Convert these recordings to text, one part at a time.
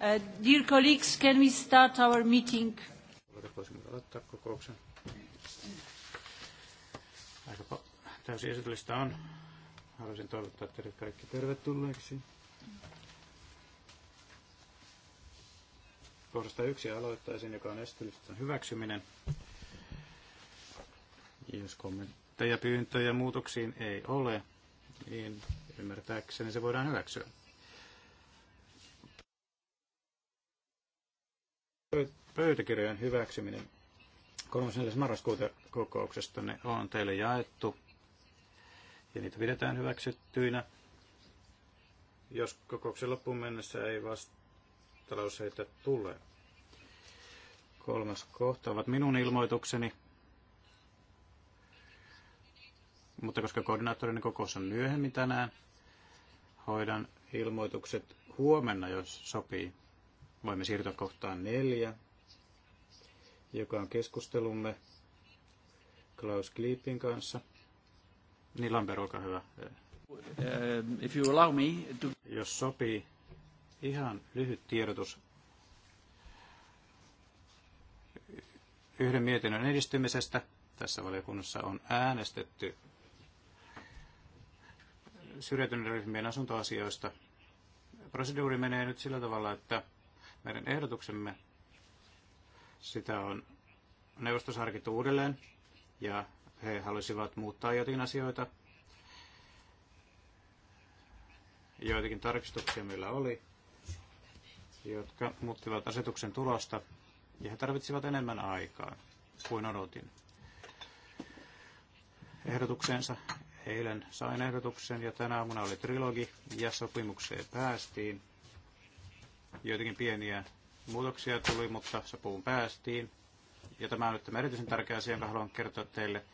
Uh, dear colleagues, can we start our meeting? Voisimmeko aloittaa kokouksen? Aika täysin esitystä on. Haluaisin toivottaa teidät kaikki tervetulleeksi. Kohdasta yksi aloittaisin, joka on esitysten hyväksyminen. Jos kommentteja, pyyntöjä muutoksiin ei ole, niin ymmärtääkseni se voidaan hyväksyä. Pöytäkirjojen hyväksyminen 34. marraskuuta kokouksesta ne on teille jaettu ja niitä pidetään hyväksyttyinä. Jos kokouksen loppuun mennessä ei vastalauseita tule. Kolmas kohta ovat minun ilmoitukseni. Mutta koska koordinaattorin kokous on myöhemmin tänään, hoidan ilmoitukset huomenna, jos sopii. Voimme siirtyä kohtaan neljä, joka on keskustelumme Klaus Kliipin kanssa. Niin Lambert, olkaa hyvä. Uh, if you allow me to... Jos sopii, ihan lyhyt tiedotus yhden mietinnön edistymisestä. Tässä valiokunnassa on äänestetty syrjäytyneiden ryhmien asuntoasioista. Proseduuri menee nyt sillä tavalla, että meidän ehdotuksemme sitä on neuvostossa harkittu uudelleen ja he halusivat muuttaa jotakin asioita. Joitakin tarkistuksia meillä oli, jotka muuttivat asetuksen tulosta ja he tarvitsivat enemmän aikaa kuin odotin. Ehdotuksensa eilen sain ehdotuksen ja tänä aamuna oli trilogi ja sopimukseen päästiin. Joitakin pieniä muutoksia tuli, mutta sopuun päästiin. Ja tämä on nyt tämä erityisen tärkeä asia, jonka haluan kertoa teille.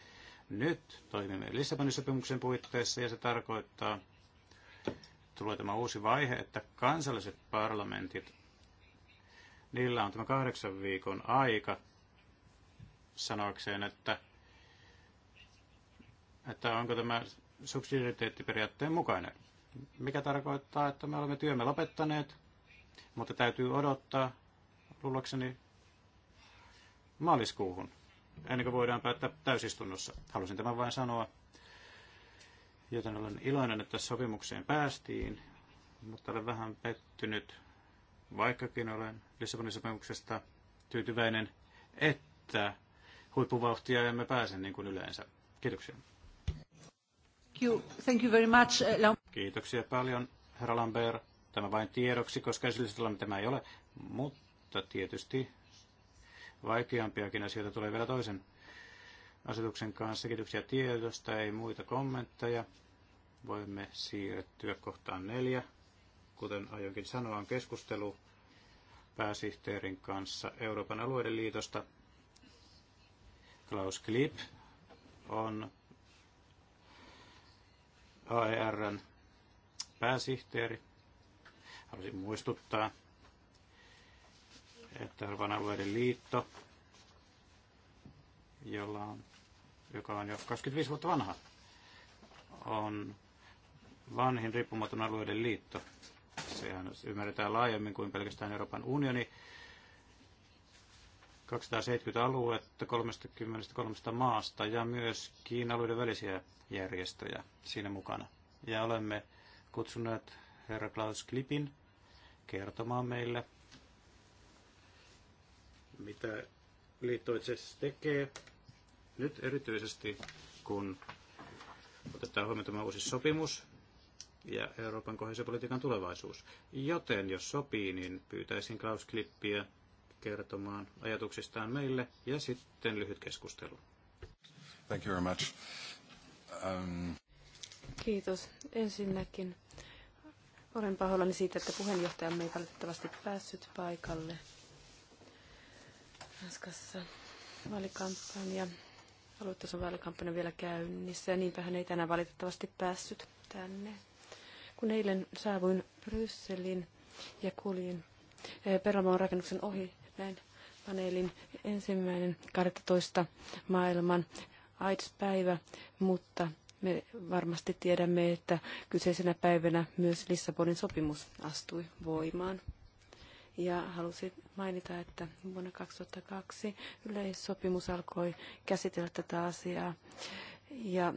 Nyt toimimme Lissabonin sopimuksen puitteissa ja se tarkoittaa, tulee tämä uusi vaihe, että kansalliset parlamentit, niillä on tämä kahdeksan viikon aika sanoakseen, että, että onko tämä subsidiariteettiperiaatteen mukainen. Mikä tarkoittaa, että me olemme työmme lopettaneet, mutta täytyy odottaa, luullakseni, maaliskuuhun, ennen kuin voidaan päättää täysistunnossa. Halusin tämän vain sanoa, joten olen iloinen, että sopimukseen päästiin, mutta olen vähän pettynyt, vaikkakin olen Lissabonin sopimuksesta tyytyväinen, että huippuvauhtia emme pääse niin kuin yleensä. Kiitoksia. Thank you. Thank you very much. Uh, Kiitoksia paljon, herra Lambert. Tämä vain tiedoksi, koska esillisellä tämä ei ole, mutta tietysti vaikeampiakin asioita tulee vielä toisen asetuksen kanssa. Kiitoksia tiedosta, ei muita kommentteja. Voimme siirtyä kohtaan neljä. Kuten aionkin sanoa, on keskustelu pääsihteerin kanssa Euroopan alueiden liitosta. Klaus Klipp on AERn pääsihteeri. Haluaisin muistuttaa, että Harvan alueiden liitto, jolla on, joka on jo 25 vuotta vanha, on vanhin riippumaton alueiden liitto. Sehän ymmärretään laajemmin kuin pelkästään Euroopan unioni. 270 aluetta 33 maasta ja myös Kiinan alueiden välisiä järjestöjä siinä mukana. Ja olemme kutsuneet herra Klaus Klipin kertomaan meille, mitä liitto itse tekee. Nyt erityisesti, kun otetaan huomioon tämä uusi sopimus ja Euroopan kohesiopolitiikan tulevaisuus. Joten, jos sopii, niin pyytäisin Klaus Klippiä kertomaan ajatuksistaan meille ja sitten lyhyt keskustelu. Thank you very much. Um... Kiitos. Ensinnäkin olen pahoillani siitä, että puheenjohtajamme ei valitettavasti päässyt paikalle. Ranskassa vaalikampanja, aluetason vaalikampanja vielä käynnissä ja niinpä hän ei tänään valitettavasti päässyt tänne. Kun eilen saavuin Brysselin ja kuljin eh, Perlamoon rakennuksen ohi näin paneelin ensimmäinen 12. maailman AIDS-päivä, mutta me varmasti tiedämme, että kyseisenä päivänä myös Lissabonin sopimus astui voimaan. Ja halusin mainita, että vuonna 2002 yleissopimus alkoi käsitellä tätä asiaa ja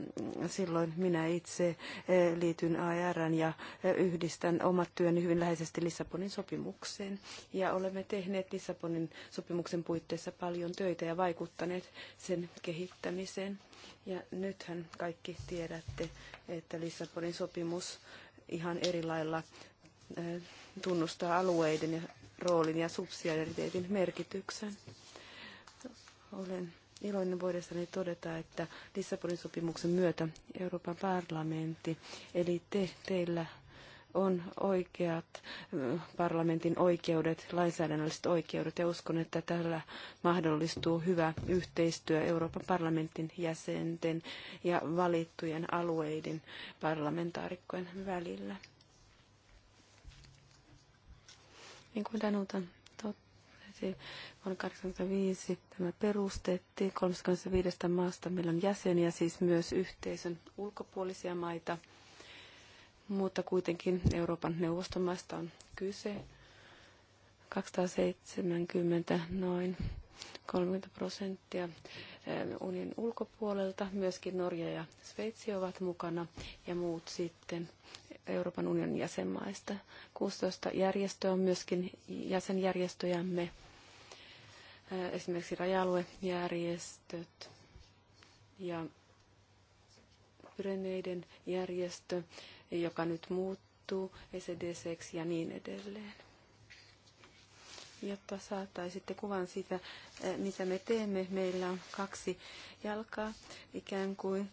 silloin minä itse eh, liityn ARN ja eh, yhdistän omat työni hyvin läheisesti Lissabonin sopimukseen. Ja olemme tehneet Lissabonin sopimuksen puitteissa paljon töitä ja vaikuttaneet sen kehittämiseen. Ja nythän kaikki tiedätte, että Lissabonin sopimus ihan eri lailla eh, tunnustaa alueiden ja roolin ja subsidiariteetin merkityksen. Olen iloinen voidessani todeta, että Lissabonin sopimuksen myötä Euroopan parlamentti, eli te, teillä on oikeat parlamentin oikeudet, lainsäädännölliset oikeudet ja uskon, että tällä mahdollistuu hyvä yhteistyö Euroopan parlamentin jäsenten ja valittujen alueiden parlamentaarikkojen välillä. Niin kuin Danuta tehtiin. Vuonna 1985 tämä perustettiin 35 maasta. Meillä on jäseniä, siis myös yhteisön ulkopuolisia maita, mutta kuitenkin Euroopan neuvostomaista on kyse. 270 noin 30 prosenttia eh, unionin ulkopuolelta. Myöskin Norja ja Sveitsi ovat mukana ja muut sitten Euroopan unionin jäsenmaista. 16 järjestöä on myöskin jäsenjärjestöjämme esimerkiksi raja-aluejärjestöt ja Pyreneiden järjestö, joka nyt muuttuu ECDC ja niin edelleen. Jotta saataisitte kuvan siitä, mitä me teemme, meillä on kaksi jalkaa ikään kuin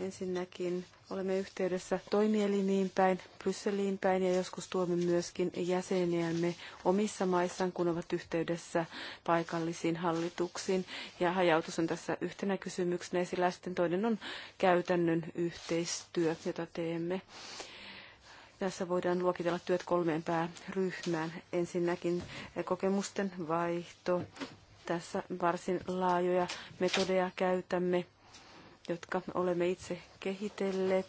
Ensinnäkin olemme yhteydessä toimielimiin päin, Brysseliin päin ja joskus tuomme myöskin jäseniämme omissa maissaan, kun ovat yhteydessä paikallisiin hallituksiin. Ja hajautus on tässä yhtenä kysymyksenä esillä. Sitten toinen on käytännön yhteistyö, jota teemme. Tässä voidaan luokitella työt kolmeen pääryhmään. Ensinnäkin kokemusten vaihto. Tässä varsin laajoja metodeja käytämme jotka olemme itse kehitelleet.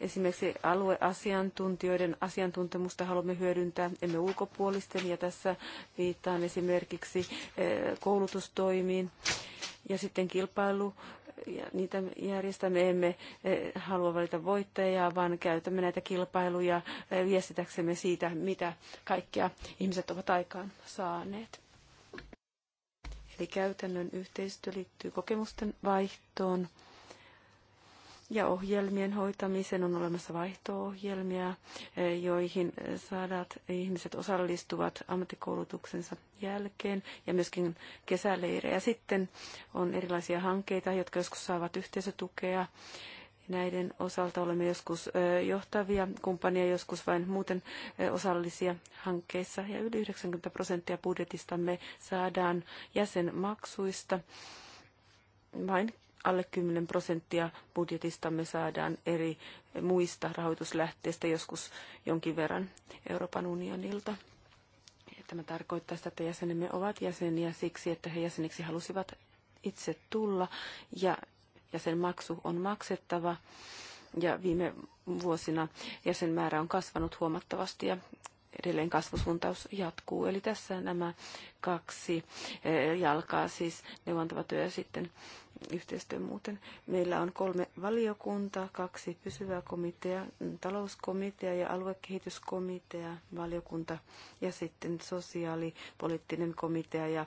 Esimerkiksi alueasiantuntijoiden asiantuntemusta haluamme hyödyntää, emme ulkopuolisten, ja tässä viittaan esimerkiksi eh, koulutustoimiin ja sitten kilpailu ja niitä järjestämme, emme eh, halua valita voittajaa, vaan käytämme näitä kilpailuja eh, viestitäksemme siitä, mitä kaikkia ihmiset ovat aikaan saaneet. Eli käytännön yhteistyö liittyy kokemusten vaihtoon ja ohjelmien hoitamiseen on olemassa vaihto-ohjelmia, eh, joihin eh, sadat ihmiset osallistuvat ammattikoulutuksensa jälkeen ja myöskin kesäleirejä. Sitten on erilaisia hankkeita, jotka joskus saavat yhteisötukea. Näiden osalta olemme joskus eh, johtavia kumppania, joskus vain muuten osallisia hankkeissa. Ja yli 90 prosenttia budjetistamme saadaan jäsenmaksuista vain alle 10 prosenttia budjetistamme saadaan eri muista rahoituslähteistä, joskus jonkin verran Euroopan unionilta. Tämä tarkoittaa sitä, että jäsenemme ovat jäseniä siksi, että he jäseniksi halusivat itse tulla ja jäsenmaksu on maksettava. Ja viime vuosina jäsenmäärä on kasvanut huomattavasti ja edelleen kasvusuuntaus jatkuu. Eli tässä nämä kaksi eh, jalkaa, siis neuvontava työ ja sitten yhteistyö muuten. Meillä on kolme valiokuntaa, kaksi pysyvää komitea, talouskomitea ja aluekehityskomitea, valiokunta ja sitten sosiaalipoliittinen komitea ja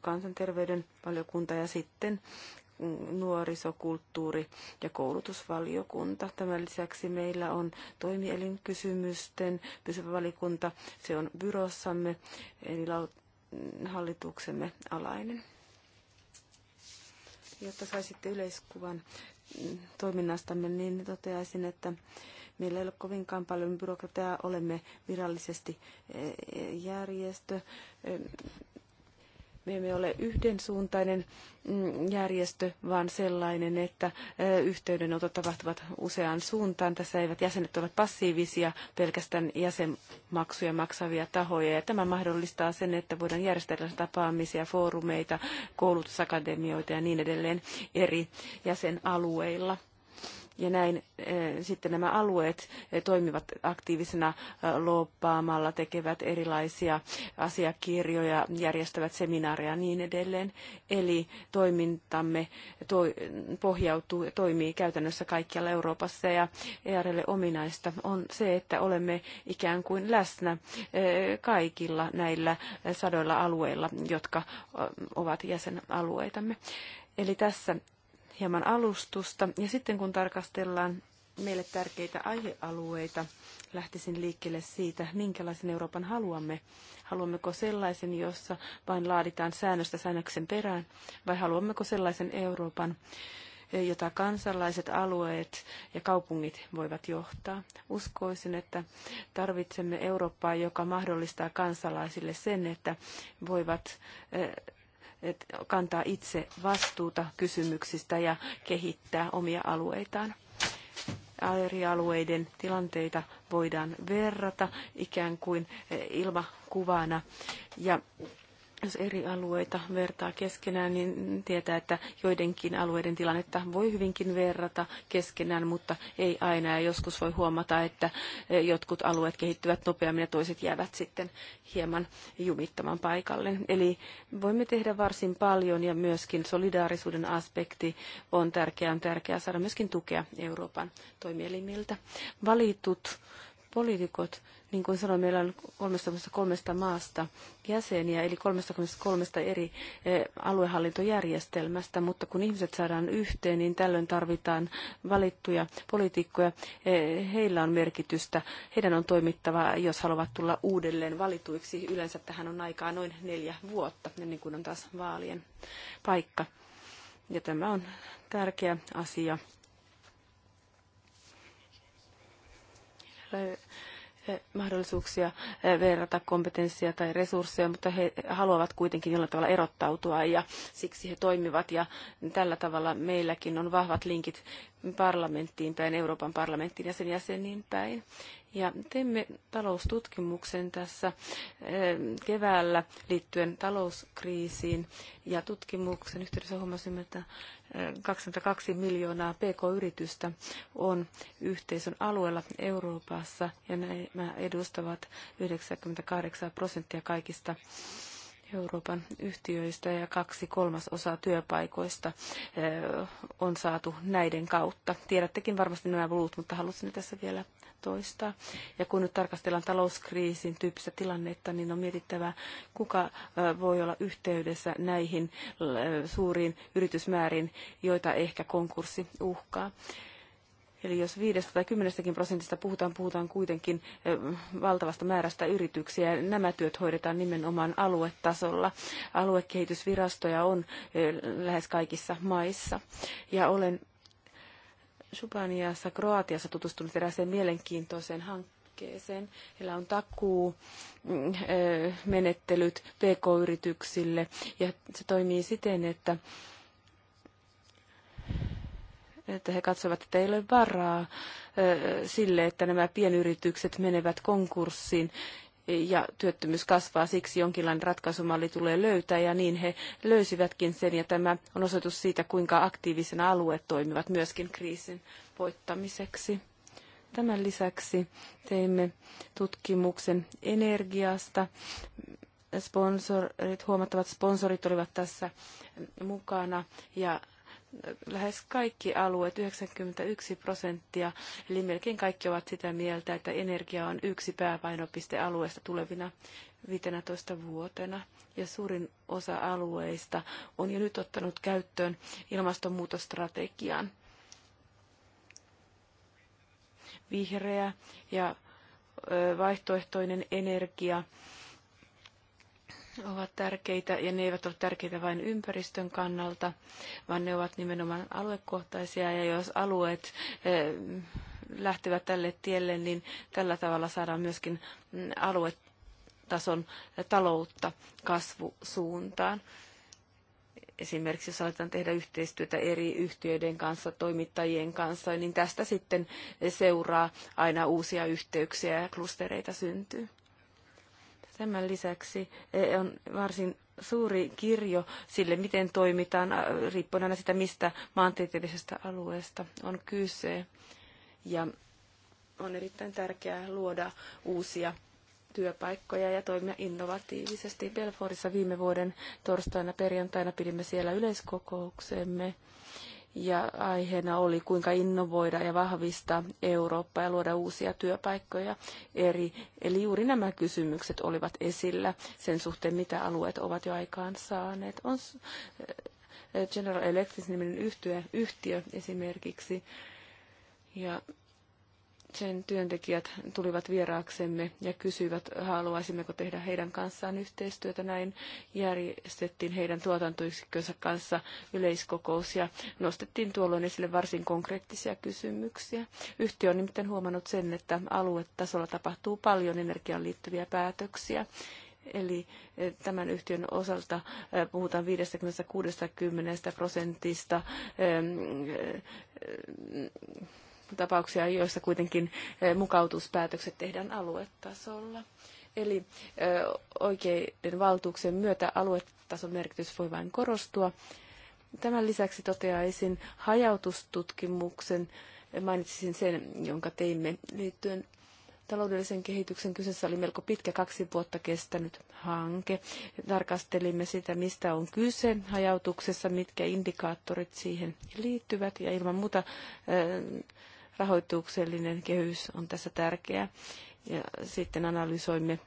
kansanterveyden valiokunta ja sitten nuorisokulttuuri- ja koulutusvaliokunta. Tämän lisäksi meillä on toimielinkysymysten pysyvä valikunta. Se on byrossamme, eli hallituksemme alainen. Jotta saisitte yleiskuvan toiminnastamme, niin toteaisin, että meillä ei ole kovinkaan paljon byrokratiaa, olemme virallisesti eh, järjestö, me emme ole yhdensuuntainen mm, järjestö, vaan sellainen, että yhteydenotot tapahtuvat useaan suuntaan. Tässä eivät jäsenet ole passiivisia, pelkästään jäsenmaksuja maksavia tahoja. Ja tämä mahdollistaa sen, että voidaan järjestellä tapaamisia, foorumeita, koulutusakademioita ja niin edelleen eri jäsenalueilla. Ja näin eh, sitten nämä alueet eh, toimivat aktiivisena eh, loppaamalla, tekevät erilaisia asiakirjoja, järjestävät seminaareja ja niin edelleen. Eli toimintamme pohjautuu ja toimii käytännössä kaikkialla Euroopassa ja ERlle ominaista on se, että olemme ikään kuin läsnä kaikilla näillä sadoilla alueilla, jotka ovat jäsenalueitamme. Eli tässä hieman alustusta. Ja sitten kun tarkastellaan meille tärkeitä aihealueita, lähtisin liikkeelle siitä, minkälaisen Euroopan haluamme. Haluammeko sellaisen, jossa vain laaditaan säännöstä säännöksen perään, vai haluammeko sellaisen Euroopan, jota kansalaiset, alueet ja kaupungit voivat johtaa. Uskoisin, että tarvitsemme Eurooppaa, joka mahdollistaa kansalaisille sen, että voivat eh, kantaa itse vastuuta kysymyksistä ja kehittää omia alueitaan. Eri alueiden tilanteita voidaan verrata ikään kuin ilmakuvana ja jos eri alueita vertaa keskenään, niin tietää, että joidenkin alueiden tilannetta voi hyvinkin verrata keskenään, mutta ei aina. Ja joskus voi huomata, että eh, jotkut alueet kehittyvät nopeammin ja toiset jäävät sitten hieman jumittamaan paikalle. Eli voimme tehdä varsin paljon ja myöskin solidaarisuuden aspekti on tärkeää. On tärkeää saada myöskin tukea Euroopan toimielimiltä. Valitut poliitikot niin kuin sanoin, meillä on 33 maasta jäseniä, eli 33 eri e, aluehallintojärjestelmästä, mutta kun ihmiset saadaan yhteen, niin tällöin tarvitaan valittuja poliitikkoja. E, heillä on merkitystä, heidän on toimittava, jos haluavat tulla uudelleen valituiksi. Yleensä tähän on aikaa noin neljä vuotta, niin kuin on taas vaalien paikka. Ja tämä on tärkeä asia Eh, mahdollisuuksia eh, verrata kompetenssia tai resursseja, mutta he haluavat kuitenkin jollain tavalla erottautua ja siksi he toimivat. Ja tällä tavalla meilläkin on vahvat linkit parlamenttiin päin, Euroopan parlamenttiin ja sen jäseniin päin. Ja teemme taloustutkimuksen tässä eh, keväällä liittyen talouskriisiin ja tutkimuksen yhteydessä huomasimme, että 22 miljoonaa pk-yritystä on yhteisön alueella Euroopassa ja nämä edustavat 98 prosenttia kaikista Euroopan yhtiöistä ja kaksi kolmasosaa työpaikoista eh, on saatu näiden kautta. Tiedättekin varmasti nämä luvut, mutta halusin tässä vielä 2014. Ja kun nyt tarkastellaan talouskriisin tyyppistä tilannetta, niin on mietittävä, kuka voi olla yhteydessä näihin suuriin yritysmääriin, joita ehkä konkurssi uhkaa. Eli jos viidestä tai kymmenestäkin prosentista puhutaan, puhutaan kuitenkin valtavasta määrästä yrityksiä. Nämä työt hoidetaan nimenomaan aluetasolla. Aluekehitysvirastoja on lähes kaikissa maissa. Ja olen Subaniassa, Kroatiassa tutustunut erääseen mielenkiintoiseen hankkeeseen. Heillä on takuu mm, menettelyt PK-yrityksille ja se toimii siten, että että he katsovat, että ei ole varaa sille, että nämä pienyritykset menevät konkurssiin ja työttömyys kasvaa, siksi jonkinlainen ratkaisumalli tulee löytää ja niin he löysivätkin sen ja tämä on osoitus siitä, kuinka aktiivisena alueet toimivat myöskin kriisin voittamiseksi. Tämän lisäksi teimme tutkimuksen energiasta. Sponsorit, huomattavat sponsorit olivat tässä mukana ja lähes kaikki alueet, 91 prosenttia, eli melkein kaikki ovat sitä mieltä, että energia on yksi pääpainopiste alueesta tulevina 15 vuotena. Ja suurin osa alueista on jo nyt ottanut käyttöön ilmastonmuutostrategian. Vihreä ja vaihtoehtoinen energia ovat tärkeitä ja ne eivät ole tärkeitä vain ympäristön kannalta, vaan ne ovat nimenomaan aluekohtaisia ja jos alueet eh, lähtevät tälle tielle, niin tällä tavalla saadaan myöskin mm, aluetason taloutta kasvusuuntaan. Esimerkiksi jos aletaan tehdä yhteistyötä eri yhtiöiden kanssa, toimittajien kanssa, niin tästä sitten seuraa aina uusia yhteyksiä ja klustereita syntyy. Tämän lisäksi e, on varsin suuri kirjo sille, miten toimitaan, riippuen aina sitä, mistä maantieteellisestä alueesta on kyse. Ja on erittäin tärkeää luoda uusia työpaikkoja ja toimia innovatiivisesti. Belforissa viime vuoden torstaina perjantaina pidimme siellä yleiskokouksemme ja aiheena oli, kuinka innovoida ja vahvistaa Eurooppaa ja luoda uusia työpaikkoja eri. Eli juuri nämä kysymykset olivat esillä sen suhteen, mitä alueet ovat jo aikaan saaneet. On eh, General Electric niminen yhtiö, yhtiö esimerkiksi. Ja sen työntekijät tulivat vieraaksemme ja kysyivät, haluaisimmeko tehdä heidän kanssaan yhteistyötä. Näin järjestettiin heidän tuotantoyksikkönsä kanssa yleiskokous ja nostettiin tuolloin esille varsin konkreettisia kysymyksiä. Yhtiö on nimittäin huomannut sen, että aluetasolla tapahtuu paljon energiaan liittyviä päätöksiä. Eli eh, tämän yhtiön osalta eh, puhutaan 50-60 prosentista eh, tapauksia, joissa kuitenkin eh, mukautuspäätökset tehdään aluetasolla. Eli eh, oikeiden valtuuksien myötä aluetason merkitys voi vain korostua. Tämän lisäksi toteaisin hajautustutkimuksen, mainitsisin sen, jonka teimme liittyen taloudellisen kehityksen kyseessä oli melko pitkä kaksi vuotta kestänyt hanke. Tarkastelimme sitä, mistä on kyse hajautuksessa, mitkä indikaattorit siihen liittyvät ja ilman muuta eh, rahoituksellinen kehys on tässä tärkeä. Ja sitten analysoimme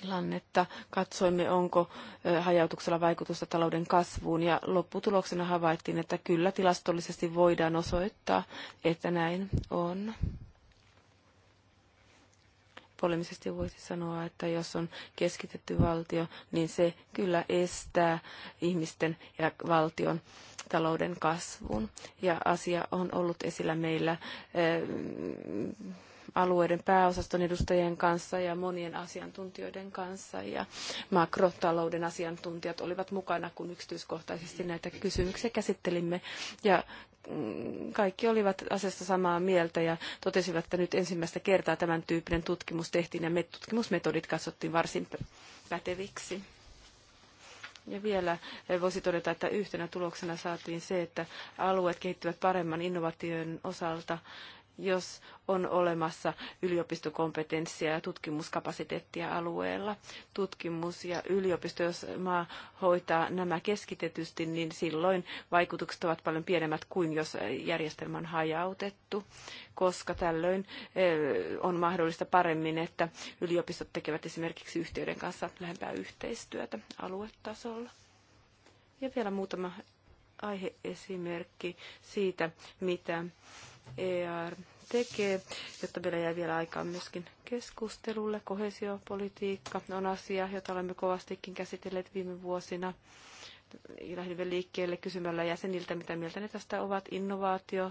tilannetta, katsoimme onko hajautuksella vaikutusta talouden kasvuun ja lopputuloksena havaittiin, että kyllä tilastollisesti voidaan osoittaa, että näin on poliittisesti voisi sanoa, että jos on keskitetty valtio, niin se kyllä estää ihmisten ja valtion talouden kasvun. Ja asia on ollut esillä meillä eh, alueiden pääosaston edustajien kanssa ja monien asiantuntijoiden kanssa. Ja makrotalouden asiantuntijat olivat mukana, kun yksityiskohtaisesti näitä kysymyksiä käsittelimme. Ja Mm, kaikki olivat asiasta samaa mieltä ja totesivat, että nyt ensimmäistä kertaa tämän tyyppinen tutkimus tehtiin ja tutkimusmetodit katsottiin varsin päteviksi. Ja vielä eh, voisi todeta, että yhtenä tuloksena saatiin se, että alueet kehittyvät paremman innovaation osalta jos on olemassa yliopistokompetenssia ja tutkimuskapasiteettia alueella. Tutkimus ja yliopisto, jos maa hoitaa nämä keskitetysti, niin silloin vaikutukset ovat paljon pienemmät kuin jos järjestelmä on hajautettu, koska tällöin eh, on mahdollista paremmin, että yliopistot tekevät esimerkiksi yhtiöiden kanssa lähempää yhteistyötä aluetasolla. Ja vielä muutama aiheesimerkki siitä, mitä EAR tekee, jotta meillä jää vielä aikaa myöskin keskustelulle. Kohesiopolitiikka on asia, jota olemme kovastikin käsitelleet viime vuosina. Lähdimme liikkeelle kysymällä jäseniltä, mitä mieltä ne tästä ovat. Innovaatio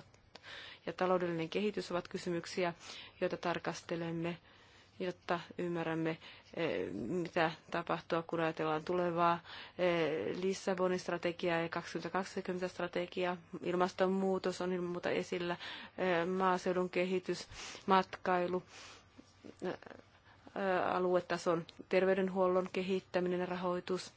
ja taloudellinen kehitys ovat kysymyksiä, joita tarkastelemme jotta ymmärrämme, eh, mitä tapahtuu, kun ajatellaan tulevaa eh, Lissabonin strategiaa ja 2020 strategiaa. Ilmastonmuutos on ilman muuta esillä, eh, maaseudun kehitys, matkailu, aluetason terveydenhuollon kehittäminen ja rahoitus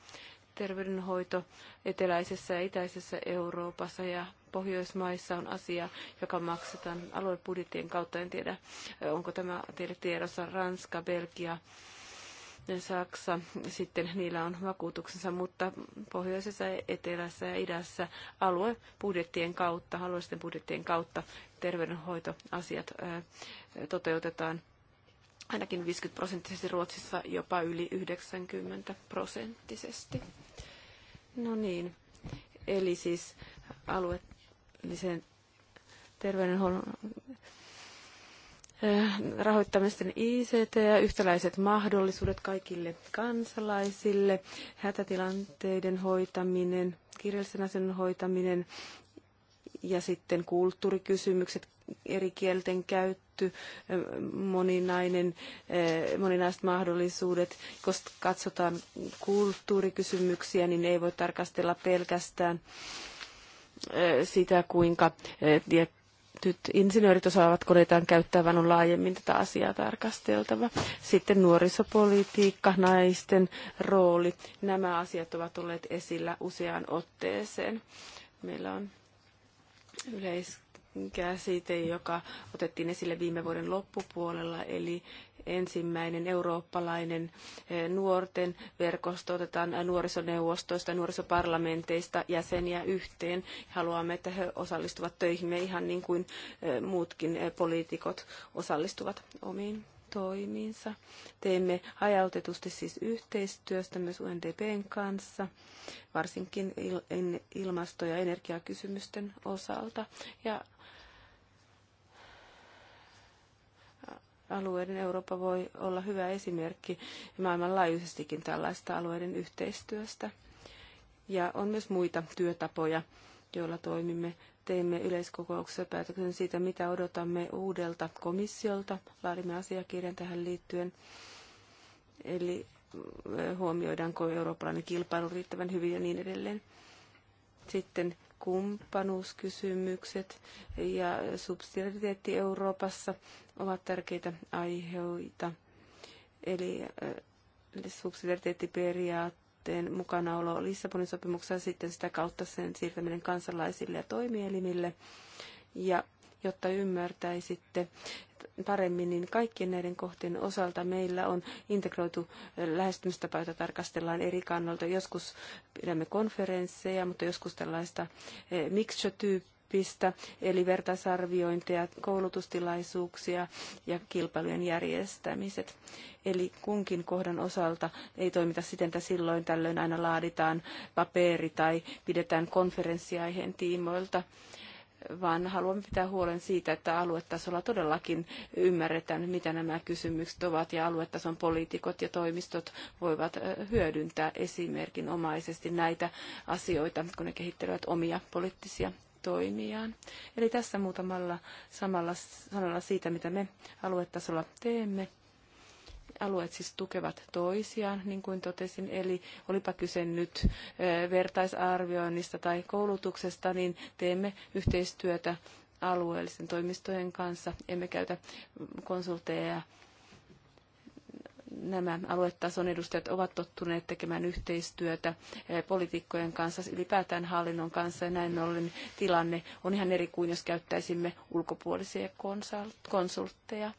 terveydenhoito eteläisessä ja itäisessä Euroopassa ja Pohjoismaissa on asia, joka maksetaan aluebudjettien kautta. En tiedä, onko tämä teille tiedossa Ranska, Belgia, Saksa, sitten niillä on vakuutuksensa, mutta pohjoisessa, etelässä ja idässä aluebudjettien kautta, alueellisten budjettien kautta terveydenhoitoasiat toteutetaan ainakin 50 prosenttisesti Ruotsissa jopa yli 90 prosenttisesti. No niin, eli siis aluet yleiseen terveydenhuollon eh, rahoittamisten ICT ja yhtäläiset mahdollisuudet kaikille kansalaisille, hätätilanteiden hoitaminen, kirjallisen asian hoitaminen ja sitten kulttuurikysymykset, eri kielten käyttö, eh, moninainen, eh, moninaiset mahdollisuudet. Koska katsotaan kulttuurikysymyksiä, niin ei voi tarkastella pelkästään sitä, kuinka tietyt insinöörit osaavat käyttää, käyttävän on laajemmin tätä asiaa tarkasteltava. Sitten nuorisopolitiikka, naisten rooli, nämä asiat ovat olleet esillä useaan otteeseen. Meillä on yleis joka otettiin esille viime vuoden loppupuolella, eli ensimmäinen eurooppalainen eh, nuorten verkosto. Otetaan nuorisoneuvostoista, nuorisoparlamenteista jäseniä yhteen. Haluamme, että he osallistuvat töihimme ihan niin kuin eh, muutkin eh, poliitikot osallistuvat omiin toimiinsa. Teemme hajautetusti siis yhteistyöstä myös UNDPn kanssa, varsinkin ilmasto- ja energiakysymysten osalta. Ja alueiden Eurooppa voi olla hyvä esimerkki maailmanlaajuisestikin tällaista alueiden yhteistyöstä. Ja on myös muita työtapoja, joilla toimimme. Teimme yleiskokouksessa päätöksen siitä, mitä odotamme uudelta komissiolta. Laadimme asiakirjan tähän liittyen. Eli huomioidaanko eurooppalainen kilpailu riittävän hyvin ja niin edelleen. Sitten kumppanuuskysymykset ja subsidiariteetti Euroopassa ovat tärkeitä aiheita. Eh, eli subsidiariteettiperiaatteen mukanaolo Lissabonin sopimuksessa sitten sitä kautta sen siirtäminen kansalaisille ja toimielimille. Ja jotta ymmärtäisitte paremmin, niin kaikkien näiden kohtien osalta meillä on integroitu eh, lähestymistapa, jota tarkastellaan eri kannalta. Joskus pidämme konferensseja, mutta joskus tällaista eh, mixture-tyyppiä tyyppistä, eli vertaisarviointeja, koulutustilaisuuksia ja kilpailujen järjestämiset. Eli kunkin kohdan osalta ei toimita siten, että silloin tällöin aina laaditaan paperi tai pidetään konferenssiaiheen tiimoilta vaan haluamme pitää huolen siitä, että aluetasolla todellakin ymmärretään, mitä nämä kysymykset ovat, ja aluetason poliitikot ja toimistot voivat hyödyntää esimerkinomaisesti näitä asioita, kun ne kehittelevät omia poliittisia toimijaan. Eli tässä muutamalla samalla sanalla siitä, mitä me aluetasolla teemme. Alueet siis tukevat toisiaan, niin kuin totesin, eli olipa kyse nyt vertaisarvioinnista tai koulutuksesta, niin teemme yhteistyötä alueellisten toimistojen kanssa, emme käytä konsultteja nämä aluetason edustajat ovat tottuneet tekemään yhteistyötä eh, poliitikkojen kanssa, ylipäätään hallinnon kanssa, ja näin ollen tilanne on ihan eri kuin jos käyttäisimme ulkopuolisia konsultteja.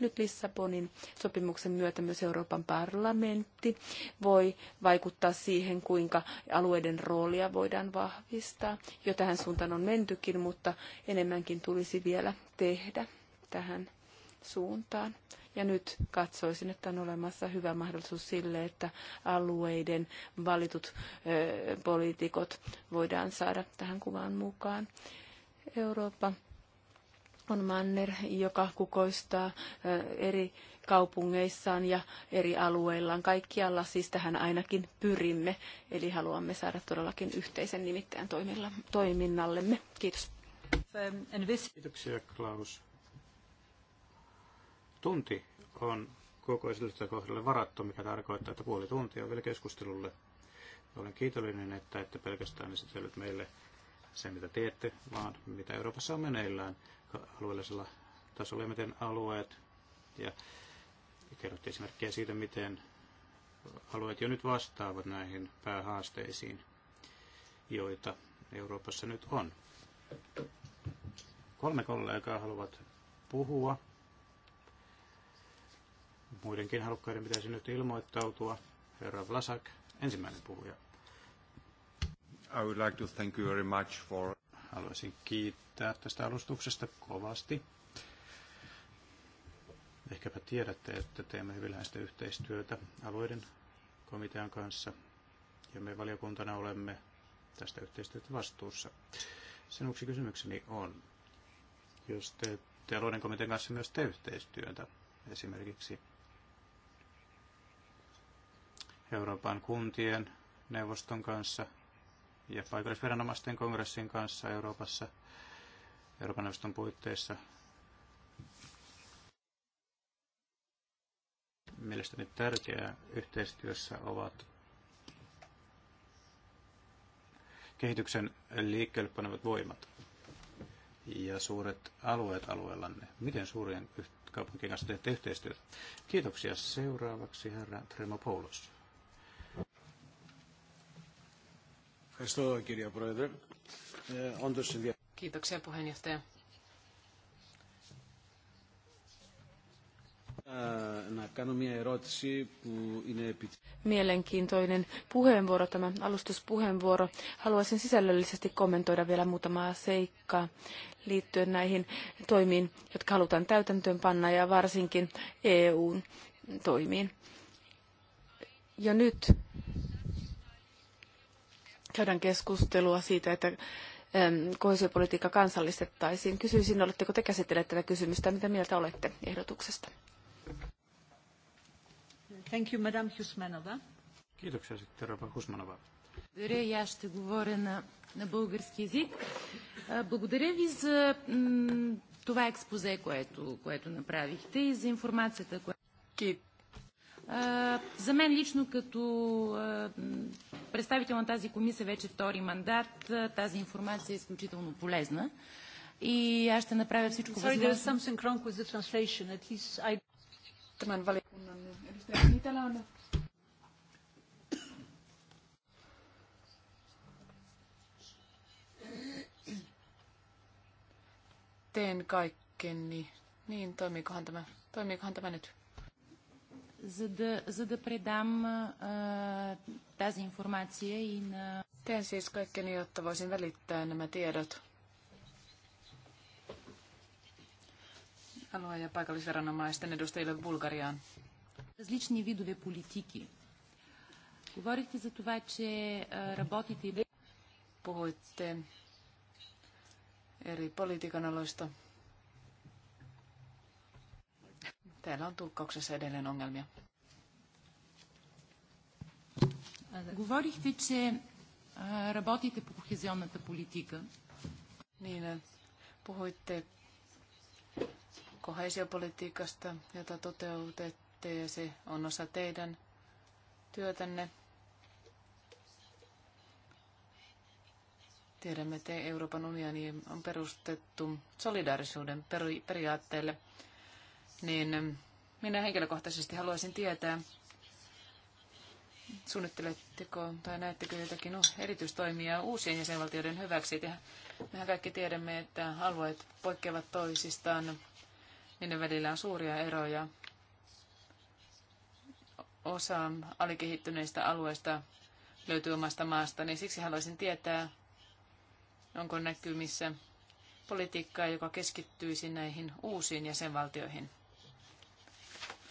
Nyt Lissabonin sopimuksen myötä myös Euroopan parlamentti voi vaikuttaa siihen, kuinka alueiden roolia voidaan vahvistaa. Jo tähän suuntaan on mentykin, mutta enemmänkin tulisi vielä tehdä tähän suuntaan. Ja nyt katsoisin, että on olemassa hyvä mahdollisuus sille, että alueiden valitut ö, poliitikot voidaan saada tähän kuvaan mukaan. Eurooppa on manner, joka kukoistaa eri kaupungeissaan ja eri alueillaan. Kaikkialla siis tähän ainakin pyrimme, eli haluamme saada todellakin yhteisen nimittäin toiminnallemme. Kiitos. Kiitoksia Klaus. Tunti on koko esitystä kohdalle varattu, mikä tarkoittaa, että puoli tuntia on vielä keskustelulle. Olen kiitollinen, että ette pelkästään esitellyt meille se, mitä teette, vaan mitä Euroopassa on meneillään alueellisella tasolla ja miten alueet. Ja kerrotte esimerkkejä siitä, miten alueet jo nyt vastaavat näihin päähaasteisiin, joita Euroopassa nyt on. Kolme kollegaa haluavat puhua. Muidenkin halukkaiden pitäisi nyt ilmoittautua. Herra Vlasak, ensimmäinen puhuja. I would like to thank you very much for... Haluaisin kiittää tästä alustuksesta kovasti. Ehkäpä tiedätte, että teemme hyvin läheistä yhteistyötä alueiden komitean kanssa ja me valiokuntana olemme tästä yhteistyötä vastuussa. Sen yksi kysymykseni on, jos te, te alueiden komitean kanssa myös te yhteistyötä, esimerkiksi Euroopan kuntien neuvoston kanssa ja paikallisviranomaisten kongressin kanssa Euroopassa, Euroopan neuvoston puitteissa. Mielestäni tärkeää yhteistyössä ovat kehityksen liikkeelle panevat voimat ja suuret alueet alueellanne. Miten suurien kaupunkien kanssa teette yhteistyötä? Kiitoksia. Seuraavaksi herra Tremopoulos. Ευχαριστώ κυρία Πρόεδρε. Ε, όντως Kiitoksia puheenjohtaja. Mielenkiintoinen puheenvuoro, tämä alustuspuheenvuoro. Haluaisin sisällöllisesti kommentoida vielä muutamaa seikkaa liittyen näihin toimiin, jotka halutaan täytäntöönpanna ja varsinkin EUn toimiin. Jo nyt käydään keskustelua siitä, että kohesiopolitiikka kansallistettaisiin. Kysyisin, oletteko te käsitelleet tätä kysymystä ja mitä mieltä olette ehdotuksesta? Thank you, Madame Husmanova. Kiitoksia sitten, Rova Husmanova. Благодаря и аз ще говоря на, на български язик. Благодаря ви за м, това експозе, което, което направихте и за информацията, която... За мен лично като представител на тази комисия вече втори мандат, тази информация е изключително полезна. И аз ще направя всичко възможно. teen kaikkeni. Niin, toimiikohan tämä, toimiikohan tämä nyt? за да, за да предам а, тази информация и на... Teen siis kaikkeni, jotta voisin välittää nämä tiedot alue- ja paikallisviranomaisten edustajille Bulgariaan. Различни видове политики. Говорихте за това, че работите... Puhuitte eri politiikan aloista Täällä on tulkkauksessa edelleen ongelmia. Niin, puhuitte kohesiopolitiikasta, jota toteutette ja se on osa teidän työtänne. Tiedämme, että Euroopan unioni on perustettu solidaarisuuden periaatteelle niin minä henkilökohtaisesti haluaisin tietää, suunnitteletteko tai näettekö jotakin no, erityistoimia uusien jäsenvaltioiden hyväksi? Mehän kaikki tiedämme, että alueet poikkeavat toisistaan, niiden välillä on suuria eroja. Osa alikehittyneistä alueista löytyy omasta maasta, niin siksi haluaisin tietää, onko näkymissä politiikkaa, joka keskittyisi näihin uusiin jäsenvaltioihin.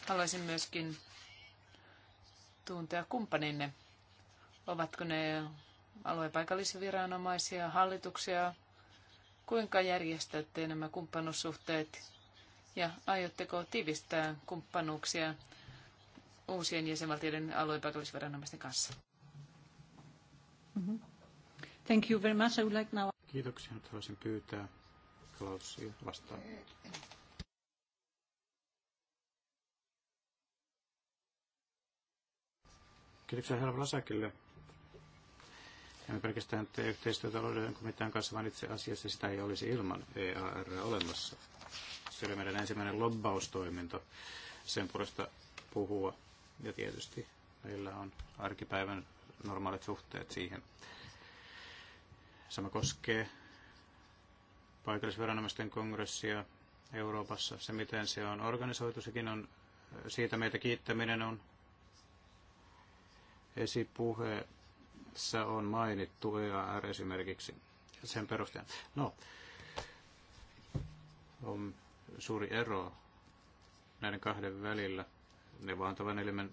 Haluaisin myöskin tuntea kumppaninne. Ovatko ne viranomaisia, hallituksia? Kuinka järjestätte nämä kumppanuussuhteet ja aiotteko tiivistää kumppanuuksia uusien jäsenvaltioiden viranomaisten kanssa? Mm-hmm. Thank you very much. I would like now... Kiitoksia. Nyt haluaisin pyytää Klausia vastaan Kiitoksia herra Vlasakille. Emme pelkästään tee yhteistyötä talouden komitean kanssa, vaan itse asiassa sitä ei olisi ilman EAR olemassa. Se oli meidän ensimmäinen lobbaustoiminto sen puolesta puhua. Ja tietysti meillä on arkipäivän normaalit suhteet siihen. Sama koskee paikallisviranomaisten kongressia Euroopassa. Se, miten se on organisoitu, sekin on, siitä meitä kiittäminen on esipuheessa on mainittu EAR esimerkiksi sen perusteella. No, on suuri ero näiden kahden välillä. Ne vaan tavan elimen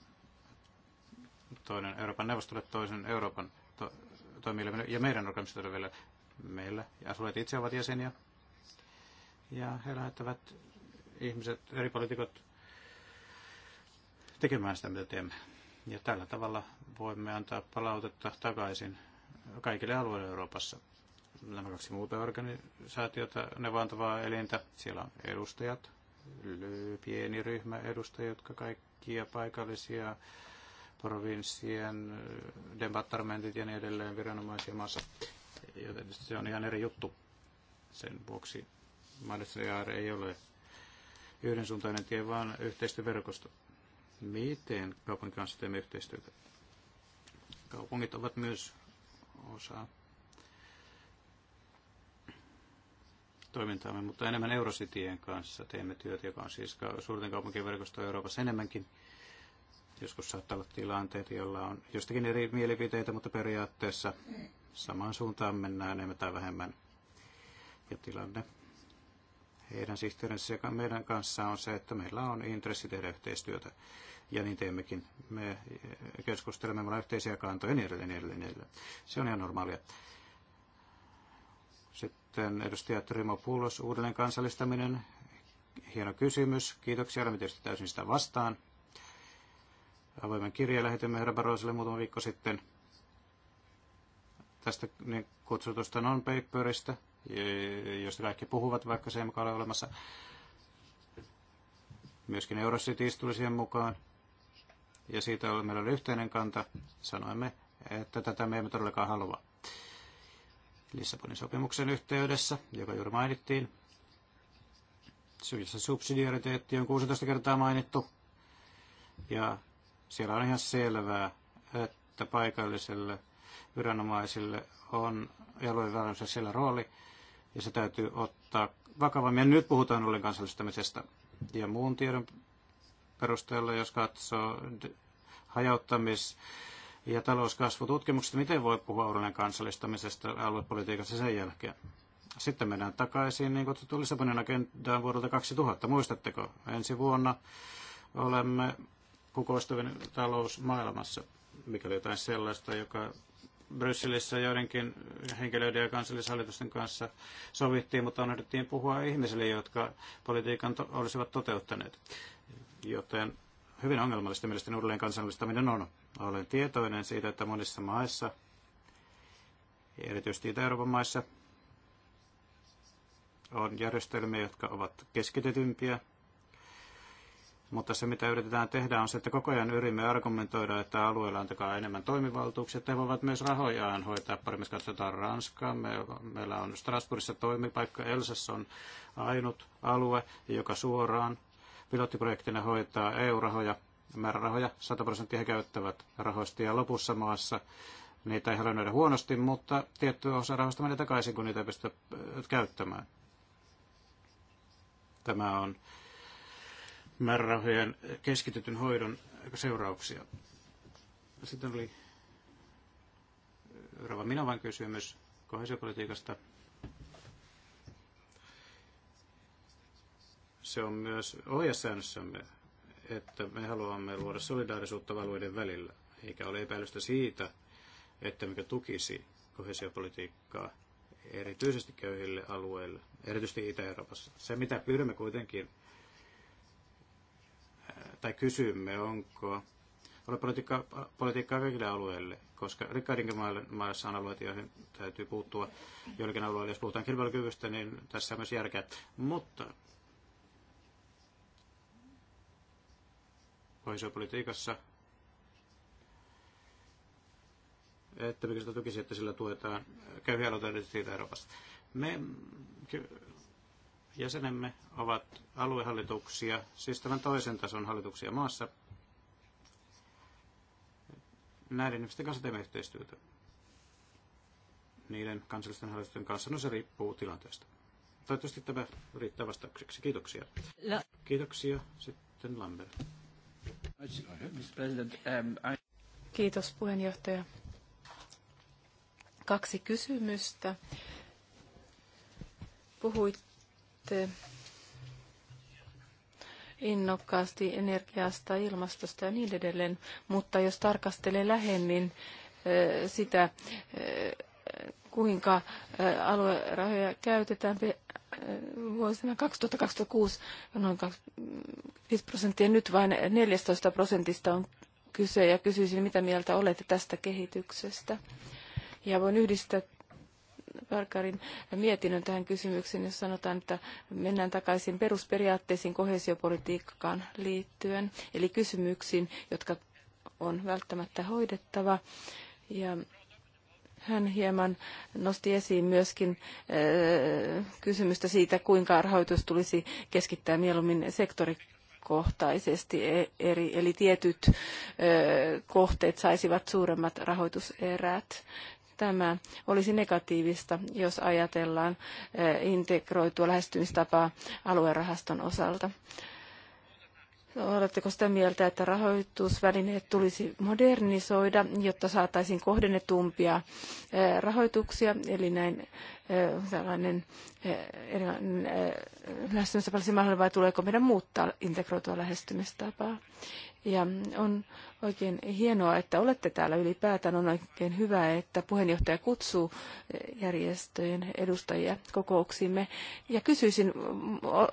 toinen Euroopan neuvostolle, toisen Euroopan to, toimielimen ja meidän organisaatioiden välillä. Meillä ja asuvat itse ovat jäseniä. Ja he lähettävät ihmiset, eri poliitikot tekemään sitä, mitä teemme. Ja tällä tavalla voimme antaa palautetta takaisin kaikille alueille Euroopassa. Nämä kaksi muuta organisaatiota, neuvontavaa elintä, siellä on edustajat, pieni ryhmä edustajia, jotka kaikkia paikallisia provinssien departamentit ja niin edelleen viranomaisia maassa. Joten se on ihan eri juttu. Sen vuoksi Madrid ei ole yhdensuuntainen tie, vaan yhteistyöverkosto miten kaupungin kanssa teemme yhteistyötä. Kaupungit ovat myös osa toimintaamme, mutta enemmän Eurositien kanssa teemme työtä, joka on siis suurten kaupunkien verkosto Euroopassa enemmänkin. Joskus saattaa olla tilanteet, joilla on jostakin eri mielipiteitä, mutta periaatteessa samaan suuntaan mennään enemmän tai vähemmän. Ja tilanne heidän sihteerinsä ja meidän kanssa on se, että meillä on intressi tehdä yhteistyötä. Ja niin teemmekin. Me keskustelemme, meillä on yhteisiä kantoja ja niin edelleen, niin edelleen, niin edelleen. Se on ihan normaalia. Sitten edustaja Trimo Puulos, uudelleen kansallistaminen. Hieno kysymys. Kiitoksia, olemme tietysti täysin sitä vastaan. Avoimen kirjeen lähetimme herra Baroselle muutama viikko sitten tästä niin kutsutusta non-paperista – josta kaikki puhuvat, vaikka se ei mukaan ole olemassa. Myöskin Eurocities tuli siihen mukaan. Ja siitä oli, meillä oli yhteinen kanta. Sanoimme, että tätä me emme todellakaan halua. Lissabonin sopimuksen yhteydessä, joka juuri mainittiin, jossa subsidiariteetti on 16 kertaa mainittu. Ja siellä on ihan selvää, että paikallisille, viranomaisille on siellä rooli ja se täytyy ottaa vakavammin. Ja nyt puhutaan ollen kansallistamisesta. Ja muun tiedon perusteella, jos katsoo hajauttamis- ja talouskasvututkimuksesta, miten voi puhua uudelleen kansallistamisesta aluepolitiikassa sen jälkeen. Sitten mennään takaisin niin kutsuttu Lissabonin agendaan vuodelta 2000. Muistatteko? Ensi vuonna olemme kukoistuvin talous maailmassa, mikäli jotain sellaista, joka Brysselissä joidenkin henkilöiden ja kansallishallitusten kanssa sovittiin, mutta onnettiin puhua ihmisille, jotka politiikan to- olisivat toteuttaneet. Joten hyvin ongelmallista mielestäni uudelleen kansallistaminen on. Olen tietoinen siitä, että monissa maissa, erityisesti Itä-Euroopan maissa, on järjestelmiä, jotka ovat keskitetympiä, mutta se, mitä yritetään tehdä, on se, että koko ajan yrimme argumentoida, että alueella antakaa enemmän toimivaltuuksia, että he voivat myös rahojaan hoitaa paremmin. katsotaan Ranskaa, me, meillä on Strasbourgissa toimipaikka, Elsas on ainut alue, joka suoraan pilottiprojektina hoitaa EU-rahoja, määrärahoja, 100 prosenttia he käyttävät rahoista ja lopussa maassa niitä ei halua huonosti, mutta tietty osa rahoista menee takaisin, kun niitä ei pystytä käyttämään. Tämä on määrärahojen keskitetyn hoidon seurauksia. Sitten oli Rova Minovan kysymys kohesiopolitiikasta. Se on myös ohjesäännössämme, että me haluamme luoda solidaarisuutta valuiden välillä, eikä ole epäilystä siitä, että mikä tukisi kohesiopolitiikkaa erityisesti köyhille alueille, erityisesti Itä-Euroopassa. Se, mitä pyydämme kuitenkin tai kysymme, onko ole politiikka, politiikkaa kaikille alueille, koska rikkaidenkin maissa on alueita, joihin täytyy puuttua joillekin alueille. Jos puhutaan kilpailukyvystä, niin tässä on myös järkeä. Mutta kohesiopolitiikassa, että mikä sitä tukisi, että sillä tuetaan köyhiä alueita siitä Euroopasta. Me jäsenemme ovat aluehallituksia, siis tämän toisen tason hallituksia maassa. Näiden ihmisten kanssa teemme yhteistyötä. Niiden kansallisten hallitusten kanssa, no se riippuu tilanteesta. Toivottavasti tämä riittää vastaukseksi. Kiitoksia. Kiitoksia. Sitten Lambert. Kiitos puheenjohtaja. Kaksi kysymystä. Puhuit innokkaasti energiasta, ilmastosta ja niin edelleen, mutta jos tarkastelee lähemmin sitä, kuinka aluerahoja käytetään vuosina 2026 noin 5 prosenttia, nyt vain 14 prosentista on kyse ja kysyisin, mitä mieltä olette tästä kehityksestä. Ja voin yhdistää Varkarin mietinnön tähän kysymykseen, jos sanotaan, että mennään takaisin perusperiaatteisiin kohesiopolitiikkaan liittyen, eli kysymyksiin, jotka on välttämättä hoidettava. Ja hän hieman nosti esiin myöskin äh, kysymystä siitä, kuinka rahoitus tulisi keskittää mieluummin sektorikohtaisesti, e, eri, eli tietyt äh, kohteet saisivat suuremmat rahoituserät. Tämä olisi negatiivista, jos ajatellaan eh, integroitua lähestymistapaa aluerahaston osalta. Oletteko sitä mieltä, että rahoitusvälineet tulisi modernisoida, jotta saataisiin kohdennetumpia eh, rahoituksia, eli näin eh, sellainen lähestymistapa olisi mahdollinen, vai tuleeko meidän muuttaa integroitua lähestymistapaa? Ja on oikein hienoa, että olette täällä ylipäätään. On oikein hyvä, että puheenjohtaja kutsuu järjestöjen edustajia kokouksimme. Ja kysyisin,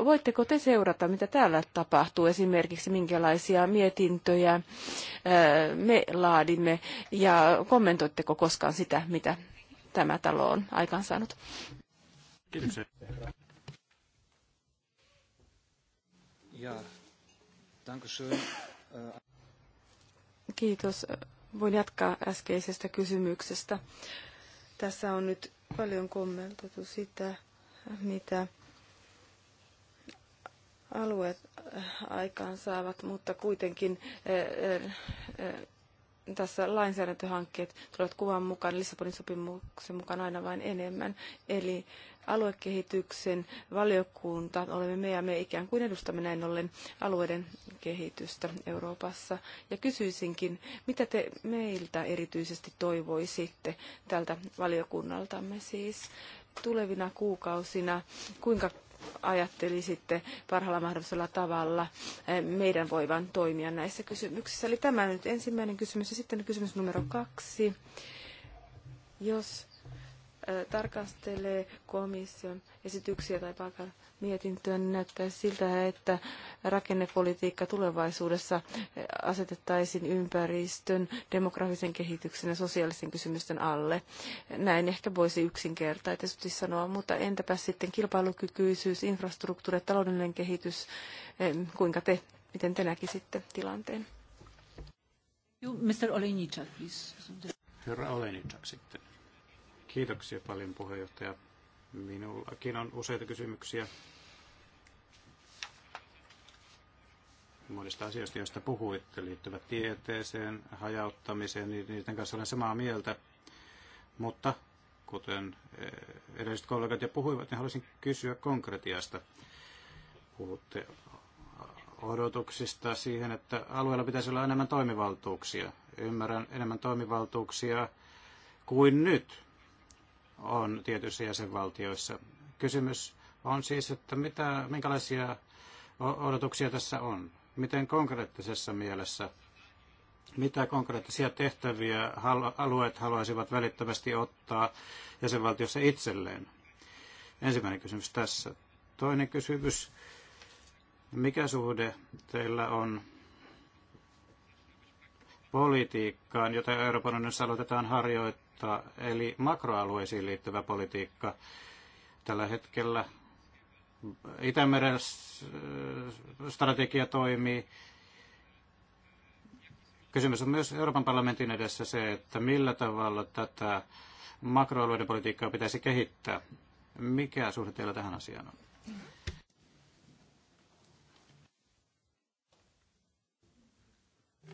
voitteko te seurata, mitä täällä tapahtuu, esimerkiksi minkälaisia mietintöjä me laadimme, ja kommentoitteko koskaan sitä, mitä tämä talo on aikaansaanut? Kiitoksia. Ja, danke schön. Kiitos. Voin jatkaa äskeisestä kysymyksestä. Tässä on nyt paljon kommentoitu sitä, mitä alueet aikaan saavat, mutta kuitenkin eh, eh, eh, tässä lainsäädäntöhankkeet tulevat kuvan mukaan, Lissabonin sopimuksen mukaan aina vain enemmän. Eli aluekehityksen valiokunta olemme me ja me ikään kuin edustamme näin ollen alueiden kehitystä Euroopassa. Ja kysyisinkin, mitä te meiltä erityisesti toivoisitte tältä valiokunnaltamme siis tulevina kuukausina, kuinka ajattelisitte parhaalla mahdollisella tavalla eh, meidän voivan toimia näissä kysymyksissä. Eli tämä nyt ensimmäinen kysymys ja sitten kysymys numero kaksi. Jos tarkastelee komission esityksiä tai palkan mietintöä, niin näyttää siltä, että rakennepolitiikka tulevaisuudessa asetettaisiin ympäristön, demografisen kehityksen ja sosiaalisten kysymysten alle. Näin ehkä voisi yksinkertaisesti sanoa, mutta entäpä sitten kilpailukykyisyys, infrastruktuuri, taloudellinen kehitys, kuinka te, miten te näkisitte tilanteen? Mr. Olejniczak, please. Herra Olejniczak sitten. Kiitoksia paljon puheenjohtaja. Minullakin on useita kysymyksiä monista asioista, joista puhuitte, liittyvät tieteeseen, hajauttamiseen, niin niiden kanssa olen samaa mieltä. Mutta kuten eh, edelliset kollegat jo puhuivat, niin haluaisin kysyä konkretiasta. Puhutte odotuksista siihen, että alueella pitäisi olla enemmän toimivaltuuksia. Ymmärrän enemmän toimivaltuuksia kuin nyt on tietyissä jäsenvaltioissa. Kysymys on siis, että mitä, minkälaisia odotuksia tässä on? Miten konkreettisessa mielessä, mitä konkreettisia tehtäviä alueet haluaisivat välittömästi ottaa jäsenvaltiossa itselleen? Ensimmäinen kysymys tässä. Toinen kysymys, mikä suhde teillä on politiikkaan, jota Euroopan unionissa aloitetaan harjoittaa? mutta eli makroalueisiin liittyvä politiikka. Tällä hetkellä Itämeren strategia toimii. Kysymys on myös Euroopan parlamentin edessä se, että millä tavalla tätä makroalueiden politiikkaa pitäisi kehittää. Mikä suhde teillä tähän asiaan on?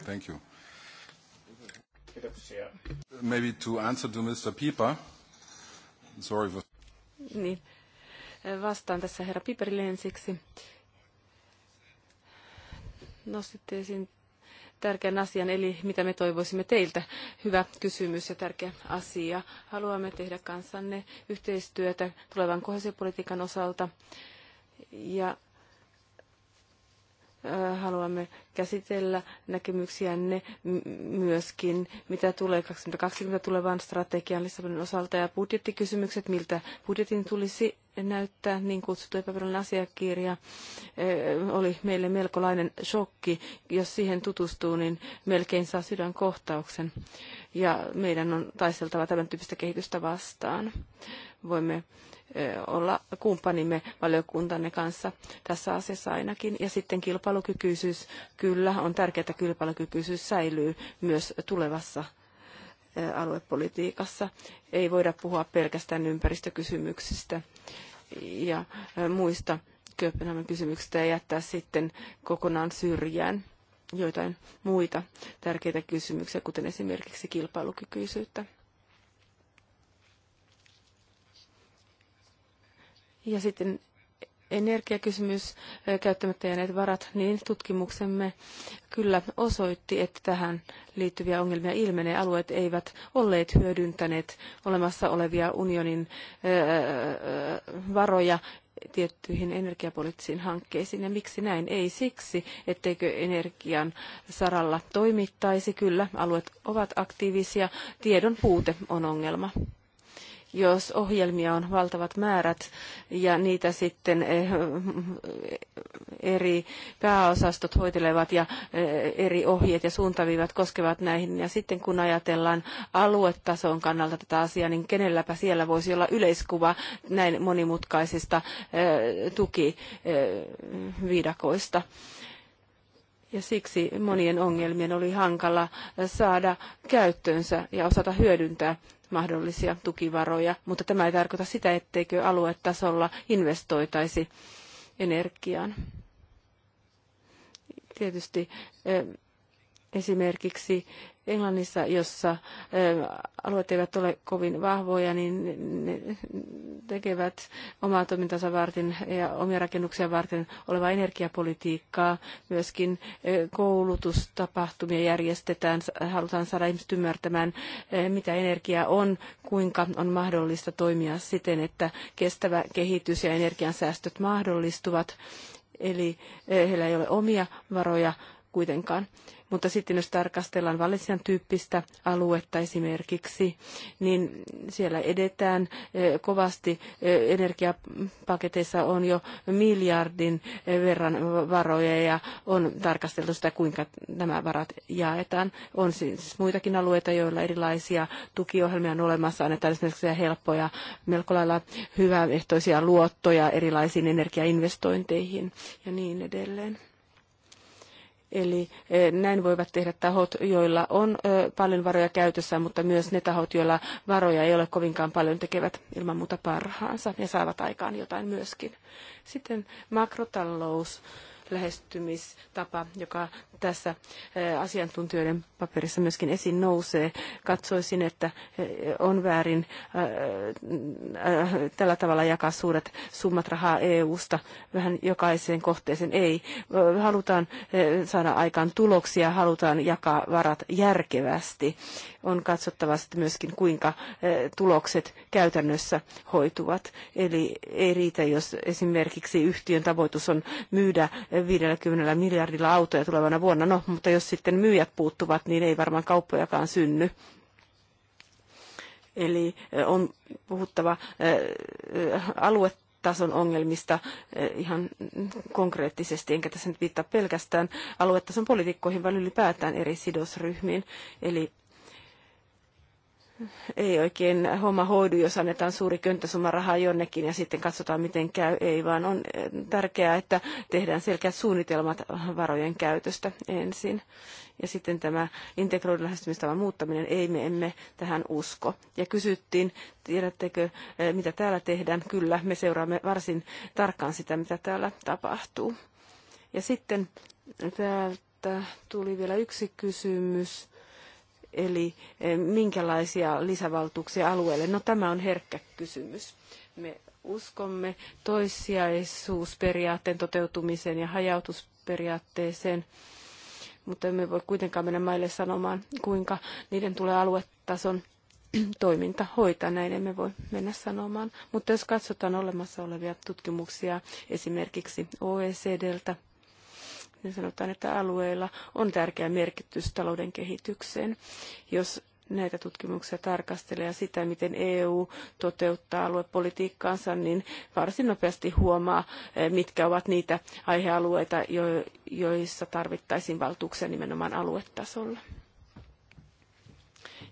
Thank you. Kiitoksia. Maybe to answer to Mr. Pieper. Sorry for... Niin. Vastaan tässä herra Piperille ensiksi. Nostitte esiin tärkeän asian, eli mitä me toivoisimme teiltä. Hyvä kysymys ja tärkeä asia. Haluamme tehdä kanssanne yhteistyötä tulevan kohdallisen osalta. Ja haluamme käsitellä näkemyksiänne myöskin, mitä tulee 2020 tulevaan strategian Lissabonin osalta ja budjettikysymykset, miltä budjetin tulisi näyttää, niin kutsuttu epävirallinen asiakirja oli meille melkolainen shokki. Jos siihen tutustuu, niin melkein saa sydänkohtauksen ja meidän on taisteltava tämän tyyppistä kehitystä vastaan. Voimme olla kumppanimme valiokuntanne kanssa tässä asiassa ainakin. Ja sitten kilpailukykyisyys, kyllä, on tärkeää, että kilpailukykyisyys säilyy myös tulevassa aluepolitiikassa. Ei voida puhua pelkästään ympäristökysymyksistä ja muista Kööpenhaminan kysymyksistä ja jättää sitten kokonaan syrjään joitain muita tärkeitä kysymyksiä, kuten esimerkiksi kilpailukykyisyyttä. Ja sitten energiakysymys, käyttämättä jääneet varat, niin tutkimuksemme kyllä osoitti, että tähän liittyviä ongelmia ilmenee. Alueet eivät olleet hyödyntäneet olemassa olevia unionin varoja tiettyihin energiapoliittisiin hankkeisiin. Ja miksi näin? Ei siksi, etteikö energian saralla toimittaisi. Kyllä, alueet ovat aktiivisia. Tiedon puute on ongelma jos ohjelmia on valtavat määrät ja niitä sitten eh, eri pääosastot hoitelevat ja eh, eri ohjeet ja suuntaviivat koskevat näihin. Ja sitten kun ajatellaan aluetason kannalta tätä asiaa, niin kenelläpä siellä voisi olla yleiskuva näin monimutkaisista eh, tukiviidakoista ja siksi monien ongelmien oli hankala saada käyttöönsä ja osata hyödyntää mahdollisia tukivaroja, mutta tämä ei tarkoita sitä, etteikö aluetasolla investoitaisi energiaan. Tietysti eh, esimerkiksi Englannissa, jossa alueet eivät ole kovin vahvoja, niin ne tekevät omaa toimintansa varten ja omia rakennuksia varten olevaa energiapolitiikkaa. Myöskin koulutustapahtumia järjestetään, halutaan saada ihmiset ymmärtämään, mitä energia on, kuinka on mahdollista toimia siten, että kestävä kehitys ja energiansäästöt mahdollistuvat. Eli heillä ei ole omia varoja kuitenkaan. Mutta sitten jos tarkastellaan Valencian tyyppistä aluetta esimerkiksi, niin siellä edetään eh, kovasti. Eh, energiapaketeissa on jo miljardin eh, verran varoja ja on tarkasteltu sitä, kuinka nämä varat jaetaan. On siis muitakin alueita, joilla erilaisia tukiohjelmia on olemassa. Annetaan esimerkiksi helppoja, melko lailla hyväehtoisia luottoja erilaisiin energiainvestointeihin ja niin edelleen. Eli e, näin voivat tehdä tahot, joilla on e, paljon varoja käytössä, mutta myös ne tahot, joilla varoja ei ole kovinkaan paljon, tekevät ilman muuta parhaansa ja saavat aikaan jotain myöskin. Sitten makrotalous lähestymistapa, joka tässä asiantuntijoiden paperissa myöskin esiin nousee. Katsoisin, että on väärin tällä tavalla jakaa suuret summat rahaa EU-sta vähän jokaiseen kohteeseen. Ei. Halutaan saada aikaan tuloksia, halutaan jakaa varat järkevästi. On katsottava sitten myöskin, kuinka tulokset käytännössä hoituvat. Eli ei riitä, jos esimerkiksi yhtiön tavoitus on myydä 50 miljardilla autoja tulevana vuonna vuonna. No, mutta jos sitten myyjät puuttuvat, niin ei varmaan kauppojakaan synny. Eli on puhuttava aluetason ongelmista ihan konkreettisesti, enkä tässä nyt viittaa pelkästään aluetason poliitikkoihin, vaan ylipäätään eri sidosryhmiin. Eli ei oikein homma hoidu, jos annetaan suuri könttäsumma rahaa jonnekin ja sitten katsotaan, miten käy. Ei, vaan on eh, tärkeää, että tehdään selkeät suunnitelmat varojen käytöstä ensin. Ja sitten tämä integroidun lähestymistavan muuttaminen, ei me emme tähän usko. Ja kysyttiin, tiedättekö, eh, mitä täällä tehdään. Kyllä, me seuraamme varsin tarkkaan sitä, mitä täällä tapahtuu. Ja sitten täältä tuli vielä yksi kysymys eli eh, minkälaisia lisävaltuuksia alueelle. No tämä on herkkä kysymys. Me uskomme toissijaisuusperiaatteen toteutumiseen ja hajautusperiaatteeseen, mutta emme voi kuitenkaan mennä maille sanomaan, kuinka niiden tulee aluetason toiminta hoitaa, näin emme voi mennä sanomaan. Mutta jos katsotaan olemassa olevia tutkimuksia esimerkiksi OECDltä, niin sanotaan, että alueilla on tärkeä merkitys talouden kehitykseen. Jos näitä tutkimuksia tarkastelee ja sitä, miten EU toteuttaa aluepolitiikkaansa, niin varsin nopeasti huomaa, eh, mitkä ovat niitä aihealueita, joissa tarvittaisiin valtuuksia nimenomaan aluetasolla.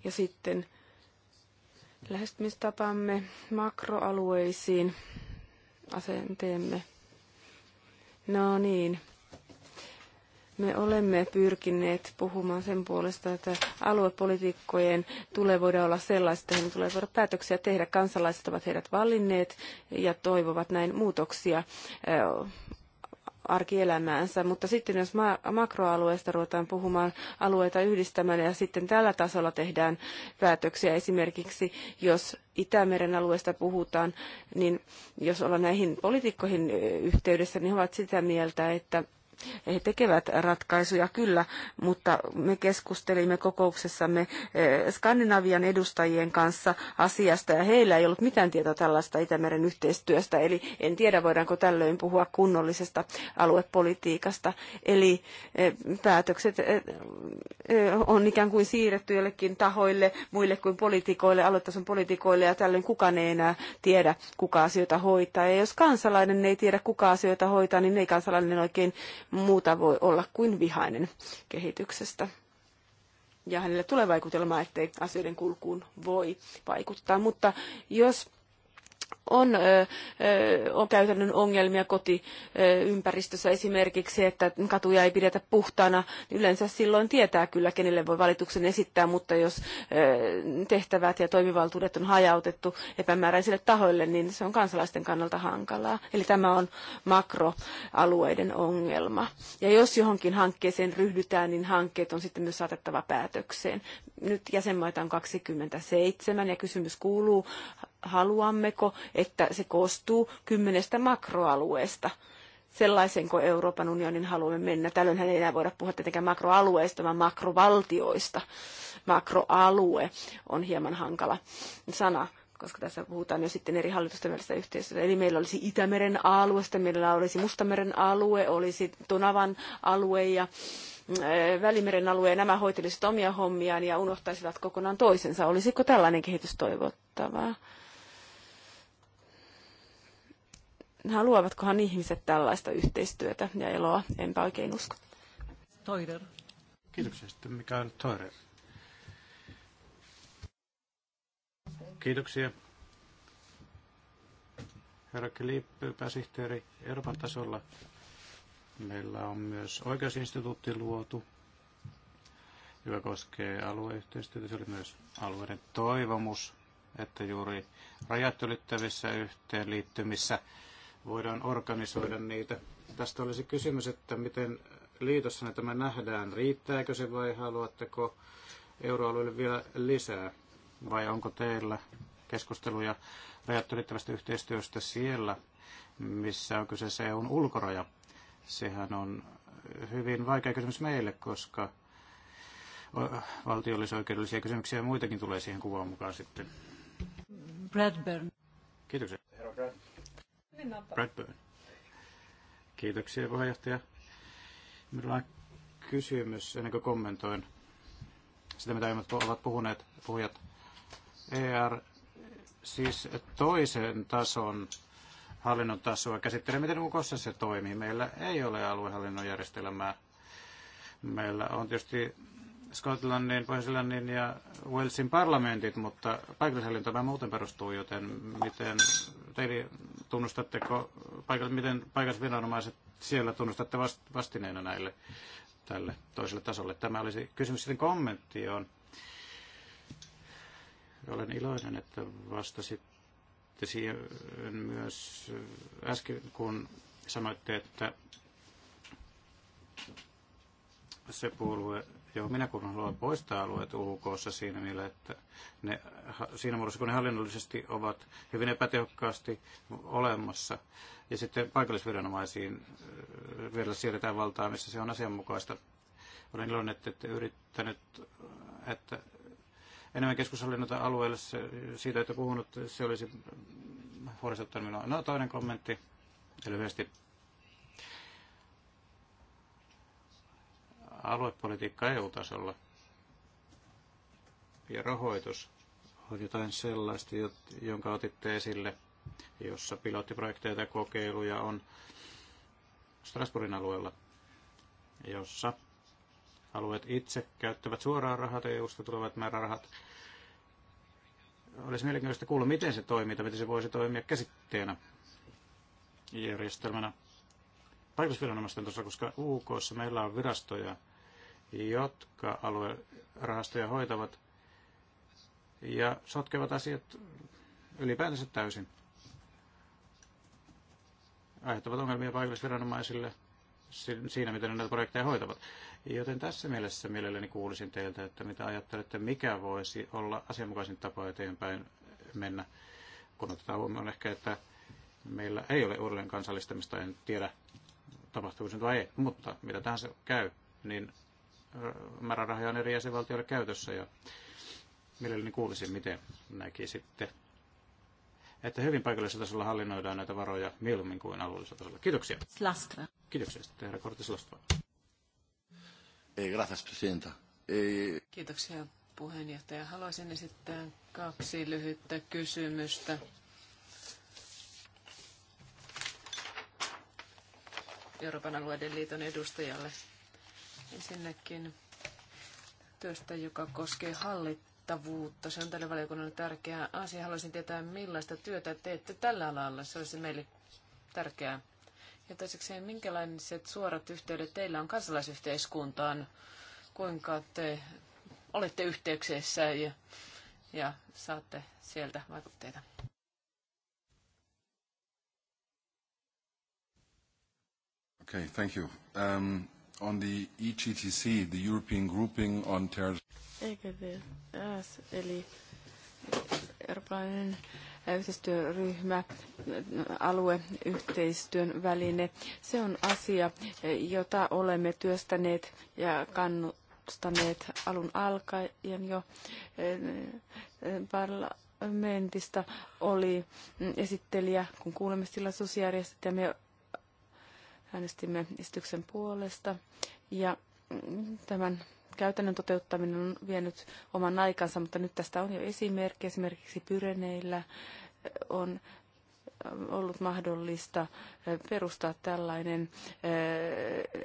Ja sitten lähestymistapamme makroalueisiin asenteemme. No niin, me olemme pyrkineet puhumaan sen puolesta, että aluepolitiikkojen tulee voida olla sellaista, että heidän tulee voida päätöksiä tehdä. Kansalaiset ovat heidät valinneet ja toivovat näin muutoksia arkielämäänsä, mutta sitten jos ma- makroalueesta ruvetaan puhumaan alueita yhdistämään ja sitten tällä tasolla tehdään päätöksiä, esimerkiksi jos Itämeren alueesta puhutaan, niin jos ollaan näihin poliitikkoihin yhteydessä, niin he ovat sitä mieltä, että he tekevät ratkaisuja kyllä, mutta me keskustelimme kokouksessamme eh, Skandinavian edustajien kanssa asiasta ja heillä ei ollut mitään tietoa tällaista Itämeren yhteistyöstä, eli en tiedä voidaanko tällöin puhua kunnollisesta aluepolitiikasta. Eli eh, päätökset eh, on ikään kuin siirretty jollekin tahoille, muille kuin poliitikoille, aluetason poliitikoille ja tällöin kukaan ei enää tiedä, kuka asioita hoitaa. Ja jos kansalainen ei tiedä, kuka asioita hoitaa, niin ei kansalainen oikein muuta voi olla kuin vihainen kehityksestä. Ja hänelle tulee vaikutelma, ettei asioiden kulkuun voi vaikuttaa. Mutta jos on, on käytännön ongelmia kotiympäristössä esimerkiksi, että katuja ei pidetä puhtaana, niin yleensä silloin tietää kyllä, kenelle voi valituksen esittää, mutta jos tehtävät ja toimivaltuudet on hajautettu epämääräisille tahoille, niin se on kansalaisten kannalta hankalaa. Eli tämä on makroalueiden ongelma. Ja jos johonkin hankkeeseen ryhdytään, niin hankkeet on sitten myös saatettava päätökseen. Nyt jäsenmaita on 27 ja kysymys kuuluu, haluammeko, että se koostuu kymmenestä makroalueesta. sellaiseenko Euroopan unionin haluamme mennä? Tällöinhän ei enää voida puhua tietenkään makroalueista, vaan makrovaltioista. Makroalue on hieman hankala sana koska tässä puhutaan jo sitten eri hallitusten välistä yhteistyötä. Eli meillä olisi Itämeren alue, sitten meillä olisi Mustameren alue, olisi Tonavan alue ja eh, Välimeren alue, ja nämä hoitelisivat omia hommiaan ja unohtaisivat kokonaan toisensa. Olisiko tällainen kehitys toivottavaa? haluavatkohan ihmiset tällaista yhteistyötä ja eloa? Enpä oikein usko. Toider. Kiitoksia sitten Mikael Toider. Kiitoksia. Herra Klip, pääsihteeri Euroopan tasolla. Meillä on myös oikeusinstituutti luotu, joka koskee alueyhteistyötä. Se oli myös alueiden toivomus, että juuri rajat ylittävissä yhteenliittymissä voidaan organisoida niitä. Tästä olisi kysymys, että miten liitossa tämä nähdään. Riittääkö se vai haluatteko euroalueelle vielä lisää? Vai onko teillä keskusteluja rajat ylittävästä yhteistyöstä siellä, missä on se EUn ulkoraja? Sehän on hyvin vaikea kysymys meille, koska valtiollisoikeudellisia kysymyksiä ja muitakin tulee siihen kuvaan mukaan sitten. Bradburn. Kiitoksia. Niin, Bradburn. Kiitoksia puheenjohtaja. Minulla on kysymys, ennen kuin kommentoin sitä, mitä ovat puhuneet puhujat. ER, siis toisen tason hallinnon tasoa käsittelee, miten UKossa se toimii. Meillä ei ole aluehallinnon järjestelmää. Meillä on tietysti Skotlannin, Pohjois-Irlannin ja Walesin parlamentit, mutta paikallishallinto muuten perustuu, joten miten teille tunnustatteko, paikallis, miten paikallisviranomaiset siellä tunnustatte vastineena näille tälle toiselle tasolle? Tämä olisi kysymys sitten kommentti Olen iloinen, että vastasitte siihen myös äsken, kun sanoitte, että se puolue Joo, minä kun haluan poistaa alueet UKssa siinä mielessä, että ne, siinä muodossa kun ne hallinnollisesti ovat hyvin epätehokkaasti olemassa, ja sitten paikallisviranomaisiin äh, vielä siirretään valtaa, missä se on asianmukaista. Olen iloinen, että, että yrittänyt, äh, että enemmän keskushallinnota alueelle se, siitä, että puhunut, se olisi äh, huolestuttanut minua. No toinen kommentti, lyhyesti aluepolitiikka EU-tasolla ja rahoitus on jotain sellaista, jonka otitte esille, jossa pilottiprojekteja ja kokeiluja on Strasbourgin alueella, jossa alueet itse käyttävät suoraan rahat, EU-sta tulevat määrärahat. Olisi mielenkiintoista kuulla, miten se toimii tai miten se voisi toimia käsitteenä järjestelmänä paikallisviranomaisten tuossa, koska UK meillä on virastoja, jotka aluerahastoja hoitavat ja sotkevat asiat ylipäätänsä täysin. Aiheuttavat ongelmia paikallisviranomaisille siinä, miten ne näitä projekteja hoitavat. Joten tässä mielessä mielelläni kuulisin teiltä, että mitä ajattelette, mikä voisi olla asianmukaisin tapa eteenpäin mennä, kun otetaan huomioon ehkä, että meillä ei ole uudelleen kansallistamista, en tiedä tapahtuuko se vai ei, mutta mitä se käy, niin määrärahoja on eri jäsenvaltioiden käytössä ja mielelläni kuulisin, miten sitten että hyvin paikallisella tasolla hallinnoidaan näitä varoja mieluummin kuin alueellisella tasolla. Kiitoksia. Slastra. Kiitoksia sitten, herra Kortis Lastra. Eh, gracias, presidenta. Eh, Kiitoksia, puheenjohtaja. Haluaisin esittää kaksi lyhyttä kysymystä. Euroopan alueiden liiton edustajalle Ensinnäkin työstä, joka koskee hallittavuutta. Se on tälle valiokunnalle tärkeä asia. Haluaisin tietää, millaista työtä teette tällä alalla. Se olisi meille tärkeää. Ja toisekseen, minkälaiset suorat yhteydet teillä on kansalaisyhteiskuntaan? Kuinka te olette yhteyksessä ja, ja saatte sieltä vaikutteita? Okay, thank you. Um, on the EGTC, the European Grouping on Terrorism. EGTS, eli eurooppalainen yhteistyöryhmä, alueyhteistyön väline, se on asia, jota olemme työstäneet ja kannustaneet alun alkaen jo parlamentista oli mm, esittelijä, kun kuulemistilaisuus järjestettiin ja me Äänestimme esityksen puolesta ja tämän käytännön toteuttaminen on vienyt oman aikansa, mutta nyt tästä on jo esimerkki. Esimerkiksi Pyreneillä eh, on eh, ollut mahdollista eh, perustaa tällainen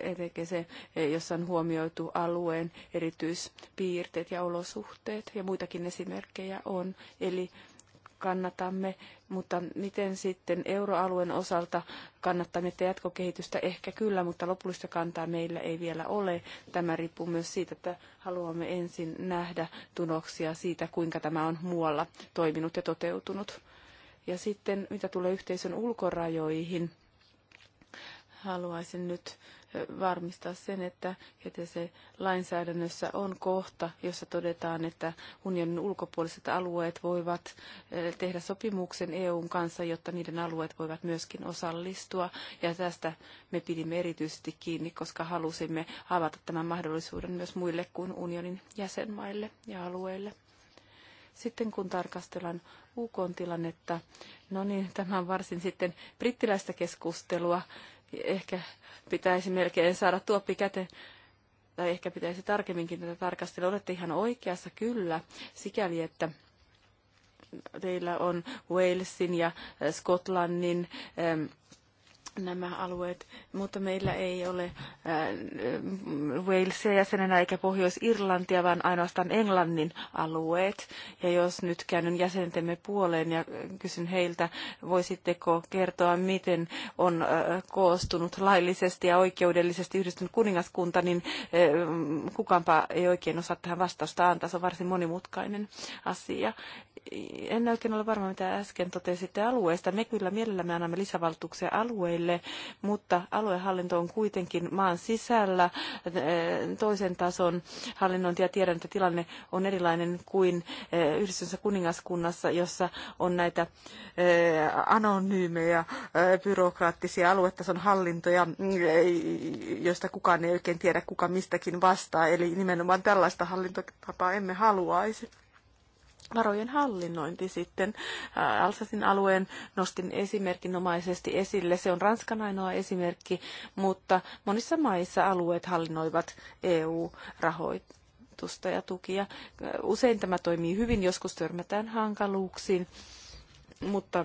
ETGC, e jossa on huomioitu alueen erityispiirteet ja olosuhteet, ja muitakin esimerkkejä on. Eli kannatamme, mutta miten sitten euroalueen osalta kannattamme jatkokehitystä? Ehkä kyllä, mutta lopullista kantaa meillä ei vielä ole. Tämä riippuu myös siitä, että haluamme ensin nähdä tuloksia siitä, kuinka tämä on muualla toiminut ja toteutunut. Ja sitten mitä tulee yhteisön ulkorajoihin, haluaisin nyt varmistaa sen, että, että se lainsäädännössä on kohta, jossa todetaan, että unionin ulkopuoliset alueet voivat tehdä sopimuksen EUn kanssa, jotta niiden alueet voivat myöskin osallistua. Ja tästä me pidimme erityisesti kiinni, koska halusimme avata tämän mahdollisuuden myös muille kuin unionin jäsenmaille ja alueille. Sitten kun tarkastellaan UK-tilannetta, no niin, tämä on varsin sitten brittiläistä keskustelua Ehkä pitäisi melkein saada tuoppi käteen tai ehkä pitäisi tarkemminkin tätä tarkastella. Olette ihan oikeassa kyllä, sikäli että teillä on Walesin ja Skotlannin nämä alueet, mutta meillä ei ole äh, Walesia jäsenenä eikä Pohjois-Irlantia, vaan ainoastaan Englannin alueet. Ja jos nyt käännyn jäsentemme puoleen ja kysyn heiltä, voisitteko kertoa, miten on äh, koostunut laillisesti ja oikeudellisesti yhdistynyt kuningaskunta, niin äh, kukaanpa ei oikein osaa tähän vastausta antaa. Se on varsin monimutkainen asia. En oikein ole varma, mitä äsken totesitte alueesta. Me kyllä mielellämme annamme lisävaltuuksia alueille alueelle, mutta aluehallinto on kuitenkin maan sisällä toisen tason ja Tiedän, että tilanne on erilainen kuin Yhdistyneessä kuningaskunnassa, jossa on näitä anonyymejä byrokraattisia aluetason hallintoja, joista kukaan ei oikein tiedä, kuka mistäkin vastaa. Eli nimenomaan tällaista hallintotapaa emme haluaisi varojen hallinnointi sitten. Alsasin alueen nostin esimerkinomaisesti esille. Se on Ranskan ainoa esimerkki, mutta monissa maissa alueet hallinnoivat EU-rahoitusta ja tukia. Usein tämä toimii hyvin, joskus törmätään hankaluuksiin. Mutta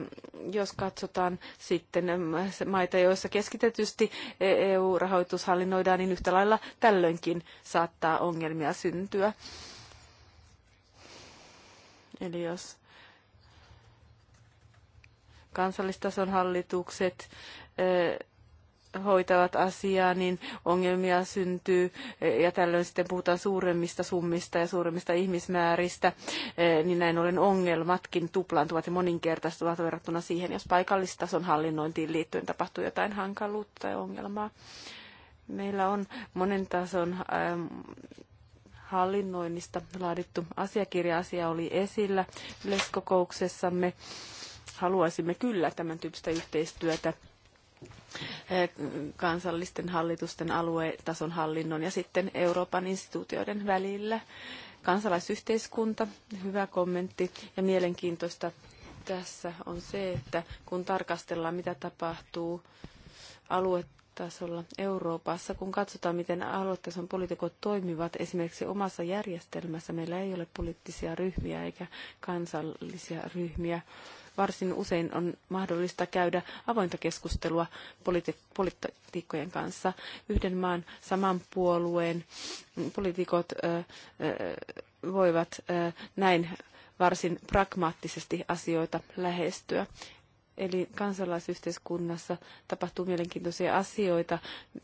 jos katsotaan sitten maita, joissa keskitetysti EU-rahoitus hallinnoidaan, niin yhtä lailla tällöinkin saattaa ongelmia syntyä Eli jos kansallistason hallitukset eh, hoitavat asiaa, niin ongelmia syntyy eh, ja tällöin sitten puhutaan suuremmista summista ja suuremmista ihmismääristä, eh, niin näin ollen ongelmatkin tuplaantuvat ja moninkertaistuvat verrattuna siihen, jos paikallistason hallinnointiin liittyen tapahtuu jotain hankaluutta tai ongelmaa. Meillä on monen tason hallinnoinnista laadittu asiakirja. Asia oli esillä yleiskokouksessamme. Haluaisimme kyllä tämän tyyppistä yhteistyötä eh, kansallisten hallitusten aluetason hallinnon ja sitten Euroopan instituutioiden välillä. Kansalaisyhteiskunta, hyvä kommentti ja mielenkiintoista tässä on se, että kun tarkastellaan mitä tapahtuu aluetasolla, tasolla Euroopassa. Kun katsotaan, miten aluetason poliitikot toimivat, esimerkiksi omassa järjestelmässä meillä ei ole poliittisia ryhmiä eikä kansallisia ryhmiä. Varsin usein on mahdollista käydä avointa keskustelua poliitikkojen kanssa. Yhden maan saman puolueen poliitikot voivat näin varsin pragmaattisesti asioita lähestyä. Eli kansalaisyhteiskunnassa tapahtuu mielenkiintoisia asioita.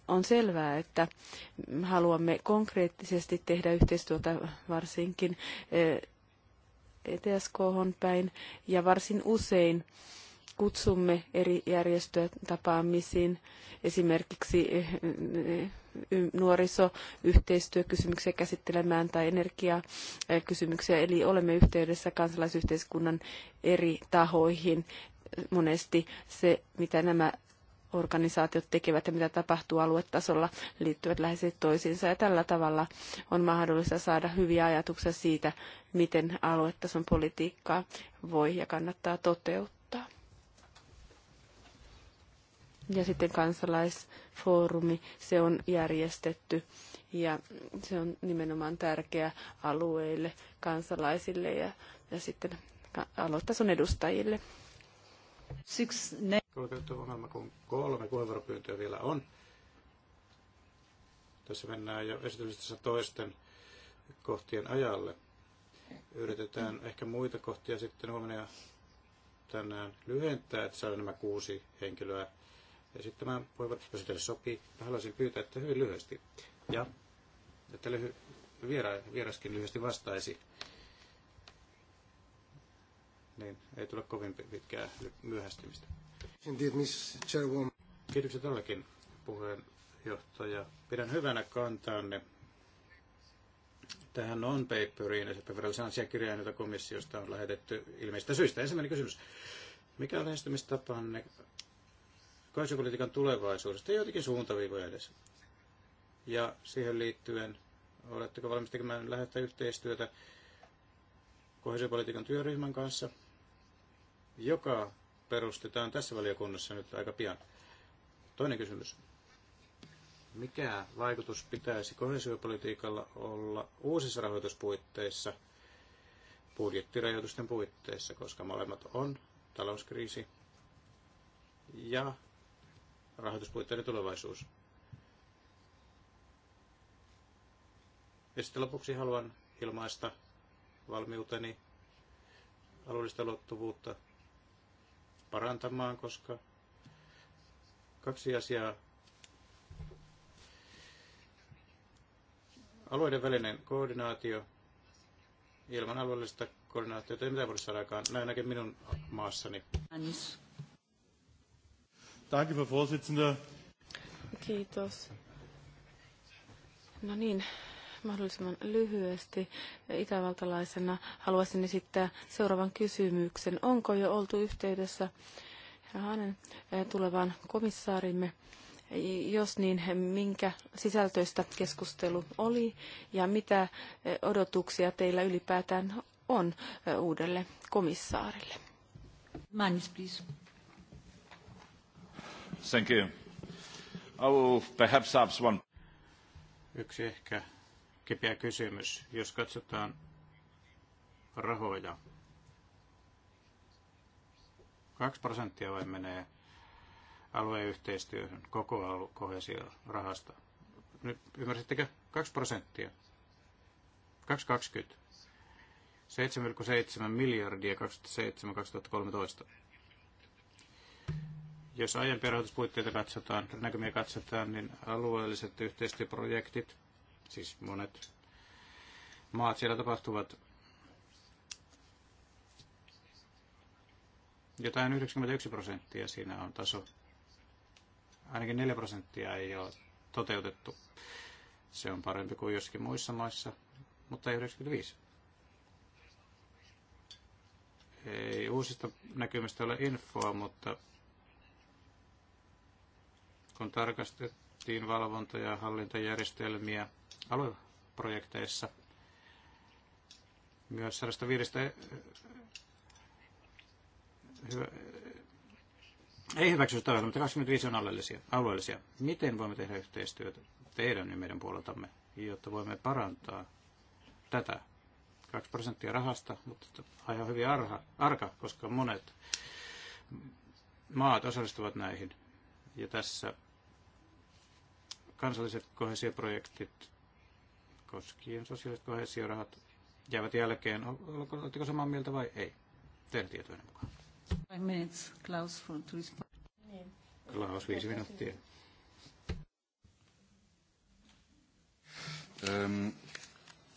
On selvää, että haluamme konkreettisesti tehdä yhteistyötä varsinkin etsk eh, e päin ja varsin usein kutsumme eri järjestöjä tapaamisiin, esimerkiksi eh, eh, nuorisoyhteistyökysymyksiä käsittelemään tai energiakysymyksiä, eli olemme yhteydessä kansalaisyhteiskunnan eri tahoihin monesti se, mitä nämä organisaatiot tekevät ja mitä tapahtuu aluetasolla, liittyvät lähes toisiinsa. Ja tällä tavalla on mahdollista saada hyviä ajatuksia siitä, miten aluetason politiikkaa voi ja kannattaa toteuttaa. Ja sitten kansalaisfoorumi, se on järjestetty ja se on nimenomaan tärkeä alueille, kansalaisille ja, ja sitten aluetason edustajille. Siksi ne... ongelma, kun kolme puheenvuoropyyntöä vielä on. Tässä mennään jo esityksessä toisten kohtien ajalle. Yritetään ehkä muita kohtia sitten huomenna tänään lyhentää, että saadaan nämä kuusi henkilöä esittämään puheenvuoropyyntöä, jos teille sopii. Mä haluaisin pyytää, että hyvin lyhyesti. Ja että lyhy- vieraskin lyhyesti vastaisi niin ei tule kovin pitkää myöhästymistä. Indeed, Miss Chairwoman. Kiitoksia todellakin, puheenjohtaja. Pidän hyvänä kantaanne tähän non-paperiin, esimerkiksi asiakirjaan, jota komissiosta on lähetetty ilmeistä syistä. Ensimmäinen kysymys. Mikä on lähestymistapanne kansainpolitiikan tulevaisuudesta, jotenkin suuntaviivoja edes? Ja siihen liittyen, oletteko valmis tekemään lähettä yhteistyötä kohesiopolitiikan työryhmän kanssa, joka perustetaan tässä valiokunnassa nyt aika pian. Toinen kysymys. Mikä vaikutus pitäisi kohesiopolitiikalla olla uusissa rahoituspuitteissa, budjettirajoitusten puitteissa, koska molemmat on talouskriisi ja rahoituspuitteiden tulevaisuus. Ja sitten lopuksi haluan ilmaista valmiuteni alueellista luottuvuutta parantamaan, koska kaksi asiaa. Alueiden välinen koordinaatio. Ilman alueellista koordinaatiota ei mitään voi saada aikaan, näin näkee minun maassani. Danke, Frau Vorsitzende. Kiitos. No niin, mahdollisimman lyhyesti itävaltalaisena haluaisin esittää seuraavan kysymyksen. Onko jo oltu yhteydessä hänen eh, tulevaan komissaarimme? Jos niin, minkä sisältöistä keskustelu oli ja mitä eh, odotuksia teillä ylipäätään on eh, uudelle komissaarille? Manis, please. Thank you. Oh, perhaps one. Yksi ehkä kipeä kysymys. Jos katsotaan rahoja, 2 prosenttia vain menee alueyhteistyöhön koko alu- rahasta. Nyt ymmärsittekö? 2 prosenttia. 2,20. 7,7 miljardia 2007-2013. Jos aiempia rahoituspuitteita katsotaan, näkymiä katsotaan, niin alueelliset yhteistyöprojektit siis monet maat siellä tapahtuvat. Jotain 91 prosenttia siinä on taso. Ainakin 4 prosenttia ei ole toteutettu. Se on parempi kuin joskin muissa maissa, mutta ei 95. Ei uusista näkymistä ole infoa, mutta kun tarkastettiin valvonta- ja hallintajärjestelmiä, alueprojekteissa myös sellaista viidestä eh, eh, ei hyväksytä ohjelmaa, mutta 25 on alueellisia, alueellisia. Miten voimme tehdä yhteistyötä teidän ja meidän puoleltamme, jotta voimme parantaa tätä 2 prosenttia rahasta, mutta aivan hyvin arha, arka, koska monet maat osallistuvat näihin. Ja tässä kansalliset kohesioprojektit koskien sosiaaliset kohesiorahat jäävät jälkeen. Oletteko samaa mieltä vai ei? Teidän tietoinen mukaan. Five minutes, Klaus, for to respond. Klaus, viisi minuuttia. Um,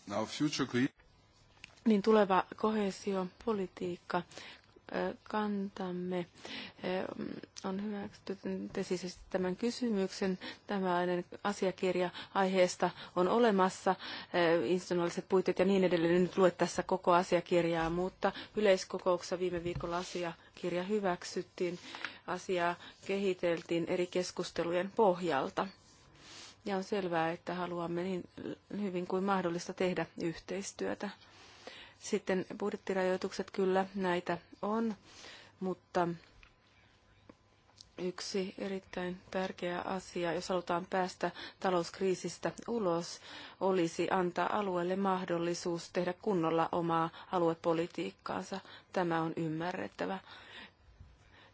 now future... Niin tuleva kohesiopolitiikka kantamme on hyväksytty siis tämän kysymyksen. Tämä asiakirja aiheesta on olemassa, institutionaaliset puitteet ja niin edelleen. En nyt lue tässä koko asiakirjaa, mutta yleiskokouksessa viime viikolla asiakirja hyväksyttiin. Asiaa kehiteltiin eri keskustelujen pohjalta. Ja on selvää, että haluamme niin hyvin kuin mahdollista tehdä yhteistyötä sitten budjettirajoitukset kyllä näitä on, mutta yksi erittäin tärkeä asia, jos halutaan päästä talouskriisistä ulos, olisi antaa alueelle mahdollisuus tehdä kunnolla omaa aluepolitiikkaansa. Tämä on ymmärrettävä.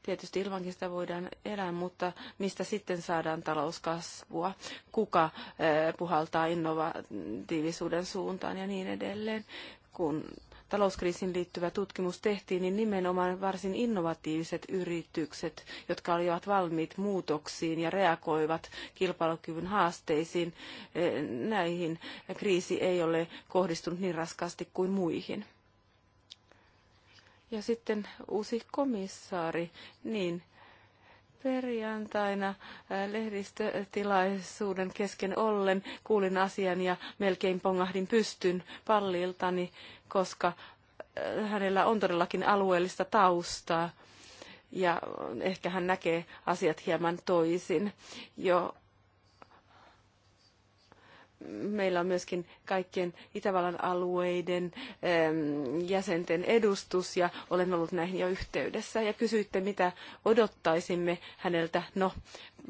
Tietysti ilmankin sitä voidaan elää, mutta mistä sitten saadaan talouskasvua? Kuka eh, puhaltaa innovatiivisuuden suuntaan ja niin edelleen? kun talouskriisiin liittyvä tutkimus tehtiin, niin nimenomaan varsin innovatiiviset yritykset, jotka olivat valmiit muutoksiin ja reagoivat kilpailukyvyn haasteisiin, eh, näihin kriisi ei ole kohdistunut niin raskaasti kuin muihin. Ja sitten uusi komissaari, niin Perjantaina lehdistötilaisuuden kesken ollen kuulin asian ja melkein pongahdin pystyn palliltani, koska hänellä on todellakin alueellista taustaa ja ehkä hän näkee asiat hieman toisin. Jo meillä on myöskin kaikkien Itävallan alueiden jäsenten edustus ja olen ollut näihin jo yhteydessä. Ja kysyitte, mitä odottaisimme häneltä. No,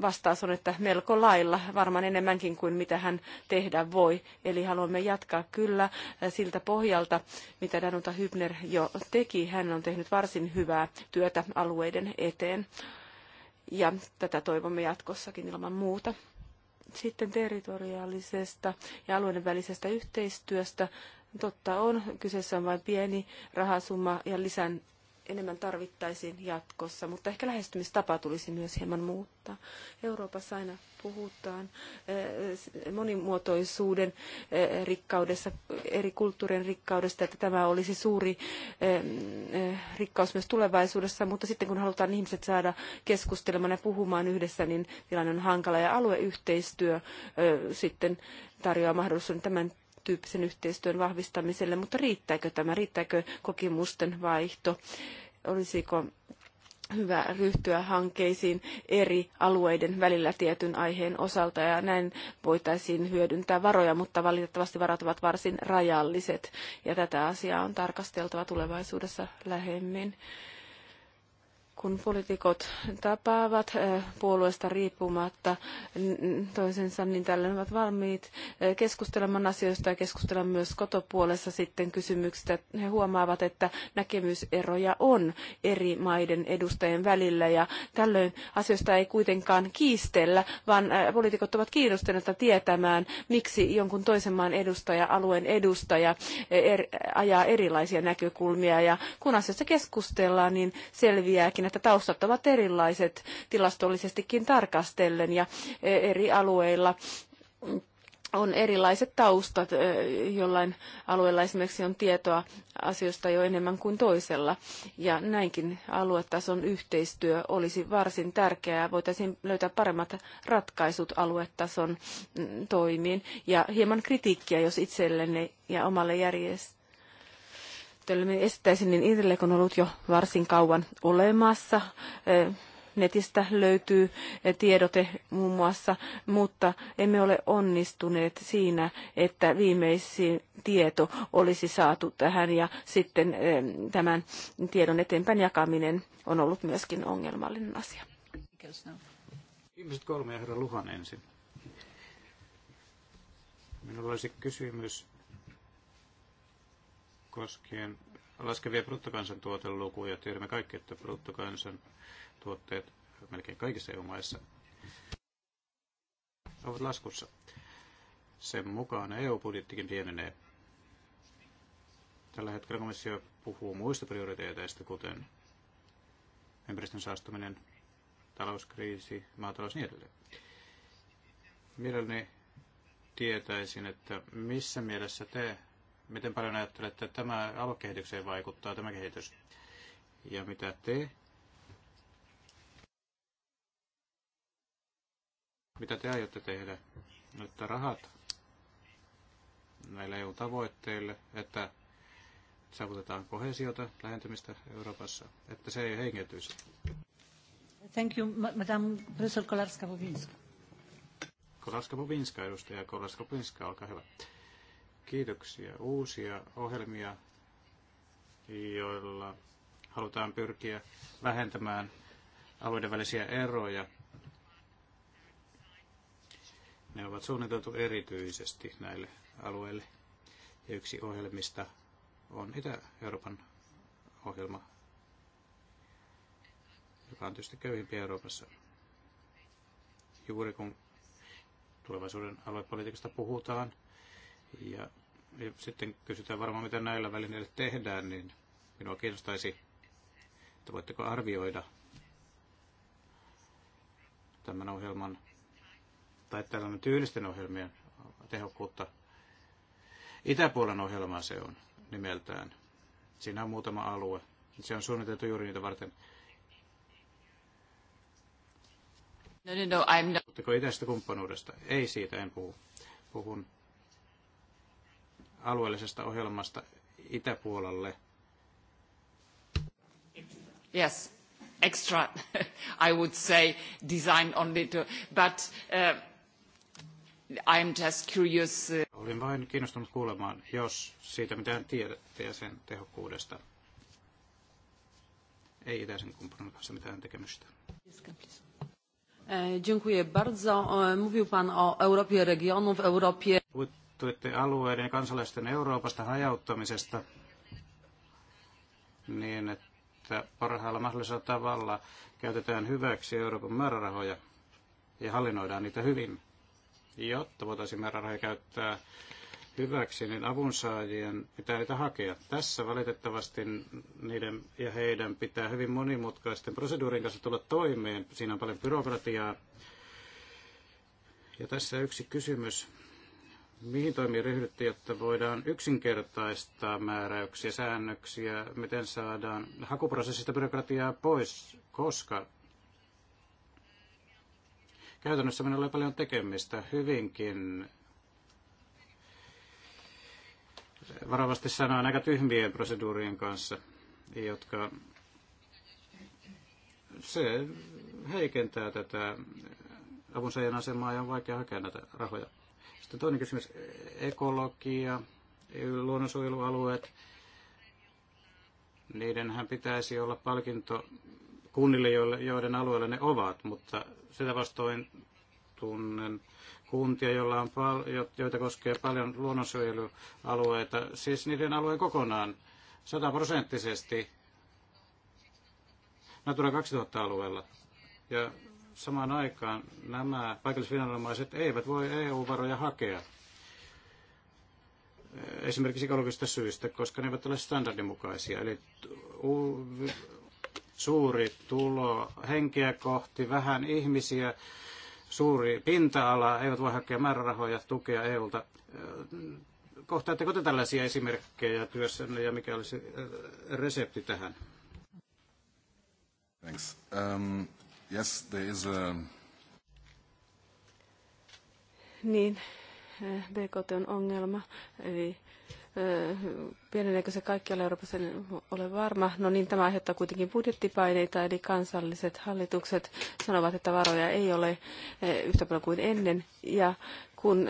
vastaus on, että melko lailla, varmaan enemmänkin kuin mitä hän tehdä voi. Eli haluamme jatkaa kyllä siltä pohjalta, mitä Danuta Hybner jo teki. Hän on tehnyt varsin hyvää työtä alueiden eteen. Ja tätä toivomme jatkossakin ilman muuta. Sitten territoriaalisesta ja alueiden välisestä yhteistyöstä. Totta on, kyseessä on vain pieni rahasumma ja lisän enemmän tarvittaisiin jatkossa, mutta ehkä lähestymistapa tulisi myös hieman muuttaa. Euroopassa aina puhutaan eh, monimuotoisuuden eh, rikkaudessa, eri kulttuurien rikkaudesta, että tämä olisi suuri eh, rikkaus myös tulevaisuudessa, mutta sitten kun halutaan ihmiset saada keskustelemaan ja puhumaan yhdessä, niin tilanne on hankala ja alueyhteistyö sitten tarjoaa mahdollisuuden tämän tyyppisen yhteistyön vahvistamiselle, mutta riittääkö tämä, riittääkö kokemusten vaihto, olisiko hyvä ryhtyä hankkeisiin eri alueiden välillä tietyn aiheen osalta ja näin voitaisiin hyödyntää varoja, mutta valitettavasti varat ovat varsin rajalliset ja tätä asiaa on tarkasteltava tulevaisuudessa lähemmin kun poliitikot tapaavat eh, puolueesta riippumatta toisensa, niin tällöin ovat valmiit eh, keskustelemaan asioista ja keskustella myös kotopuolessa sitten kysymyksistä. He huomaavat, että näkemyseroja on eri maiden edustajien välillä ja tällöin asioista ei kuitenkaan kiistellä, vaan eh, poliitikot ovat kiinnostuneita tietämään, miksi jonkun toisen maan edustaja, alueen edustaja er-, ajaa erilaisia näkökulmia ja kun asioista keskustellaan, niin selviääkin myöskin, että taustat ovat erilaiset tilastollisestikin tarkastellen ja e, eri alueilla on erilaiset taustat. E, jollain alueella esimerkiksi on tietoa asioista jo enemmän kuin toisella. Ja näinkin aluetason yhteistyö olisi varsin tärkeää. Voitaisiin löytää paremmat ratkaisut aluetason mm, toimiin. Ja hieman kritiikkiä, jos itselleni ja omalle järjestelmälle Keskustelemme esittäisin, niin on ollut jo varsin kauan olemassa. Eh, netistä löytyy eh, tiedote muun muassa, mutta emme ole onnistuneet siinä, että viimeisin tieto olisi saatu tähän ja sitten eh, tämän tiedon eteenpäin jakaminen on ollut myöskin ongelmallinen asia. Ihmiset kolme ja herra Luhan ensin. Minulla olisi kysymys koskien laskevia bruttokansantuotelukuja. Tiedämme kaikki, että bruttokansantuotteet melkein kaikissa EU-maissa ovat laskussa. Sen mukaan EU-budjettikin pienenee. Tällä hetkellä komissio puhuu muista prioriteeteista, kuten ympäristön saastuminen, talouskriisi, maatalous ja niin edelleen. Mielelläni tietäisin, että missä mielessä te Miten paljon ajattelette, että tämä aluekehitykseen vaikuttaa, tämä kehitys? Ja mitä te mitä te aiotte tehdä, että rahat näille EU-tavoitteille, että saavutetaan kohesiota, lähentymistä Euroopassa, että se ei hengetyisi. Thank you, Madame Professor Kolarska-Bovinska. Kolarska-Bovinska, edustaja Kolarska-Bovinska, olkaa hyvä kiitoksia. Uusia ohjelmia, joilla halutaan pyrkiä vähentämään alueiden välisiä eroja. Ne ovat suunniteltu erityisesti näille alueille. Ja yksi ohjelmista on Itä-Euroopan ohjelma, joka on tietysti köyhimpiä Euroopassa. Juuri kun tulevaisuuden aluepolitiikasta puhutaan, ja, ja sitten kysytään varmaan, mitä näillä välineillä tehdään, niin minua kiinnostaisi, että voitteko arvioida tämän ohjelman tai tällainen tyylisten ohjelmien tehokkuutta. Itäpuolen ohjelma se on nimeltään. Siinä on muutama alue. Se on suunniteltu juuri niitä varten. No, no, no, I'm not... Oletteko itäisestä kumppanuudesta? Ei siitä, en puhu. Puhun alueellisesta ohjelmasta itäpuolelle. Yes, extra, I would say, design only to, but uh, I'm just curious. Uh, Olin vain kiinnostunut kuulemaan, jos siitä mitään tiedätte ja sen tehokkuudesta. Ei itäisen kumppanin kanssa mitään tekemystä. Dziękuję bardzo. E, mówił Pan o Europie regionów, Europie puhuitte alueiden ja kansalaisten Euroopasta hajauttamisesta niin, että parhaalla mahdollisella tavalla käytetään hyväksi Euroopan määrärahoja ja hallinnoidaan niitä hyvin, jotta voitaisiin määrärahoja käyttää hyväksi, niin avunsaajien pitää niitä hakea. Tässä valitettavasti niiden ja heidän pitää hyvin monimutkaisten proseduurin kanssa tulla toimeen. Siinä on paljon byrokratiaa. Ja tässä yksi kysymys, mihin toimiin ryhdyttiin, jotta voidaan yksinkertaistaa määräyksiä, säännöksiä, miten saadaan hakuprosessista byrokratiaa pois, koska käytännössä minulla oli paljon tekemistä hyvinkin varovasti sanoen aika tyhmien proseduurien kanssa, jotka se heikentää tätä avunsaajan asemaa ja on vaikea hakea näitä rahoja. Sitten toinen kysymys, ekologia, luonnonsuojelualueet, niidenhän pitäisi olla palkinto kunnille, joiden alueella ne ovat, mutta sitä vastoin tunnen kuntia, joilla on pal- joita koskee paljon luonnonsuojelualueita, siis niiden alueen kokonaan sataprosenttisesti Natura 2000-alueella. Ja samaan aikaan nämä paikallisviranomaiset eivät voi EU-varoja hakea esimerkiksi ekologisista syistä, koska ne eivät ole standardimukaisia. Eli suuri tulo henkeä kohti, vähän ihmisiä, suuri pinta-ala, eivät voi hakea määrärahoja, tukea EUlta. Kohtaatteko te tällaisia esimerkkejä työssänne ja mikä olisi äh, resepti tähän? Thanks. Um... Yes, there is a... Um, niin, eh, BKT on ongelma, eli eh, pieneneekö se kaikkialla Euroopassa, en niin ole varma. No niin, tämä aiheuttaa kuitenkin budjettipaineita, eli kansalliset hallitukset sanovat, että varoja ei ole eh, yhtä paljon kuin ennen, ja kun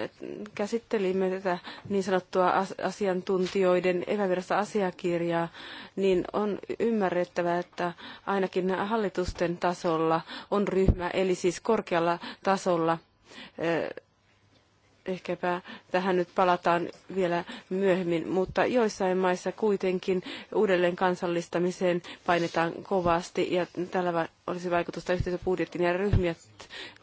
käsittelimme tätä niin sanottua asiantuntijoiden epävirallista asiakirjaa, niin on ymmärrettävä, että ainakin hallitusten tasolla on ryhmä, eli siis korkealla tasolla ehkäpä tähän nyt palataan vielä myöhemmin, mutta joissain maissa kuitenkin uudelleen kansallistamiseen painetaan kovasti ja tällä olisi vaikutusta yhteisöbudjettiin ja ryhmät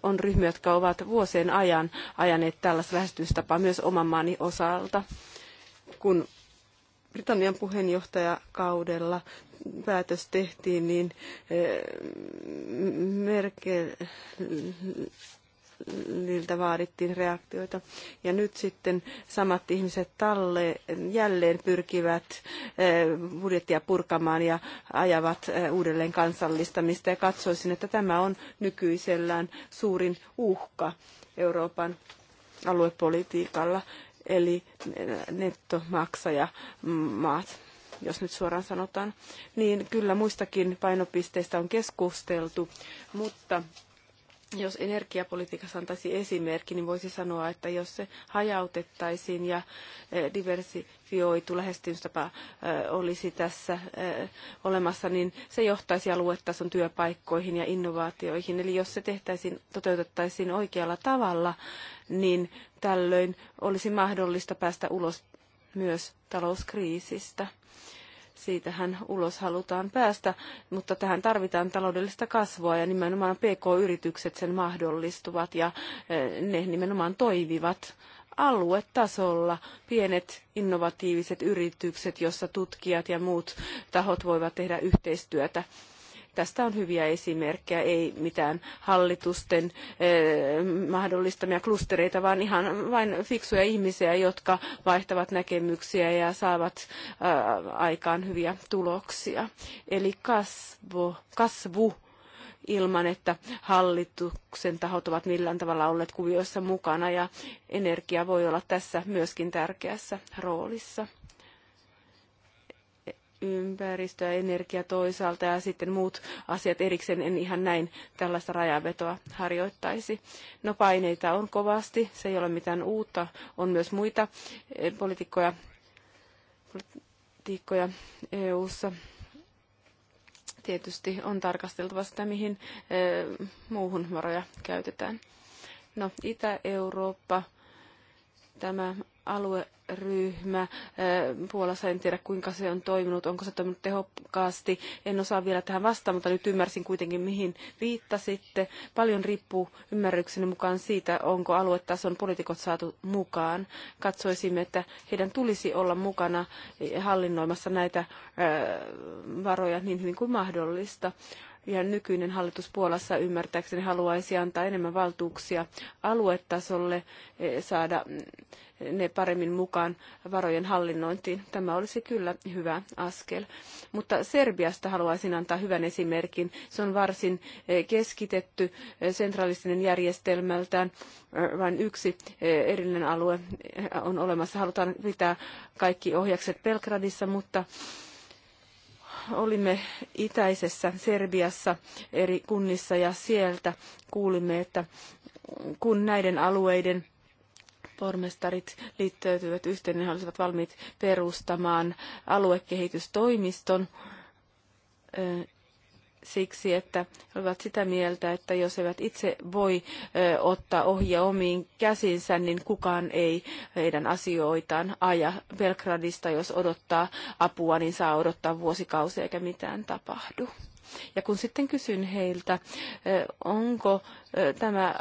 on ryhmiä, jotka ovat vuosien ajan ajaneet tällaista lähestymistapaa myös oman maani osalta. Kun Britannian puheenjohtajakaudella päätös tehtiin, niin eh, Merkel niiltä vaadittiin reaktioita. Ja nyt sitten samat ihmiset talle jälleen pyrkivät eh, budjettia purkamaan ja ajavat eh, uudelleen kansallistamista. Ja katsoisin, että tämä on nykyisellään suurin uhka Euroopan aluepolitiikalla, eli eh, nettomaksajamaat jos nyt suoraan sanotaan, niin kyllä muistakin painopisteistä on keskusteltu, mutta jos energiapolitiikassa antaisi esimerkki, niin voisi sanoa, että jos se hajautettaisiin ja e, diversifioitu lähestymistapa e, olisi tässä e, olemassa, niin se johtaisi aluetason työpaikkoihin ja innovaatioihin. Eli jos se tehtäisiin, toteutettaisiin oikealla tavalla, niin tällöin olisi mahdollista päästä ulos myös talouskriisistä siitähän ulos halutaan päästä, mutta tähän tarvitaan taloudellista kasvua ja nimenomaan PK-yritykset sen mahdollistuvat ja eh, ne nimenomaan toimivat aluetasolla pienet innovatiiviset yritykset, jossa tutkijat ja muut tahot voivat tehdä yhteistyötä Tästä on hyviä esimerkkejä, ei mitään hallitusten eh, mahdollistamia klustereita, vaan ihan vain fiksuja ihmisiä, jotka vaihtavat näkemyksiä ja saavat eh, aikaan hyviä tuloksia. Eli kasvu, kasvu ilman, että hallituksen tahot ovat millään tavalla olleet kuvioissa mukana ja energia voi olla tässä myöskin tärkeässä roolissa ympäristö ja energia toisaalta ja sitten muut asiat erikseen, en ihan näin tällaista rajanvetoa harjoittaisi. No paineita on kovasti, se ei ole mitään uutta, on myös muita eh, poliitikkoja, poliitikkoja EU-ssa. Tietysti on tarkasteltava sitä, mihin eh, muuhun varoja käytetään. No, Itä-Eurooppa, tämä alueryhmä Puolassa, en tiedä kuinka se on toiminut, onko se toiminut tehokkaasti, en osaa vielä tähän vastata, mutta nyt ymmärsin kuitenkin mihin viittasitte. Paljon riippuu ymmärrykseni mukaan siitä, onko aluetason poliitikot saatu mukaan. Katsoisimme, että heidän tulisi olla mukana hallinnoimassa näitä varoja niin hyvin kuin mahdollista ja nykyinen hallitus Puolassa ymmärtääkseni haluaisi antaa enemmän valtuuksia aluetasolle e, saada mm, ne paremmin mukaan varojen hallinnointiin. Tämä olisi kyllä hyvä askel. Mutta Serbiasta haluaisin antaa hyvän esimerkin. Se on varsin e, keskitetty e, sentralistinen järjestelmältään. Vain yksi erillinen alue on olemassa. Halutaan pitää kaikki ohjakset Belgradissa, mutta olimme itäisessä Serbiassa eri kunnissa ja sieltä kuulimme, että kun näiden alueiden pormestarit liittyivät yhteen, niin he olisivat valmiit perustamaan aluekehitystoimiston siksi, että he ovat sitä mieltä, että jos eivät itse voi ottaa ohja omiin käsinsä, niin kukaan ei heidän asioitaan aja Belgradista. Jos odottaa apua, niin saa odottaa vuosikausia eikä mitään tapahdu. Ja kun sitten kysyn heiltä, onko, tämä,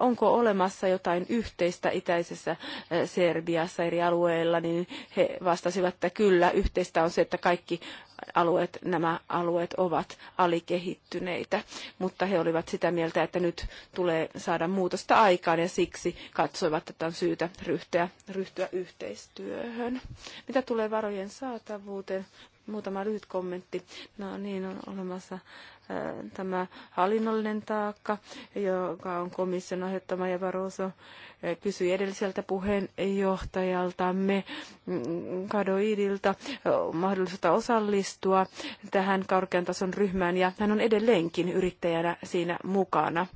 onko olemassa jotain yhteistä itäisessä Serbiassa eri alueilla, niin he vastasivat, että kyllä, yhteistä on se, että kaikki alueet, nämä alueet ovat alikehittyneitä, mutta he olivat sitä mieltä, että nyt tulee saada muutosta aikaan ja siksi katsoivat, että on syytä ryhtyä, ryhtyä yhteistyöhön. Mitä tulee varojen saatavuuteen? Muutama lyhyt kommentti. No niin, on olemassa tämä hallinnollinen taakka, joka on komission asettama ja Barroso kysyi edelliseltä puheenjohtajaltamme mm, Kadoidilta mahdollisuutta osallistua tähän korkean tason ryhmään ja hän on edelleenkin yrittäjänä siinä mukana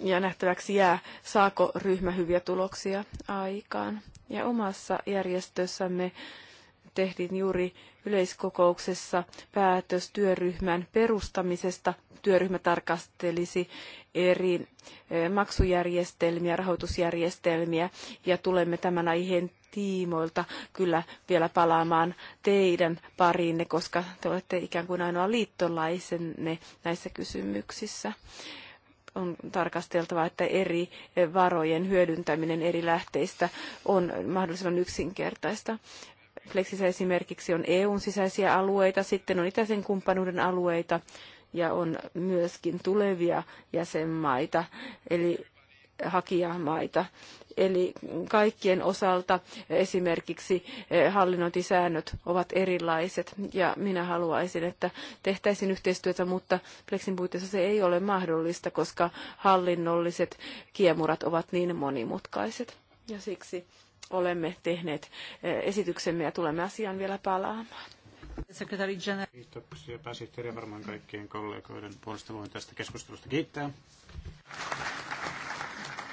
ja nähtäväksi jää, saako ryhmä hyviä tuloksia aikaan. Ja omassa järjestössämme tehtiin juuri yleiskokouksessa päätös työryhmän perustamisesta. Työryhmä tarkastelisi eri e, maksujärjestelmiä, rahoitusjärjestelmiä ja tulemme tämän aiheen tiimoilta kyllä vielä palaamaan teidän pariinne, koska te olette ikään kuin ainoa liittolaisenne näissä kysymyksissä on tarkasteltava, että eri varojen hyödyntäminen eri lähteistä on mahdollisimman yksinkertaista. Flexissä esimerkiksi on EUn sisäisiä alueita, sitten on itäisen kumppanuuden alueita ja on myöskin tulevia jäsenmaita, eli hakijamaita. Eli kaikkien osalta esimerkiksi eh, hallinnointisäännöt ovat erilaiset ja minä haluaisin, että tehtäisiin yhteistyötä, mutta Flexin puitteissa se ei ole mahdollista, koska hallinnolliset kiemurat ovat niin monimutkaiset. Ja siksi olemme tehneet eh, esityksemme ja tulemme asiaan vielä palaamaan. Kiitoksia pääsihteeri ja varmaan kaikkien kollegoiden puolesta voin tästä keskustelusta kiittää.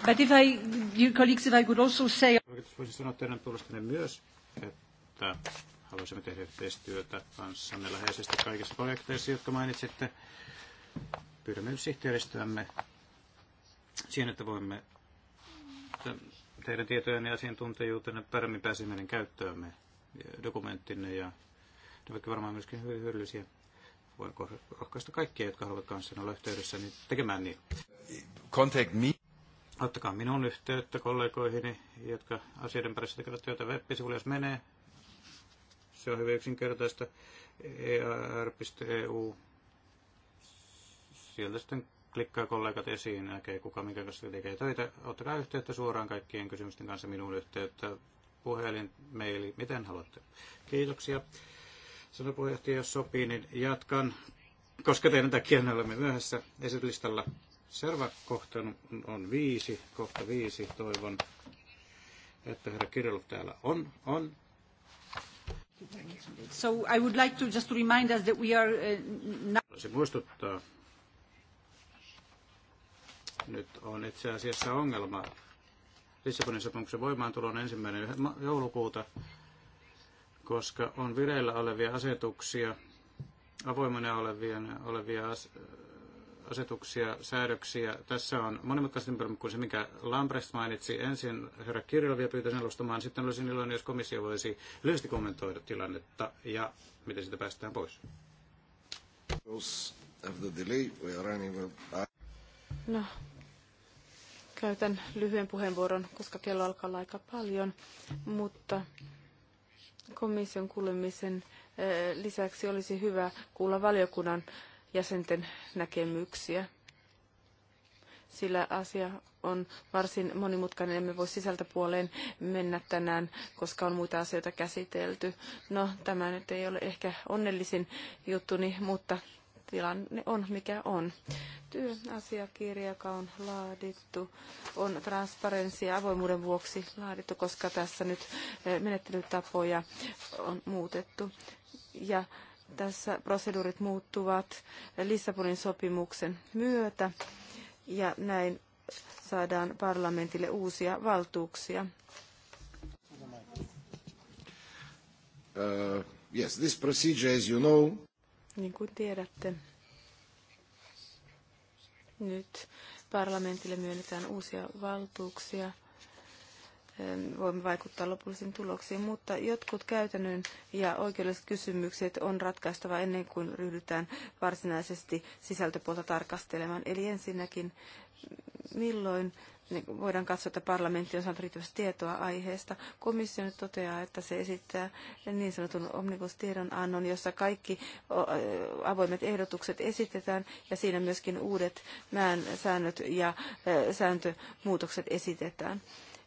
But if I, dear colleagues, if I could also say... Voisin sanoa teidän puolestanne myös, että haluaisimme tehdä yhteistyötä kanssanne läheisesti kaikissa projekteissa, jotka mainitsitte. Pyydämme sihteeristöämme siihen, että voimme teidän tietojen ja asiantuntijuutenne paremmin pääsi meidän käyttöömme dokumenttinne ja ne ovat varmaan myöskin hyvin hyödyllisiä. Voin rohkaista kaikkia, jotka haluavat kanssa olla yhteydessä, niin tekemään niin. Contact me. Ottakaa minun yhteyttä kollegoihini, jotka asioiden parissa tekevät työtä web jos menee. Se on hyvin yksinkertaista. ear.eu. E Sieltä sitten klikkaa kollegat esiin, näkee kuka minkä kanssa tekee töitä. Ottakaa yhteyttä suoraan kaikkien kysymysten kanssa minuun yhteyttä. Puhelin, maili, miten haluatte. Kiitoksia. Sano puheenjohtaja, jos sopii, niin jatkan, koska teidän takia me olemme myöhässä esityslistalla. Seuraava kohta on viisi, kohta viisi, toivon, että herra Kirillov täällä on. on. So I would like to just to remind us that we are uh, now... muistuttaa nyt on itse asiassa ongelma. Lissabonin sopimuksen voimaantulon ensimmäinen joulukuuta, koska on vireillä olevia asetuksia, avoimena olevia olevia as, asetuksia, säädöksiä. Tässä on monimutkaisempi kuin se, mikä Lambrecht mainitsi. Ensin herra Kirjelviä pyytäisin alustamaan, sitten olisin iloinen, jos komissio voisi lyhyesti kommentoida tilannetta ja miten sitä päästään pois. Uh, no, Käytän lyhyen puheenvuoron, koska kello alkaa olla aika paljon, mutta komission kuulemisen eh, lisäksi olisi hyvä kuulla valiokunnan jäsenten näkemyksiä, sillä asia on varsin monimutkainen. Emme voi sisältöpuoleen mennä tänään, koska on muita asioita käsitelty. No, tämä nyt ei ole ehkä onnellisin juttuni, mutta tilanne on mikä on. Työasiakirja, joka on laadittu, on transparenssi ja avoimuuden vuoksi laadittu, koska tässä nyt eh, menettelytapoja on muutettu. Ja tässä proseduurit muuttuvat Lissabonin sopimuksen myötä ja näin saadaan parlamentille uusia valtuuksia. Uh, yes, this procedure, as you know, niin kuin tiedätte, nyt parlamentille myönnetään uusia valtuuksia. Voimme vaikuttaa lopullisiin tuloksiin, mutta jotkut käytännön ja oikeudelliset kysymykset on ratkaistava ennen kuin ryhdytään varsinaisesti sisältöpuolta tarkastelemaan. Eli ensinnäkin, milloin niin voidaan katsoa, että parlamentti on saanut riittävästi tietoa aiheesta. Komissio nyt toteaa, että se esittää niin sanotun omnibus-tiedonannon, jossa kaikki avoimet ehdotukset esitetään ja siinä myöskin uudet mään säännöt ja sääntömuutokset esitetään.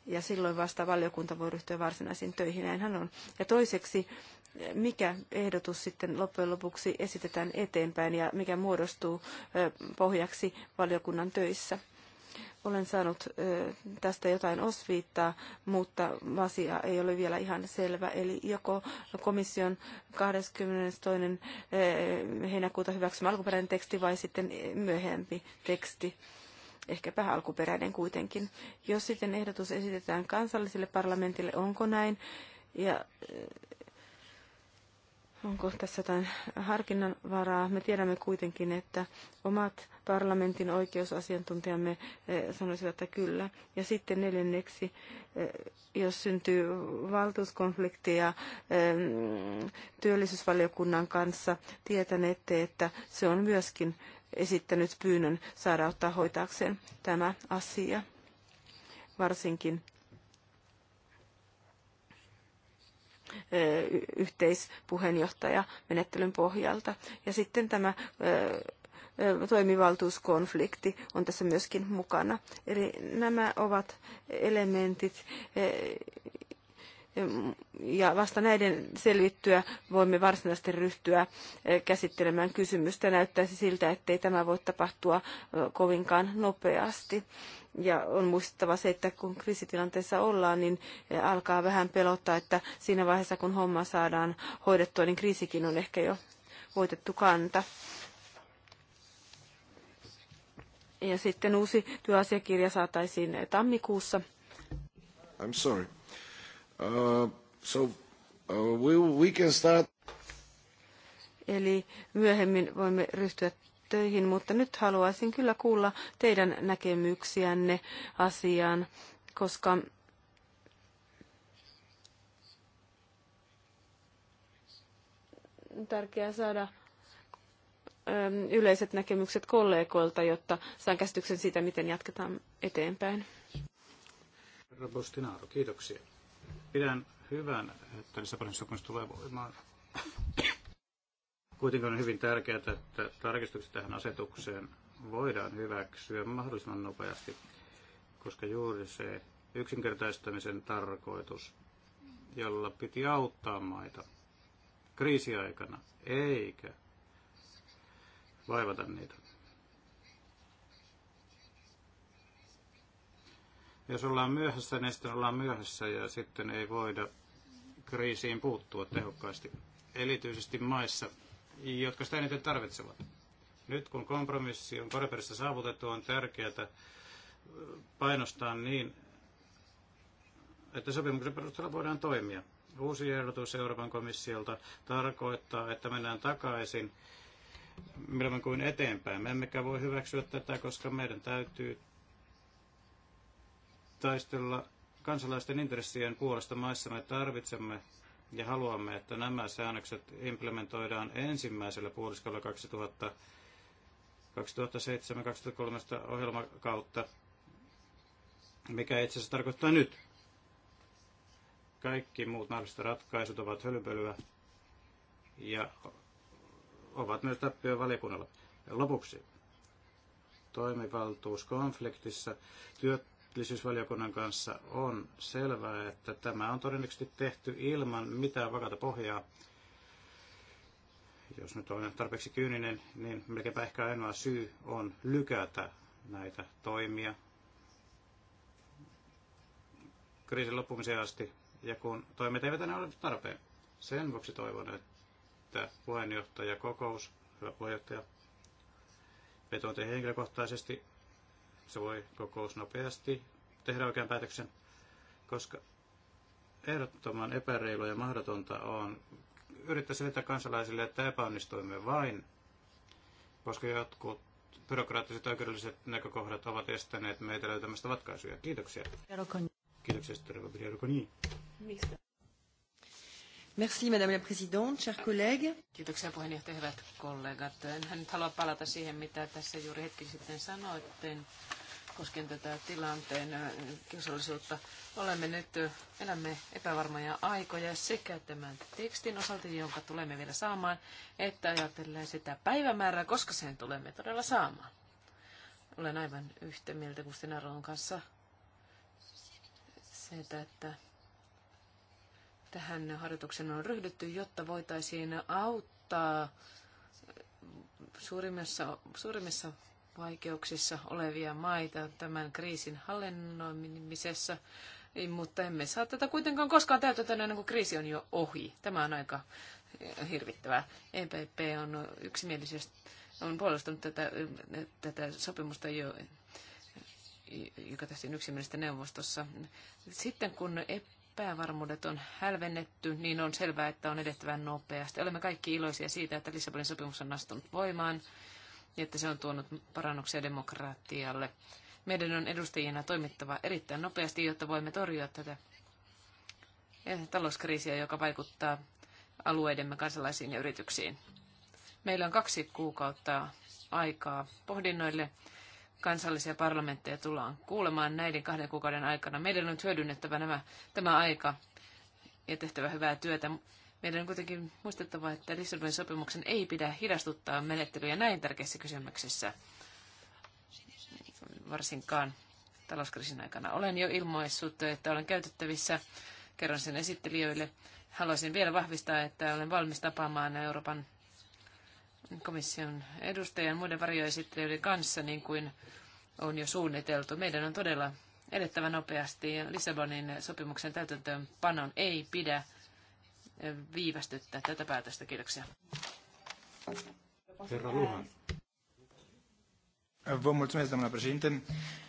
Ja silloin vasta valiokunta voi ryhtyä varsinaisiin töihin, näinhän on. Ja toiseksi mikä ehdotus sitten loppujen lopuksi esitetään eteenpäin ja mikä muodostuu pohjaksi valiokunnan töissä. Olen saanut tästä jotain osviittaa, mutta asia ei ole vielä ihan selvä. Eli joko komission 22. heinäkuuta hyväksymä alkuperäinen teksti vai sitten myöhempi teksti ehkäpä alkuperäinen kuitenkin. Jos sitten ehdotus esitetään kansalliselle parlamentille, onko näin? Ja onko tässä jotain varaa? Me tiedämme kuitenkin, että omat parlamentin oikeusasiantuntijamme eh, sanoisivat, että kyllä. Ja sitten neljänneksi, eh, jos syntyy valtuuskonflikteja eh, työllisyysvaliokunnan kanssa, tietänette, että se on myöskin esittänyt pyynnön saada ottaa hoitaakseen tämä asia. Varsinkin yhteispuheenjohtajamenettelyn pohjalta. Ja sitten tämä toimivaltuuskonflikti on tässä myöskin mukana. Eli nämä ovat elementit, ja vasta näiden selvittyä voimme varsinaisesti ryhtyä eh, käsittelemään kysymystä. Näyttäisi siltä, ettei tämä voi tapahtua eh, kovinkaan nopeasti. Ja on muistettava se, että kun kriisitilanteessa ollaan, niin eh, alkaa vähän pelottaa, että siinä vaiheessa kun homma saadaan hoidettua, niin kriisikin on ehkä jo voitettu kanta. Ja sitten uusi työasiakirja saataisiin tammikuussa. I'm sorry. Uh, so uh, we, we can start. Eli myöhemmin voimme ryhtyä töihin, mutta nyt haluaisin kyllä kuulla teidän näkemyksiänne asiaan, koska tärkeää saada ähm, yleiset näkemykset kollegoilta, jotta saan käsityksen siitä, miten jatketaan eteenpäin. Herra Bostinaaro, kiitoksia. Pidän hyvän, että Lissabonin sopimus tulee voimaan. Kuitenkin on hyvin tärkeää, että tarkistukset tähän asetukseen voidaan hyväksyä mahdollisimman nopeasti, koska juuri se yksinkertaistamisen tarkoitus, jolla piti auttaa maita kriisiaikana, eikä vaivata niitä. Jos ollaan myöhässä, niin sitten ollaan myöhässä ja sitten ei voida kriisiin puuttua tehokkaasti, erityisesti maissa, jotka sitä eniten tarvitsevat. Nyt kun kompromissi on Koreperissa saavutettu, on tärkeää painostaa niin, että sopimuksen perusteella voidaan toimia. Uusi ehdotus Euroopan komissiolta tarkoittaa, että mennään takaisin milloin kuin eteenpäin. Me emmekä voi hyväksyä tätä, koska meidän täytyy taistella kansalaisten intressien puolesta maissa me tarvitsemme ja haluamme, että nämä säännökset implementoidaan ensimmäisellä puoliskolla 2007-2013 ohjelmakautta, mikä itse asiassa tarkoittaa nyt. Kaikki muut mahdolliset ratkaisut ovat hölypölyä ja ovat myös tappio valiokunnalla. Lopuksi toimivaltuuskonfliktissa työt työllisyysvaliokunnan kanssa on selvää, että tämä on todennäköisesti tehty ilman mitään vakata pohjaa. Jos nyt olen tarpeeksi kyyninen, niin melkeinpä ehkä ainoa syy on lykätä näitä toimia kriisin loppumiseen asti, ja kun toimet eivät enää ole tarpeen. Sen vuoksi toivon, että puheenjohtaja kokous, hyvä puheenjohtaja, vetoan henkilökohtaisesti se voi kokous nopeasti tehdä oikean päätöksen, koska ehdottoman epäreilua ja mahdotonta on yrittää selittää kansalaisille, että epäonnistuimme vain, koska jotkut byrokraattiset oikeudelliset näkökohdat ovat estäneet meitä löytämästä ratkaisuja. Kiitoksia. Kiitoksia, Sterva Briarukoni. Merci, Madame la Présidente, chers collègues. Kiitoksia puheenjohtaja, hyvät kollegat. En nyt halua palata siihen, mitä tässä juuri hetki sitten sanoitte koskien tätä tilanteen äh, kiusallisuutta. Olemme nyt, äh, elämme epävarmoja aikoja sekä tämän tekstin osalta, jonka tulemme vielä saamaan, että ajatellen sitä päivämäärää, koska sen tulemme todella saamaan. Olen aivan yhtä mieltä Kustin Aron kanssa siitä, että tähän harjoitukseen on ryhdytty, jotta voitaisiin auttaa suurimmissa, suurimmissa vaikeuksissa olevia maita tämän kriisin hallinnoimisessa, mutta emme saa tätä kuitenkaan koskaan täytetä ennen kuin kriisi on jo ohi. Tämä on aika hirvittävää. EPP on yksimielisesti on puolustanut tätä, tätä sopimusta jo, joka tehtiin yksimielistä neuvostossa. Sitten kun e epävarmuudet on hälvennetty, niin on selvää, että on edettävä nopeasti. Olemme kaikki iloisia siitä, että Lissabonin sopimus on astunut voimaan ja että se on tuonut parannuksia demokratialle. Meidän on edustajina toimittava erittäin nopeasti, jotta voimme torjua tätä talouskriisiä, joka vaikuttaa alueidemme kansalaisiin ja yrityksiin. Meillä on kaksi kuukautta aikaa pohdinnoille kansallisia parlamentteja tullaan kuulemaan näiden kahden kuukauden aikana. Meidän on nyt hyödynnettävä nämä, tämä aika ja tehtävä hyvää työtä. Meidän on kuitenkin muistettava, että Lissabonin sopimuksen ei pidä hidastuttaa menettelyjä näin tärkeissä kysymyksissä, varsinkaan talouskriisin aikana. Olen jo ilmoissut, että olen käytettävissä, kerron sen esittelijöille. Haluaisin vielä vahvistaa, että olen valmis tapaamaan Euroopan komission edustajan muiden varjoesittelijöiden kanssa, niin kuin on jo suunniteltu. Meidän on todella edettävä nopeasti ja Lissabonin sopimuksen täytäntöönpanon ei pidä viivästyttää tätä päätöstä. Kiitoksia. Herra Luhan. Vă mulțumesc, doamna președinte.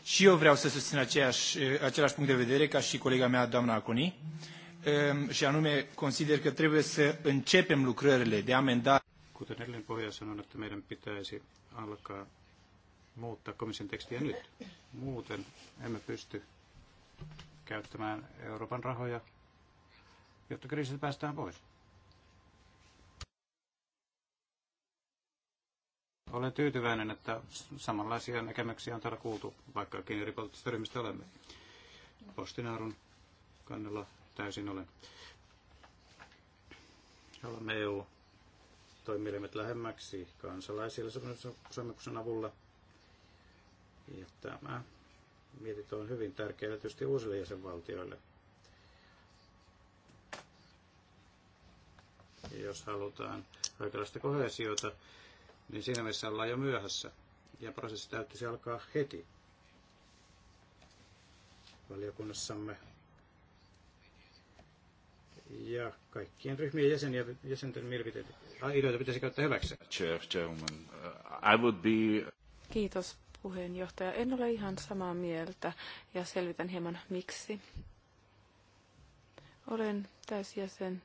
Și eu vreau să susțin aceeași, același punct de vedere ca și colega mea, doamna Aconi, ehm, și anume consider că trebuie să începem lucrările de amendare. Kuten edellinen pohja sanoi, että meidän pitäisi alkaa muuttaa komission tekstiä nyt. Muuten emme pysty käyttämään Euroopan rahoja, jotta kriisistä päästään pois. Olen tyytyväinen, että samanlaisia näkemyksiä on täällä kuultu, vaikkakin eri poliittisista ryhmistä olemme. Postinaarun kannella täysin olen. Olemme EU toimielimet lähemmäksi kansalaisille sopimuksen avulla. Ja tämä mietintö on hyvin tärkeä tietysti uusille jäsenvaltioille. Ja jos halutaan oikeanlaista kohesiota, niin siinä missä ollaan jo myöhässä. Ja prosessi täytyisi alkaa heti. Valiokunnassamme ja kaikkien ryhmien jäseniä, jäsenten mielipiteitä ideoita pitäisi käyttää hyväksi. Chair, chairman. Uh, I would be... Kiitos puheenjohtaja. En ole ihan samaa mieltä ja selvitän hieman miksi. Olen täysjäsen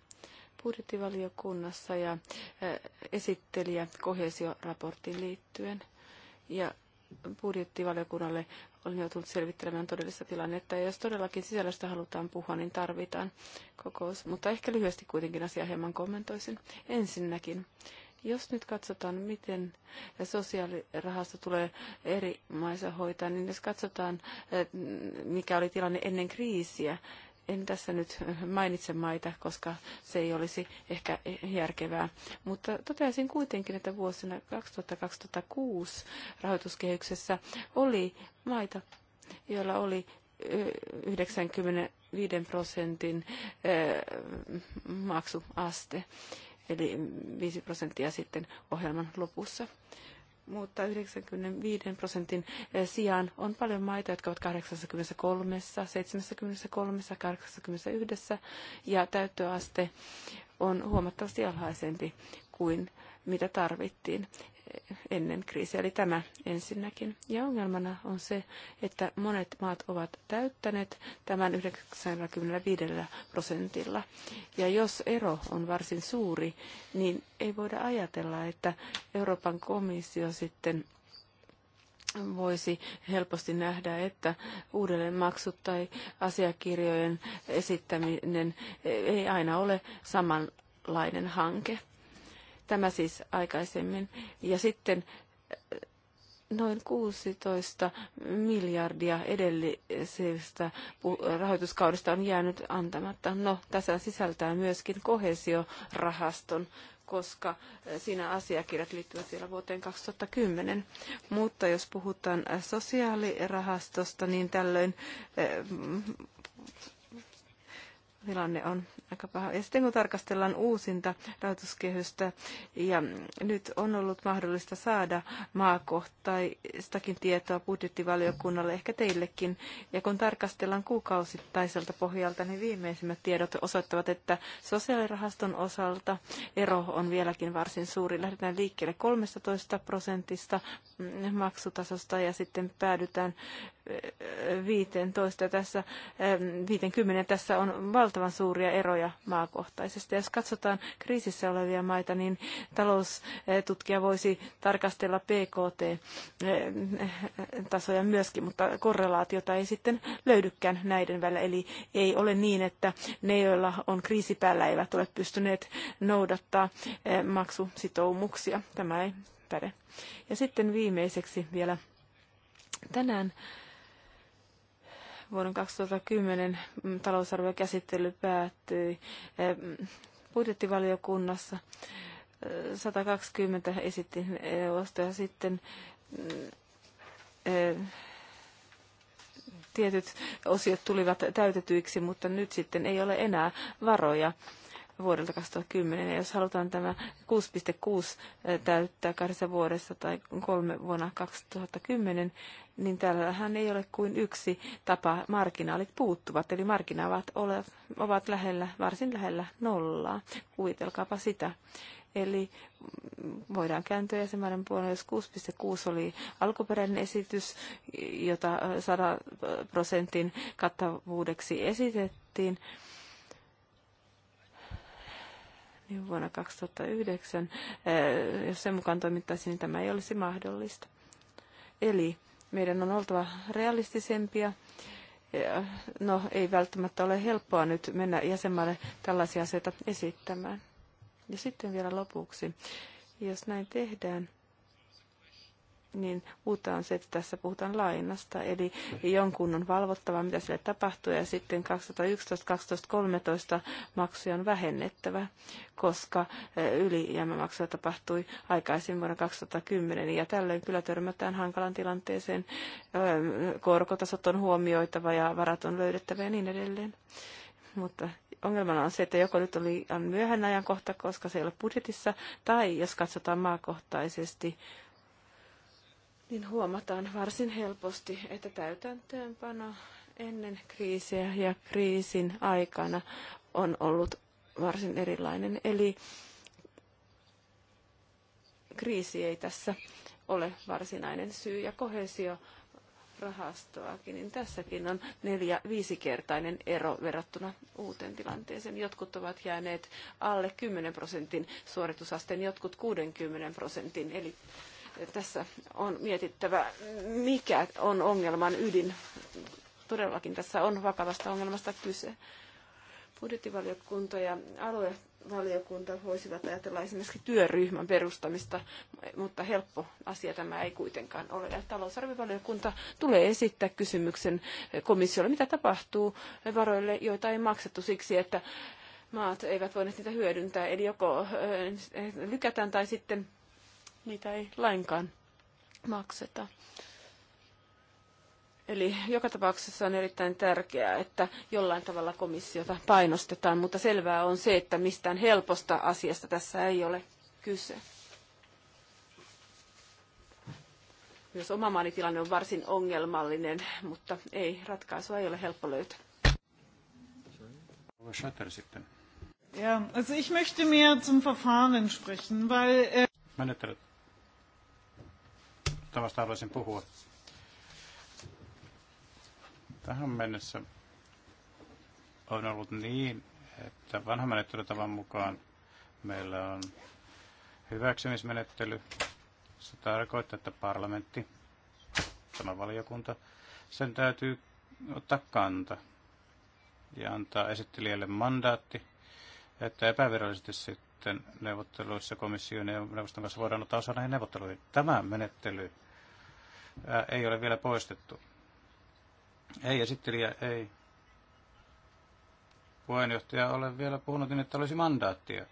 budjettivaliokunnassa ja eh, esittelijä kohesioraporttiin liittyen. Ja budjettivaliokunnalle olen joutunut selvittelemään todellista tilannetta. Ja jos todellakin sisällöstä halutaan puhua, niin tarvitaan kokous. Mutta ehkä lyhyesti kuitenkin asiaa hieman kommentoisin. Ensinnäkin, jos nyt katsotaan, miten sosiaalirahasta tulee eri maissa hoitaa, niin jos katsotaan, eh, mikä oli tilanne ennen kriisiä, en tässä nyt mainitse maita, koska se ei olisi ehkä järkevää, mutta toteaisin kuitenkin, että vuosina 2006 rahoituskehyksessä oli maita, joilla oli 95 prosentin maksuaste, eli 5 prosenttia sitten ohjelman lopussa mutta 95 prosentin eh, sijaan on paljon maita, jotka ovat 83, 73, 81 ja täyttöaste on huomattavasti alhaisempi kuin mitä tarvittiin ennen kriisiä, eli tämä ensinnäkin. Ja ongelmana on se, että monet maat ovat täyttäneet tämän 95 prosentilla. Ja jos ero on varsin suuri, niin ei voida ajatella, että Euroopan komissio sitten voisi helposti nähdä, että uudelleenmaksut tai asiakirjojen esittäminen ei aina ole samanlainen hanke. Tämä siis aikaisemmin. Ja sitten äh, noin 16 miljardia edellisestä rahoituskaudesta on jäänyt antamatta. No, tässä sisältää myöskin kohesiorahaston koska äh, siinä asiakirjat liittyvät vielä vuoteen 2010. Mutta jos puhutaan äh, sosiaalirahastosta, niin tällöin tilanne on aika paha. Ja sitten kun tarkastellaan uusinta rahoituskehystä, ja nyt on ollut mahdollista saada maakohtaistakin tietoa budjettivaliokunnalle, ehkä teillekin. Ja kun tarkastellaan kuukausittaiselta pohjalta, niin viimeisimmät tiedot osoittavat, että sosiaalirahaston osalta ero on vieläkin varsin suuri. Lähdetään liikkeelle 13 prosentista maksutasosta ja sitten päädytään 15 tässä 50 tässä on valtavan suuria eroja maakohtaisesti. Jos katsotaan kriisissä olevia maita, niin taloustutkija voisi tarkastella PKT-tasoja myöskin, mutta korrelaatiota ei sitten löydykään näiden välillä. Eli ei ole niin, että ne, joilla on kriisi päällä, eivät ole pystyneet noudattaa maksusitoumuksia. Tämä ei päde. Ja sitten viimeiseksi vielä tänään vuoden 2010 talousarviokäsittely päättyi eh, budjettivaliokunnassa. 120 eh, esitti EUsta ja sitten mm, eh, tietyt osiot tulivat täytetyiksi, mutta nyt sitten ei ole enää varoja vuodelta 2010. Ja jos halutaan tämä 6.6 täyttää kahdessa vuodessa tai kolme vuonna 2010, niin täällähän ei ole kuin yksi tapa. Marginaalit puuttuvat, eli marginaalit ovat lähellä, varsin lähellä nollaa. Kuvitelkaapa sitä. Eli voidaan kääntyä jäsenmaiden puolella, jos 6.6 oli alkuperäinen esitys, jota 100 prosentin kattavuudeksi esitettiin, niin vuonna 2009, eh, jos sen mukaan toimittaisiin, niin tämä ei olisi mahdollista. Eli meidän on oltava realistisempia. No, ei välttämättä ole helppoa nyt mennä jäsenmaille tällaisia asioita esittämään. Ja sitten vielä lopuksi, jos näin tehdään, niin uutta on se, että tässä puhutaan lainasta, eli jonkun on valvottava, mitä sille tapahtuu, ja sitten 2011, 2013 maksuja on vähennettävä, koska ylijäämämaksuja tapahtui aikaisin vuonna 2010, ja tällöin kyllä törmätään hankalan tilanteeseen, korkotasot on huomioitava ja varat on löydettävä ja niin edelleen. Mutta ongelmana on se, että joko nyt oli myöhän ajankohta, koska se ei ole budjetissa, tai jos katsotaan maakohtaisesti, niin huomataan varsin helposti, että täytäntöönpano ennen kriisiä ja kriisin aikana on ollut varsin erilainen. Eli kriisi ei tässä ole varsinainen syy ja kohesio rahastoakin, niin tässäkin on neljä viisikertainen ero verrattuna uuteen tilanteeseen. Jotkut ovat jääneet alle 10 prosentin suoritusasteen, jotkut 60 prosentin, eli tässä on mietittävä, mikä on ongelman ydin. Todellakin tässä on vakavasta ongelmasta kyse. Budjettivaliokunta ja aluevaliokunta voisivat ajatella esimerkiksi työryhmän perustamista, mutta helppo asia tämä ei kuitenkaan ole. Ja talousarvivaliokunta tulee esittää kysymyksen komissiolle, mitä tapahtuu varoille, joita ei maksettu siksi, että maat eivät voineet niitä hyödyntää. Eli joko eh, lykätään tai sitten niitä ei lainkaan makseta. Eli joka tapauksessa on erittäin tärkeää, että jollain tavalla komissiota painostetaan, mutta selvää on se, että mistään helposta asiasta tässä ei ole kyse. Myös oma maanitilanne tilanne on varsin ongelmallinen, mutta ei, ratkaisua ei ole helppo löytää. Ja, also ich möchte mehr zum Verfahren sprechen, weil... Äh ehdottomasta haluaisin puhua. Tähän mennessä on ollut niin, että vanhan menettelytavan mukaan meillä on hyväksymismenettely. Se tarkoittaa, että parlamentti, tämä valiokunta, sen täytyy ottaa kanta ja antaa esittelijälle mandaatti, että epävirallisesti sitten neuvotteluissa komission ja neuvoston kanssa voidaan ottaa osa näihin neuvotteluihin. Tämä menettely ää, ei ole vielä poistettu. Ei esittelijä, ei. Puheenjohtaja ole vielä puhunut niin, että olisi mandaattia.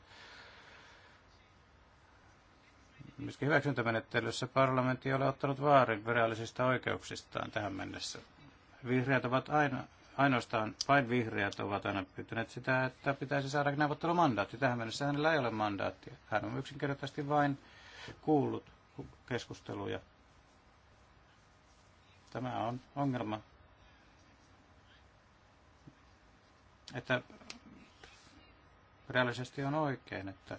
Myöskin hyväksyntämenettelyssä parlamentti ei ole ottanut vaarin virallisista oikeuksistaan tähän mennessä. Vihreät ovat aina, ainoastaan, vain vihreät ovat aina pyytäneet sitä, että pitäisi saada neuvottelumandaatti. Tähän mennessä hänellä ei ole mandaattia. Hän on yksinkertaisesti vain kuullut keskusteluja Tämä on ongelma, että reaalisesti on oikein, että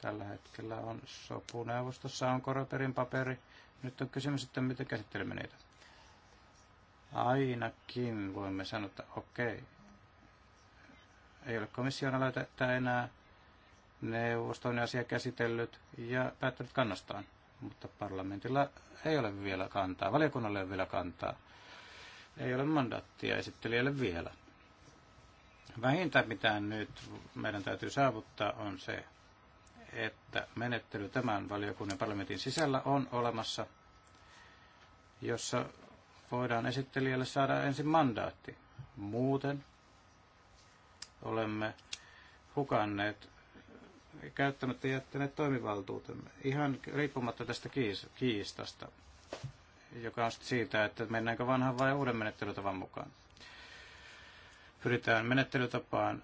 tällä hetkellä on sopuneuvostossa on koroperin paperi. Nyt on kysymys, että miten käsittelemme niitä. Ainakin voimme sanoa, että okei, ei ole komission aloitetta enää neuvoston asia käsitellyt ja päättänyt kannastaan mutta parlamentilla ei ole vielä kantaa, valiokunnalle ei ole vielä kantaa. Ei ole mandaattia esittelijälle vielä. Vähintä, mitä nyt meidän täytyy saavuttaa, on se, että menettely tämän valiokunnan parlamentin sisällä on olemassa, jossa voidaan esittelijälle saada ensin mandaatti. Muuten olemme hukanneet Käyttämättä, jättäneet toimivaltuutemme ihan riippumatta tästä kiistasta, joka on siitä, että mennäänkö vanhan vai uuden menettelytavan mukaan. Pyritään menettelytapaan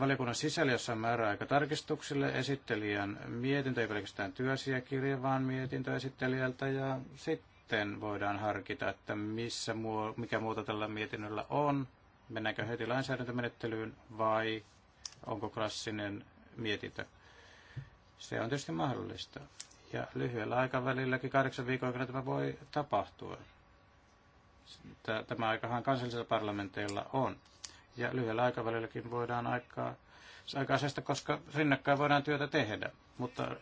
valiokunnan sisällä, jossa on määräaika tarkistuksille, esittelijän mietintö, ei pelkästään työasiakirja, vaan mietintö esittelijältä ja sitten voidaan harkita, että missä muo, mikä muuta tällä mietinnöllä on, mennäänkö heti lainsäädäntömenettelyyn vai onko klassinen Mietitä. Se on tietysti mahdollista. Ja lyhyellä aikavälilläkin kahdeksan viikon aikana tämä voi tapahtua. Tämä aikahan kansallisilla parlamenteilla on. Ja lyhyellä aikavälilläkin voidaan aikaa, aikaa säästä, koska rinnakkain voidaan työtä tehdä. Mutta äh,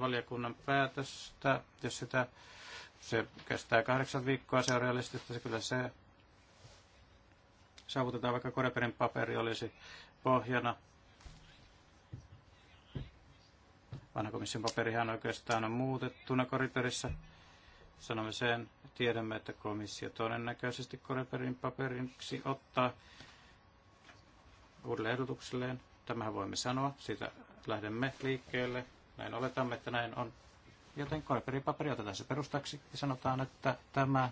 valiokunnan päätöstä, jos sitä se kestää kahdeksan viikkoa, se on realistista, se kyllä se saavutetaan, vaikka Koreperin paperi olisi pohjana Vanha komission paperihan oikeastaan on muutettuna koriperissä Sanomme sen, tiedämme, että komissio todennäköisesti Koriperin paperiksi ottaa uudelle ehdotukselleen. Tämähän voimme sanoa, siitä lähdemme liikkeelle. Näin oletamme, että näin on. Joten Koriperin paperi otetaan se perustaksi ja sanotaan, että tämä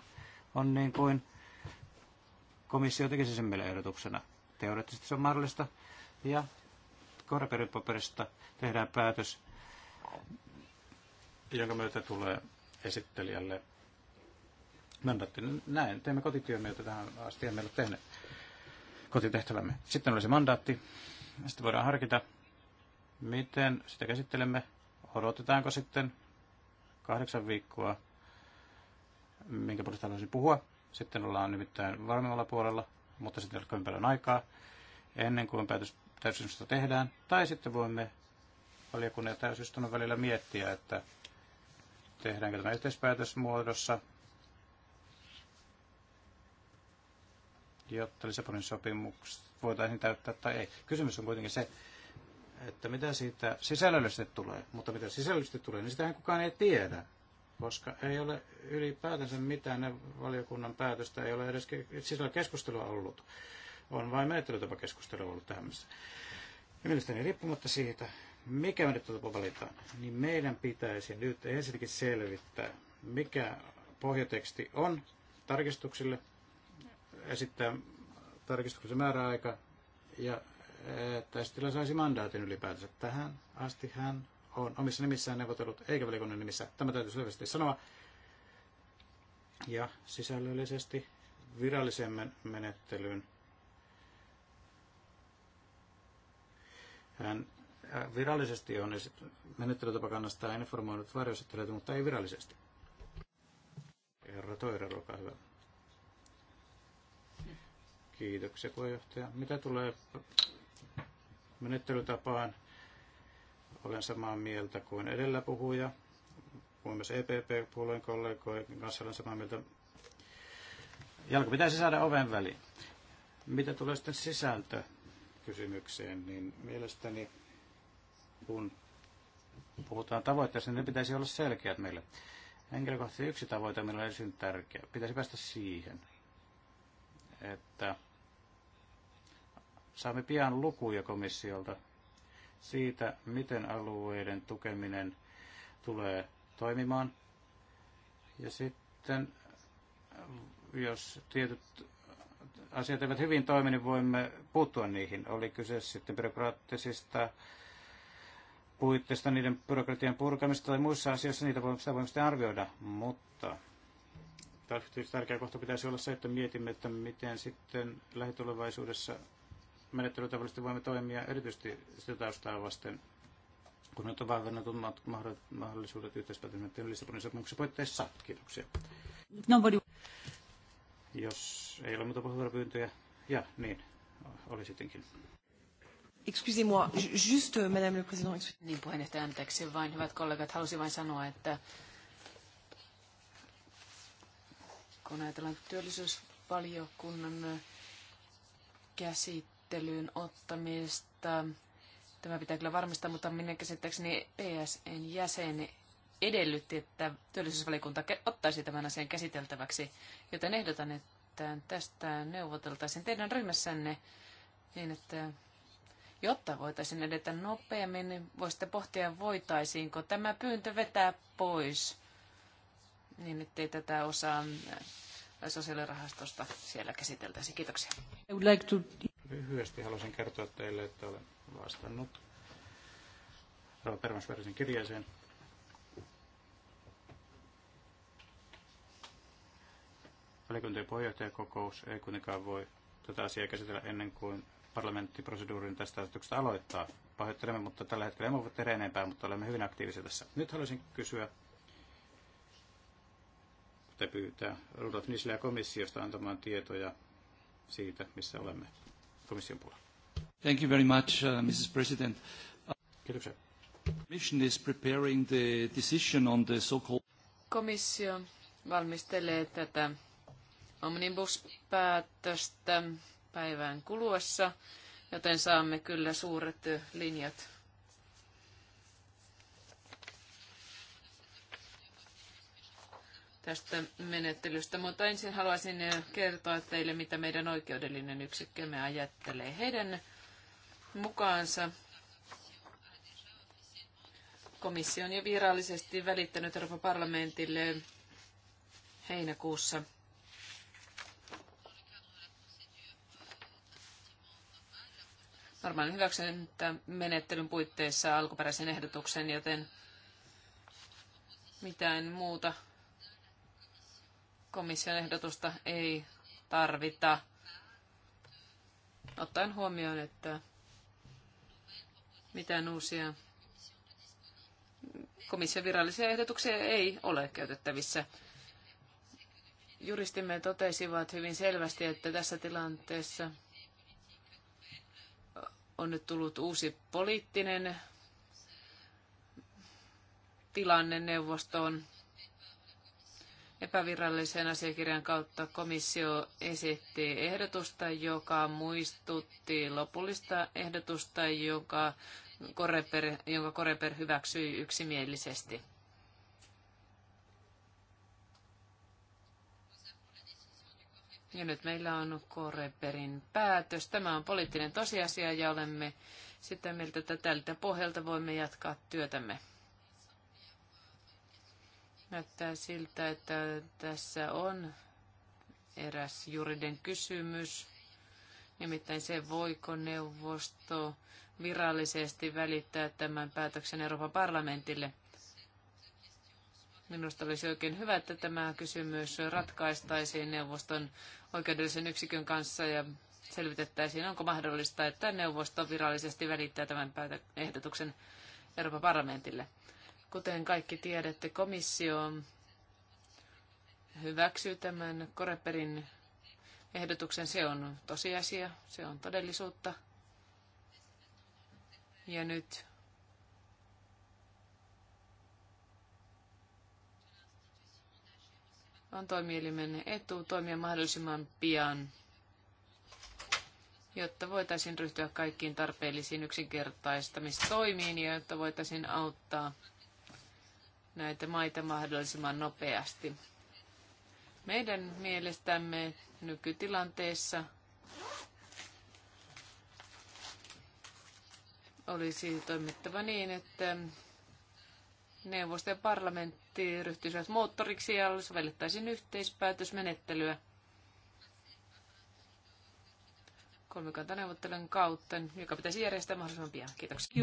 on niin kuin komissio tekisi sen meille ehdotuksena. Teoreettisesti se on mahdollista. Ja Koriperin paperista tehdään päätös jonka myötä tulee esittelijälle mandatti. Näin, teemme kotityömme, jota tähän asti emme ole tehneet kotitehtävämme. Sitten olisi se mandaatti. Sitten voidaan harkita, miten sitä käsittelemme. Odotetaanko sitten kahdeksan viikkoa, minkä puolesta haluaisin puhua. Sitten ollaan nimittäin varmemmalla puolella, mutta sitten ei ole paljon aikaa ennen kuin päätös täysin tehdään. Tai sitten voimme valiokunnan täysistunnon välillä miettiä, että tehdäänkö tämä yhteispäätösmuodossa, jotta Lissabonin sopimus voitaisiin täyttää tai ei. Kysymys on kuitenkin se, että mitä siitä sisällöllisesti tulee, mutta mitä sisällöllisesti tulee, niin sitähän kukaan ei tiedä, koska ei ole ylipäätänsä mitään ne valiokunnan päätöstä, ei ole edes sisällä keskustelua ollut. On vain menettelytapakeskustelu ollut tähän Mielestäni riippumatta siitä, mikä tuota valitaan, niin meidän pitäisi nyt ensinnäkin selvittää, mikä pohjateksti on tarkistuksille, esittää tarkistuksen määräaika ja tästä saisi mandaatin ylipäätänsä. Tähän asti hän on omissa nimissään neuvotellut, eikä velikunnan nimissä. Tämä täytyy selvästi sanoa. Ja sisällöllisesti virallisemman menettelyn hän Äh, virallisesti on menettelytapakannasta informoinut varjoesittelijöitä, mutta ei virallisesti. Herra Toira, olkaa hyvä. Kiitoksia puheenjohtaja. Mitä tulee menettelytapaan, olen samaa mieltä kuin edellä puhuja. Kuin myös EPP-puolueen kollegoiden kanssa olen samaa mieltä. Jalko pitäisi saada oven väliin. Mitä tulee sitten sisältökysymykseen, niin mielestäni kun puhutaan tavoitteista, niin ne pitäisi olla selkeät meille. Henkilökohtaisesti yksi tavoite meillä on ensin tärkeä. Pitäisi päästä siihen, että saamme pian lukuja komissiolta siitä, miten alueiden tukeminen tulee toimimaan. Ja sitten, jos tietyt asiat eivät hyvin toimi, niin voimme puuttua niihin. Oli kyse sitten byrokraattisista puitteista, niiden byrokratian purkamista tai muissa asioissa, niitä voi sitä voi sitten arvioida, mutta tärkeä kohta pitäisi olla se, että mietimme, että miten sitten lähitulevaisuudessa menettelytavallisesti voimme toimia erityisesti sitä taustaa vasten, kun nyt on vahvennetut mahdollisuudet yhteispäätösmenettelyn Lissabonin sopimuksen puitteissa. Kiitoksia. Nobody. Jos ei ole muuta puheenvuoropyyntöjä, ja niin, oli sittenkin. Excusez-moi, juste euh, madame le président. Niin puheenjohtaja, anteeksi vain, hyvät kollegat, halusin vain sanoa, että kun ajatellaan työllisyysvaliokunnan äh, käsittelyyn ottamista, tämä pitää kyllä varmistaa, mutta minne käsittääkseni PSN jäsen edellytti, että työllisyysvaliokunta ottaisi tämän asian käsiteltäväksi, joten ehdotan, että tästä neuvoteltaisiin teidän ryhmässänne niin, että Jotta voitaisiin edetä nopeammin, niin voisitte pohtia, voitaisiinko tämä pyyntö vetää pois, niin ettei tätä osaa äh, sosiaalirahastosta siellä käsiteltäisi. Kiitoksia. I would like to... Lyhyesti haluaisin kertoa teille, että olen vastannut Rauha kirjeeseen. Valiokuntien puheenjohtajakokous ei kuitenkaan voi tätä asiaa käsitellä ennen kuin parlamenttiproseduurin tästä ajatuksesta aloittaa. Pahoittelemme, mutta tällä hetkellä emme voi tehdä enempää, mutta olemme hyvin aktiivisia tässä. Nyt haluaisin kysyä, te pyytää Rudolf Nisleä komissiosta antamaan tietoja siitä, missä olemme komission puolella. Thank you very much, uh, Mrs. President. Kiitoksia. Commission is preparing the decision on the so-called... Komissio valmistelee tätä omnibus-päätöstä päivän kuluessa, joten saamme kyllä suuret linjat. tästä menettelystä, mutta ensin haluaisin kertoa teille, mitä meidän oikeudellinen yksikkömme ajattelee. Heidän mukaansa komissio on jo virallisesti välittänyt Euroopan parlamentille heinäkuussa normaalin hyväksyntämenettelyn puitteissa alkuperäisen ehdotuksen, joten mitään muuta komission ehdotusta ei tarvita. Ottaen huomioon, että mitään uusia komission virallisia ehdotuksia ei ole käytettävissä. Juristimme totesivat hyvin selvästi, että tässä tilanteessa on nyt tullut uusi poliittinen tilanne neuvostoon. Epävirallisen asiakirjan kautta komissio esitti ehdotusta, joka muistutti lopullista ehdotusta, joka Koreper, jonka Koreper hyväksyi yksimielisesti. Ja nyt meillä on Koreperin päätös. Tämä on poliittinen tosiasia ja olemme sitä mieltä, että tältä pohjalta voimme jatkaa työtämme. Näyttää siltä, että tässä on eräs juridinen kysymys, nimittäin se, voiko neuvosto virallisesti välittää tämän päätöksen Euroopan parlamentille. Minusta olisi oikein hyvä, että tämä kysymys ratkaistaisiin neuvoston oikeudellisen yksikön kanssa ja selvitettäisiin, onko mahdollista, että neuvosto virallisesti välittää tämän ehdotuksen Euroopan parlamentille. Kuten kaikki tiedätte, komissio hyväksyy tämän Koreperin ehdotuksen. Se on tosiasia, se on todellisuutta. Ja nyt on toimielimen etu toimia mahdollisimman pian, jotta voitaisiin ryhtyä kaikkiin tarpeellisiin yksinkertaistamistoimiin ja jotta voitaisiin auttaa näitä maita mahdollisimman nopeasti. Meidän mielestämme nykytilanteessa olisi toimittava niin, että neuvosto ja parlamentti ryhtyisivät moottoriksi ja sovellettaisiin yhteispäätösmenettelyä kolmikantaneuvottelun kautta, joka pitäisi järjestää mahdollisimman pian. Kiitoksia.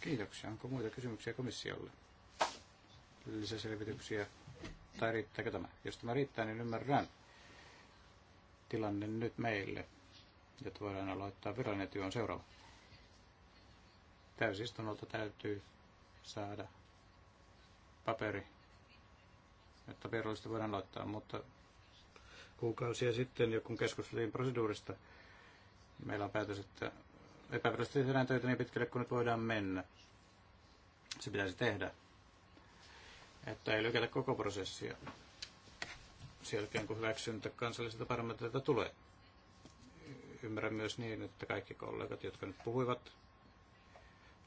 Kiitoksia. Onko muita kysymyksiä komissiolle? Lisäselvityksiä? Tai riittääkö tämä? Jos tämä riittää, niin ymmärrän tilanne nyt meille, jotta voidaan aloittaa virallinen työ on seuraava. Täysistunnolta täytyy saada paperi, jotta virallisesti voidaan laittaa, mutta kuukausia sitten, kun keskusteltiin proseduurista, meillä on päätös, että epävirallisesti tehdään töitä niin pitkälle kuin nyt voidaan mennä. Se pitäisi tehdä, että ei lykätä koko prosessia sen jälkeen, kun hyväksyntä kansallisilta parlamentilta tulee. Ymmärrän myös niin, että kaikki kollegat, jotka nyt puhuivat,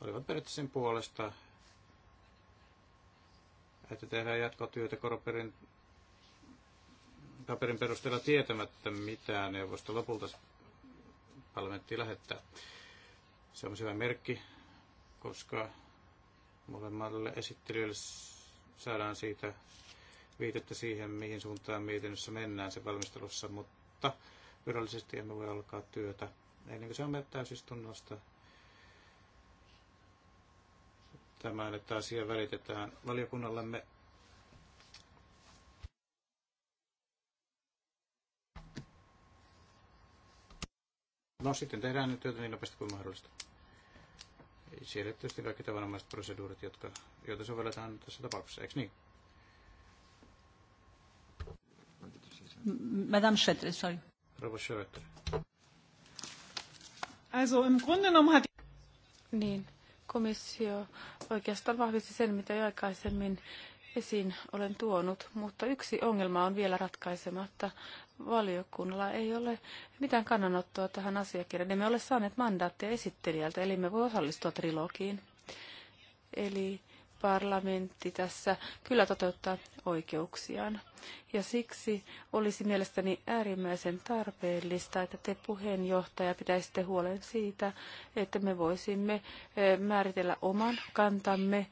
olivat periaatteessa puolesta että tehdään jatkotyötä Koroperin paperin perusteella tietämättä, mitä neuvosto lopulta parlamentti lähettää. Se on hyvä merkki, koska molemmalle esittelijöille saadaan siitä viitettä siihen, mihin suuntaan mietinnössä mennään se valmistelussa, mutta virallisesti emme voi alkaa työtä ennen kuin se on täysistunnosta tämän, että asia välitetään valiokunnallemme. No sitten tehdään nyt työtä niin nopeasti kuin mahdollista. Siellä tietysti kaikki tavanomaiset proseduurit, jotka, joita sovelletaan tässä tapauksessa, eikö niin? Madame Schöter, sorry. Rouva Schöter. Also im Grunde genommen hat... Niin, Komissio oikeastaan vahvisti sen, mitä jo aikaisemmin esiin olen tuonut, mutta yksi ongelma on vielä ratkaisematta. Valiokunnalla ei ole mitään kannanottoa tähän asiakirjaan. Emme ole saaneet mandaattia esittelijältä, eli me voi osallistua trilogiin. Eli parlamentti tässä kyllä toteuttaa oikeuksiaan. Ja siksi olisi mielestäni äärimmäisen tarpeellista, että te puheenjohtaja pitäisitte huolen siitä, että me voisimme eh, määritellä oman kantamme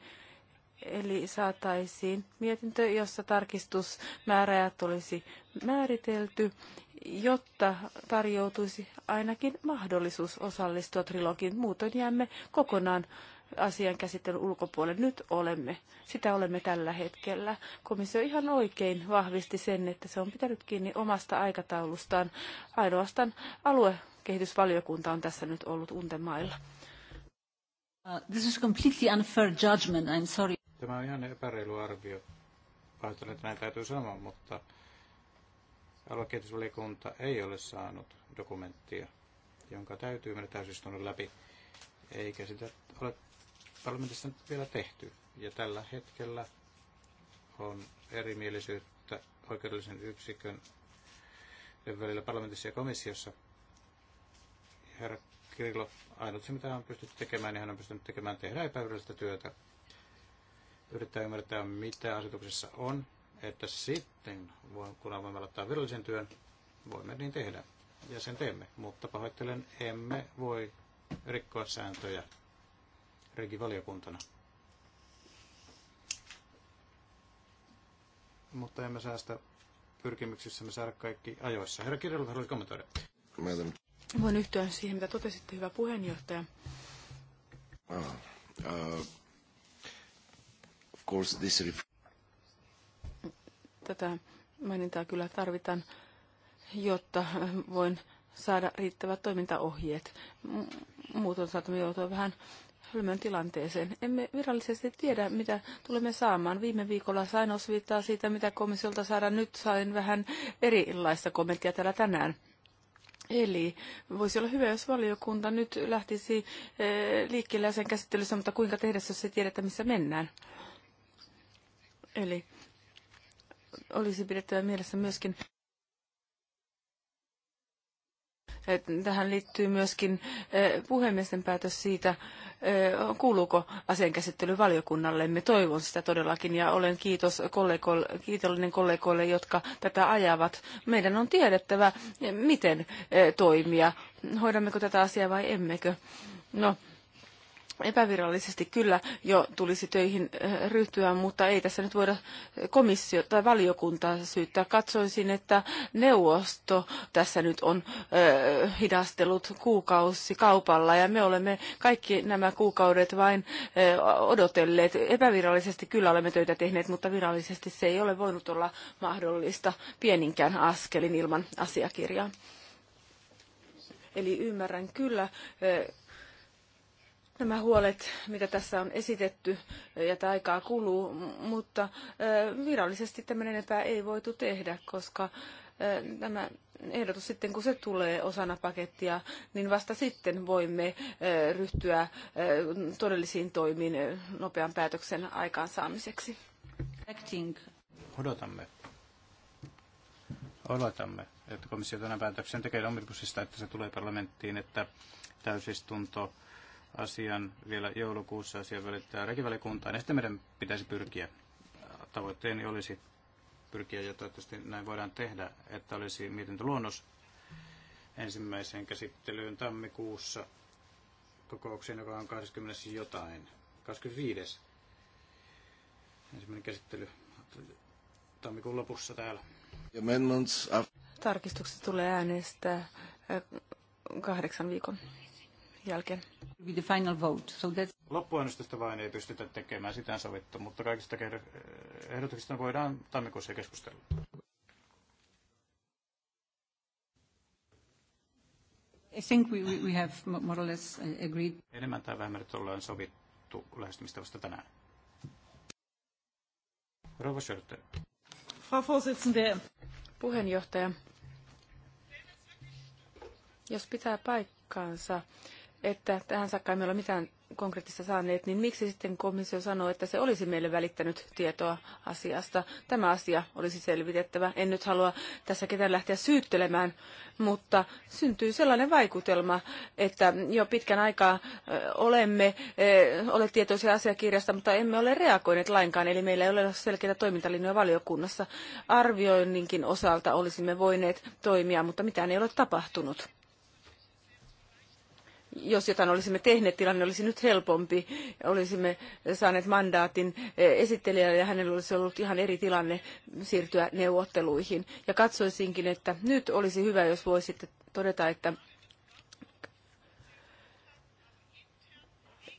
Eli saataisiin mietintö, jossa tarkistusmääräjät olisi määritelty, jotta tarjoutuisi ainakin mahdollisuus osallistua trilogiin. Muutoin jäämme kokonaan asian käsittelyn ulkopuolelle. Nyt olemme, sitä olemme tällä hetkellä. Komissio ihan oikein vahvisti sen, että se on pitänyt kiinni omasta aikataulustaan. Ainoastaan aluekehitysvaliokunta on tässä nyt ollut untemailla. Uh, this is completely unfair judgment, I'm sorry. Tämä on ihan epäreilu arvio. Pahoittelen, että näin täytyy sanoa, mutta aluekehitysvaliokunta ei ole saanut dokumenttia, jonka täytyy mennä täysistunnon läpi eikä sitä ole parlamentissa nyt vielä tehty. Ja tällä hetkellä on erimielisyyttä oikeudellisen yksikön välillä parlamentissa ja komissiossa. Herra Kirillo, ainut se mitä on pystynyt tekemään, niin hän on pystynyt tekemään tehdä epävirallista työtä. Yrittää ymmärtää, mitä asetuksessa on, että sitten, kun voimme aloittaa virallisen työn, voimme niin tehdä. Ja sen teemme. Mutta pahoittelen, emme voi rikkoa sääntöjä regivaliokuntana. Mutta emme saa sitä pyrkimyksissämme saada kaikki ajoissa. Herra Kirjallut, haluaisi kommentoida. Madam. Voin yhtyä siihen, mitä totesitte, hyvä puheenjohtaja. Uh, uh, of course this Tätä mainintaa kyllä tarvitaan, jotta voin saada riittävät toimintaohjeet. Muuten saatamme joutua vähän hölmön tilanteeseen. Emme virallisesti tiedä, mitä tulemme saamaan. Viime viikolla sain osviittaa siitä, mitä komissiolta saadaan. Nyt sain vähän erilaista kommenttia täällä tänään. Eli voisi olla hyvä, jos valiokunta nyt lähtisi eh, liikkeelle sen käsittelyssä, mutta kuinka tehdä, jos ei tiedetä, missä mennään. Eli olisi pidettävä mielessä myöskin Tähän liittyy myöskin eh, puhemiesten päätös siitä, eh, kuuluuko asian käsittely Me Toivon sitä todellakin ja olen kiitos kollegoille, kiitollinen kollegoille, jotka tätä ajavat. Meidän on tiedettävä, miten eh, toimia. Hoidammeko tätä asiaa vai emmekö? No, epävirallisesti kyllä jo tulisi töihin ryhtyä, mutta ei tässä nyt voida komissio tai valiokuntaa syyttää. Katsoisin, että neuvosto tässä nyt on hidastellut kuukausi kaupalla ja me olemme kaikki nämä kuukaudet vain odotelleet. Epävirallisesti kyllä olemme töitä tehneet, mutta virallisesti se ei ole voinut olla mahdollista pieninkään askelin ilman asiakirjaa. Eli ymmärrän kyllä nämä huolet, mitä tässä on esitetty, ja aikaa kuluu, mutta virallisesti tämmöinen enempää ei voitu tehdä, koska tämä ehdotus sitten, kun se tulee osana pakettia, niin vasta sitten voimme ryhtyä todellisiin toimiin nopean päätöksen aikaansaamiseksi. Odotamme. Odotamme, että komissio tänä päätöksen tekee omnibusista, että se tulee parlamenttiin, että täysistunto asian vielä joulukuussa siellä välittää rekivälikuntaan. Ja sitten meidän pitäisi pyrkiä. Tavoitteeni olisi pyrkiä, ja toivottavasti näin voidaan tehdä, että olisi mietintöluonnos ensimmäiseen käsittelyyn tammikuussa kokoukseen, joka on 20. jotain, 25. Ensimmäinen käsittely tammikuun lopussa täällä. Tarkistukset tulee äänestää äh, kahdeksan viikon jälkeen. The final vote. So that's... Loppuäänestystä vain ei pystytä tekemään, sitä sovittu, mutta kaikista ehdotuksista voidaan tammikuussa keskustella. I think we, we have more or less agreed. Enemmän tai vähemmän nyt ollaan sovittu lähestymistavasta tänään. Rouva Schörte. Frau Vorsitzende. Puheenjohtaja. Jos pitää paikkaansa, että tähän saakka emme ole mitään konkreettista saaneet, niin miksi sitten komissio sanoo, että se olisi meille välittänyt tietoa asiasta? Tämä asia olisi selvitettävä. En nyt halua tässä ketään lähteä syyttelemään, mutta syntyy sellainen vaikutelma, että jo pitkän aikaa olemme, ole tietoisia asiakirjasta, mutta emme ole reagoineet lainkaan, eli meillä ei ole selkeitä toimintalinjoja valiokunnassa. Arvioinninkin osalta olisimme voineet toimia, mutta mitään ei ole tapahtunut jos jotain olisimme tehneet, tilanne olisi nyt helpompi. Olisimme saaneet mandaatin eh, esittelijälle ja hänellä olisi ollut ihan eri tilanne siirtyä neuvotteluihin. Ja katsoisinkin, että nyt olisi hyvä, jos voisitte todeta, että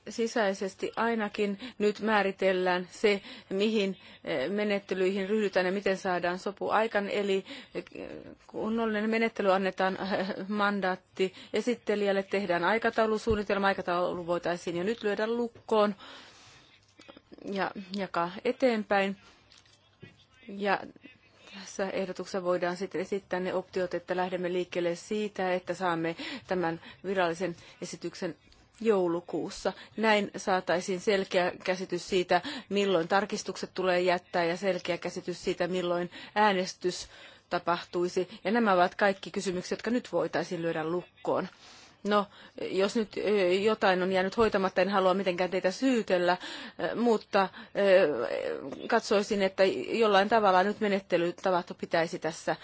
sisäisesti ainakin nyt määritellään se, mihin eh, menettelyihin ryhdytään ja miten saadaan sopu aikaan. Eli eh, kunnollinen menettely annetaan eh, mandaatti esittelijälle, tehdään aikataulusuunnitelma, aikataulu voitaisiin jo nyt lyödä lukkoon ja jakaa eteenpäin. Ja tässä ehdotuksessa voidaan sitten esittää ne optiot, että lähdemme liikkeelle siitä, että saamme tämän virallisen esityksen joulukuussa. Näin saataisiin selkeä käsitys siitä, milloin tarkistukset tulee jättää ja selkeä käsitys siitä, milloin äänestys tapahtuisi. Ja nämä ovat kaikki kysymykset, jotka nyt voitaisiin lyödä lukkoon. No, jos nyt jotain on jäänyt hoitamatta, en halua mitenkään teitä syytellä, mutta katsoisin, että jollain tavalla nyt menettelytavat pitäisi tässä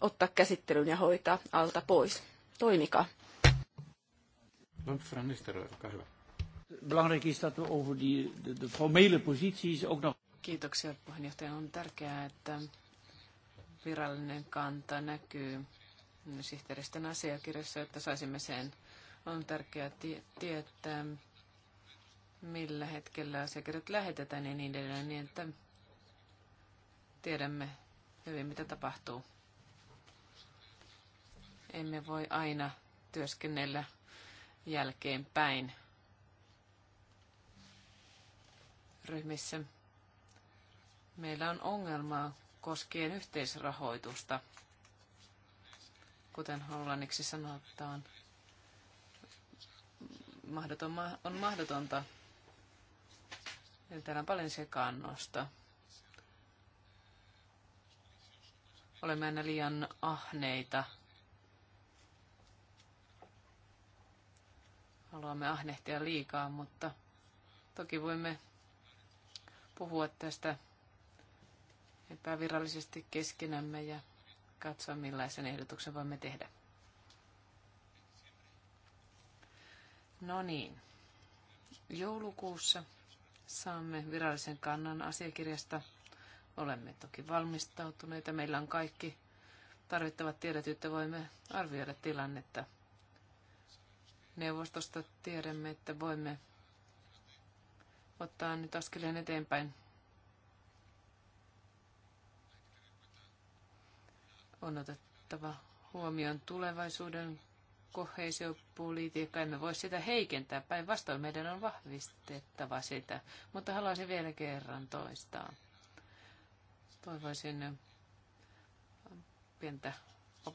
ottaa käsittelyyn ja hoitaa alta pois. Toimikaa mevrouw Nister, olkaa hyvä. Belangrijk is dat we over die, de, de formele posities ook nog... Kiitoksia puheenjohtaja. On tärkeää, että virallinen kanta näkyy sihteeristön asiakirjassa, että saisimme sen. On tärkeää tietää, millä hetkellä asiakirjat lähetetään ja niin edelleen, niin että tiedämme hyvin, mitä tapahtuu. Emme voi aina työskennellä jälkeenpäin ryhmissä. Meillä on ongelmaa koskien yhteisrahoitusta, kuten hollanniksi sanotaan. Mahdoton, on mahdotonta. Eli täällä on paljon sekaannosta. Olemme aina liian ahneita – haluamme ahnehtia liikaa, mutta toki voimme puhua tästä epävirallisesti keskenämme ja katsoa, millaisen ehdotuksen voimme tehdä. No niin. Joulukuussa saamme virallisen kannan asiakirjasta. Olemme toki valmistautuneita. Meillä on kaikki tarvittavat tiedot, jotta voimme arvioida tilannetta neuvostosta tiedämme, että voimme ottaa nyt askeleen eteenpäin. On otettava huomioon tulevaisuuden koheisiopolitiikka. Emme voi sitä heikentää, päinvastoin meidän on vahvistettava sitä. Mutta haluaisin vielä kerran toistaa. Toivoisin pientä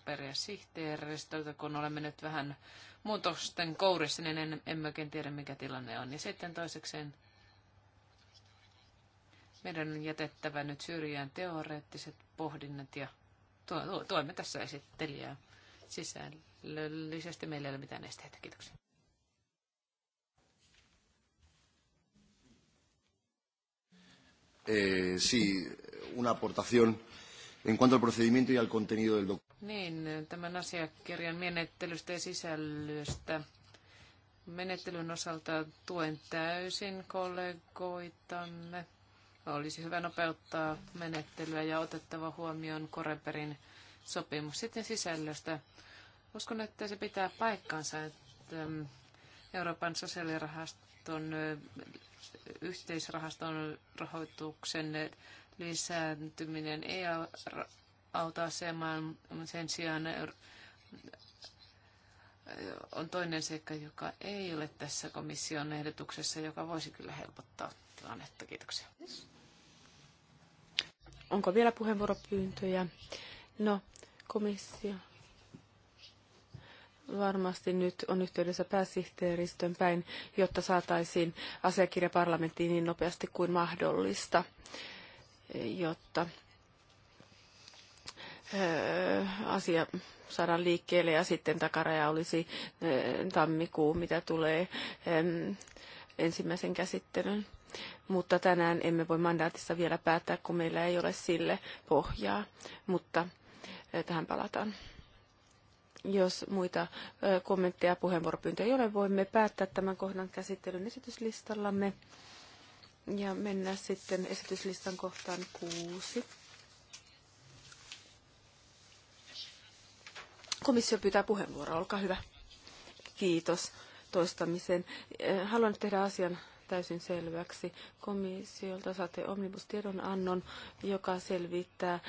ja sihteeristöltä, kun olemme nyt vähän muutosten kourissa, niin en, en oikein tiedä, mikä tilanne on. Ja niin sitten toisekseen meidän on jätettävä nyt syrjään teoreettiset pohdinnat ja tuemme tässä esittelijää sisällöllisesti. Meillä ei ole mitään esteitä. Kiitoksia. Eh, sí, una aportación en cuanto al procedimiento y al contenido del documento. Niin, tämän asiakirjan menettelystä ja sisällöstä. Menettelyn osalta tuen täysin kollegoitamme. Olisi hyvä nopeuttaa menettelyä ja otettava huomioon Koreperin sopimus. Sitten sisällöstä. Uskon, että se pitää paikkansa, että mm, Euroopan sosiaalirahaston yhteisrahaston rahoituksen lisääntyminen ei autoasemaan. Sen sijaan on toinen seikka, joka ei ole tässä komission ehdotuksessa, joka voisi kyllä helpottaa tilannetta. Kiitoksia. Onko vielä puheenvuoropyyntöjä? No, komissio varmasti nyt on yhteydessä pääsihteeristön päin, jotta saataisiin asiakirja parlamenttiin niin nopeasti kuin mahdollista, jotta Öö, asia saadaan liikkeelle ja sitten takaraja olisi öö, tammikuu, mitä tulee ensimmäisen käsittelyn. Mutta tänään emme voi mandaatissa vielä päättää, kun meillä ei ole sille pohjaa, mutta öö, tähän palataan. Jos muita kommentteja ja puheenvuoropyyntöjä ei ole, voimme päättää tämän kohdan käsittelyn esityslistallamme ja mennään sitten esityslistan kohtaan kuusi. Komissio pyytää puheenvuoroa, olkaa hyvä. Kiitos toistamisen. Eh, haluan tehdä asian täysin selväksi. Komissiolta saatte annon, joka selvittää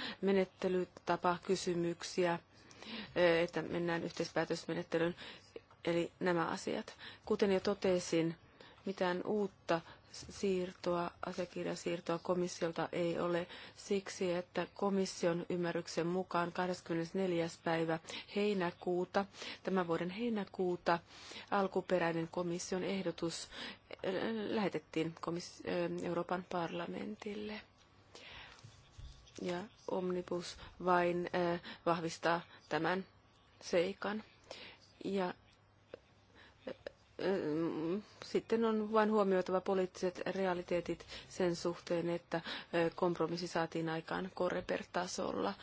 kysymyksiä, eh, että mennään yhteispäätösmenettelyyn, eli nämä asiat. Kuten jo totesin, mitään uutta siirtoa, siirtoa komissiolta ei ole siksi, että komission ymmärryksen mukaan 24. päivä heinäkuuta, tämän vuoden heinäkuuta, alkuperäinen komission ehdotus äh, lähetettiin äh, Euroopan parlamentille. Ja Omnibus vain äh, vahvistaa tämän seikan. Ja sitten on vain huomioitava poliittiset realiteetit sen suhteen, että kompromissi saatiin aikaan Koreper-tasolla.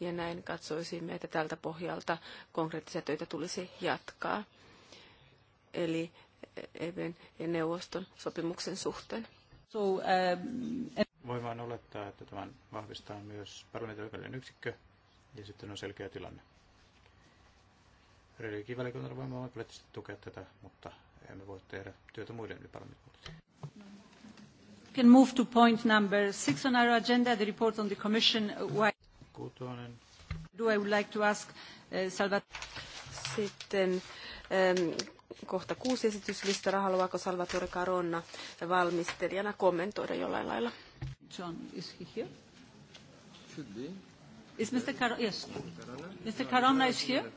Ja näin katsoisimme, että tältä pohjalta konkreettisia töitä tulisi jatkaa. Eli EVn ja neuvoston sopimuksen suhteen. So, um, Voi vain olettaa, että tämän vahvistaa myös parlamentin yksikkö ja sitten on selkeä tilanne. Religiivälikunnalla voimme olla poliittisesti tukea tätä, mutta emme voi tehdä työtä muiden yliparlamentin can move to point number six on our agenda, the report on the Commission. Why do I would like to ask uh, Salvatore. Sitten um, kohta kuusi esityslistalla. Haluaako Salvatore Caronna valmistelijana kommentoida jollain lailla? John, is he here? Should be. Is Mr. Caronna? Yes. Mr. Caronna is here?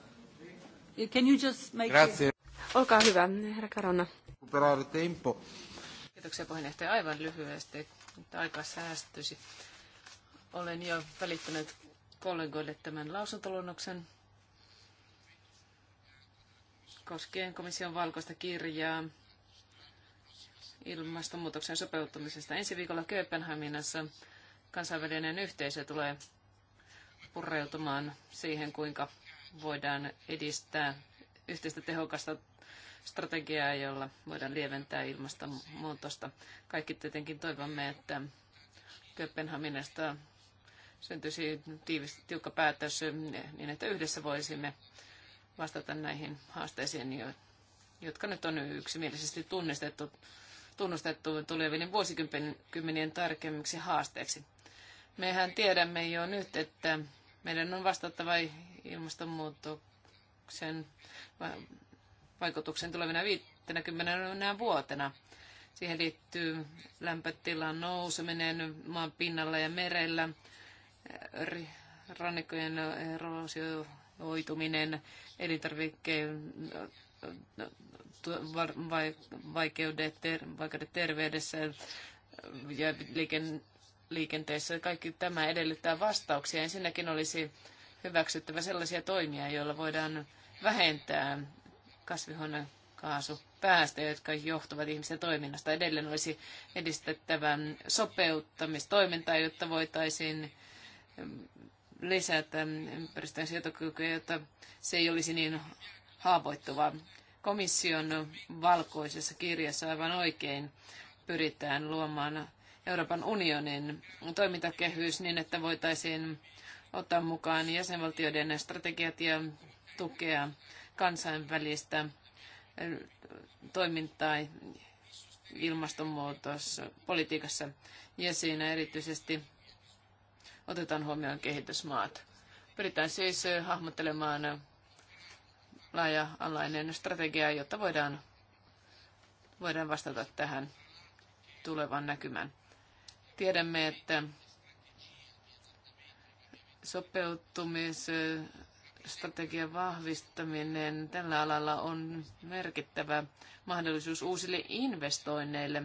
Can you just make Grazie. Olkaa hyvä, herra Karona. Tempo. Kiitoksia puheenjohtaja. Aivan lyhyesti, että aika säästyisi. Olen jo välittänyt kollegoille tämän lausuntoluonnoksen koskien komission valkoista kirjaa ilmastonmuutoksen sopeutumisesta. Ensi viikolla Kööpenhaminassa kansainvälinen yhteisö tulee pureutumaan siihen, kuinka voidaan edistää yhteistä tehokasta strategiaa, jolla voidaan lieventää ilmastonmuutosta. Kaikki tietenkin toivomme, että Kööpenhaminasta syntyisi tiivis, tiukka päätös niin, että yhdessä voisimme vastata näihin haasteisiin, jotka nyt on yksimielisesti tunnistettu, tunnustettu tulevien vuosikymmenien tarkemmiksi haasteeksi. Mehän tiedämme jo nyt, että meidän on vastattava ilmastonmuutoksen vaikutuksen tulevina 50 vuotena. Siihen liittyy lämpötilan nouseminen maan pinnalla ja merellä, rannikkojen erosioituminen, elintarvikkeen no, vaikeudet, vaikeudet terveydessä ja liikenteessä. Kaikki tämä edellyttää vastauksia. Ensinnäkin olisi hyväksyttävä sellaisia toimia, joilla voidaan vähentää kasvihuonekaasupäästöjä, jotka johtuvat ihmisten toiminnasta. Edelleen olisi edistettävä sopeuttamistoimintaa, jotta voitaisiin mm, lisätä ympäristön sietokykyä, jotta se ei olisi niin haavoittuvaa. Komission valkoisessa kirjassa aivan oikein pyritään luomaan Euroopan unionin toimintakehys niin, että voitaisiin ottaa mukaan jäsenvaltioiden strategiat ja tukea kansainvälistä toimintaa ilmastonmuutospolitiikassa ja siinä erityisesti otetaan huomioon kehitysmaat. Pyritään siis hahmottelemaan laaja-alainen strategia, jotta voidaan, voidaan vastata tähän tulevan näkymään. Tiedämme, että sopeutumisstrategian vahvistaminen tällä alalla on merkittävä mahdollisuus uusille investoinneille.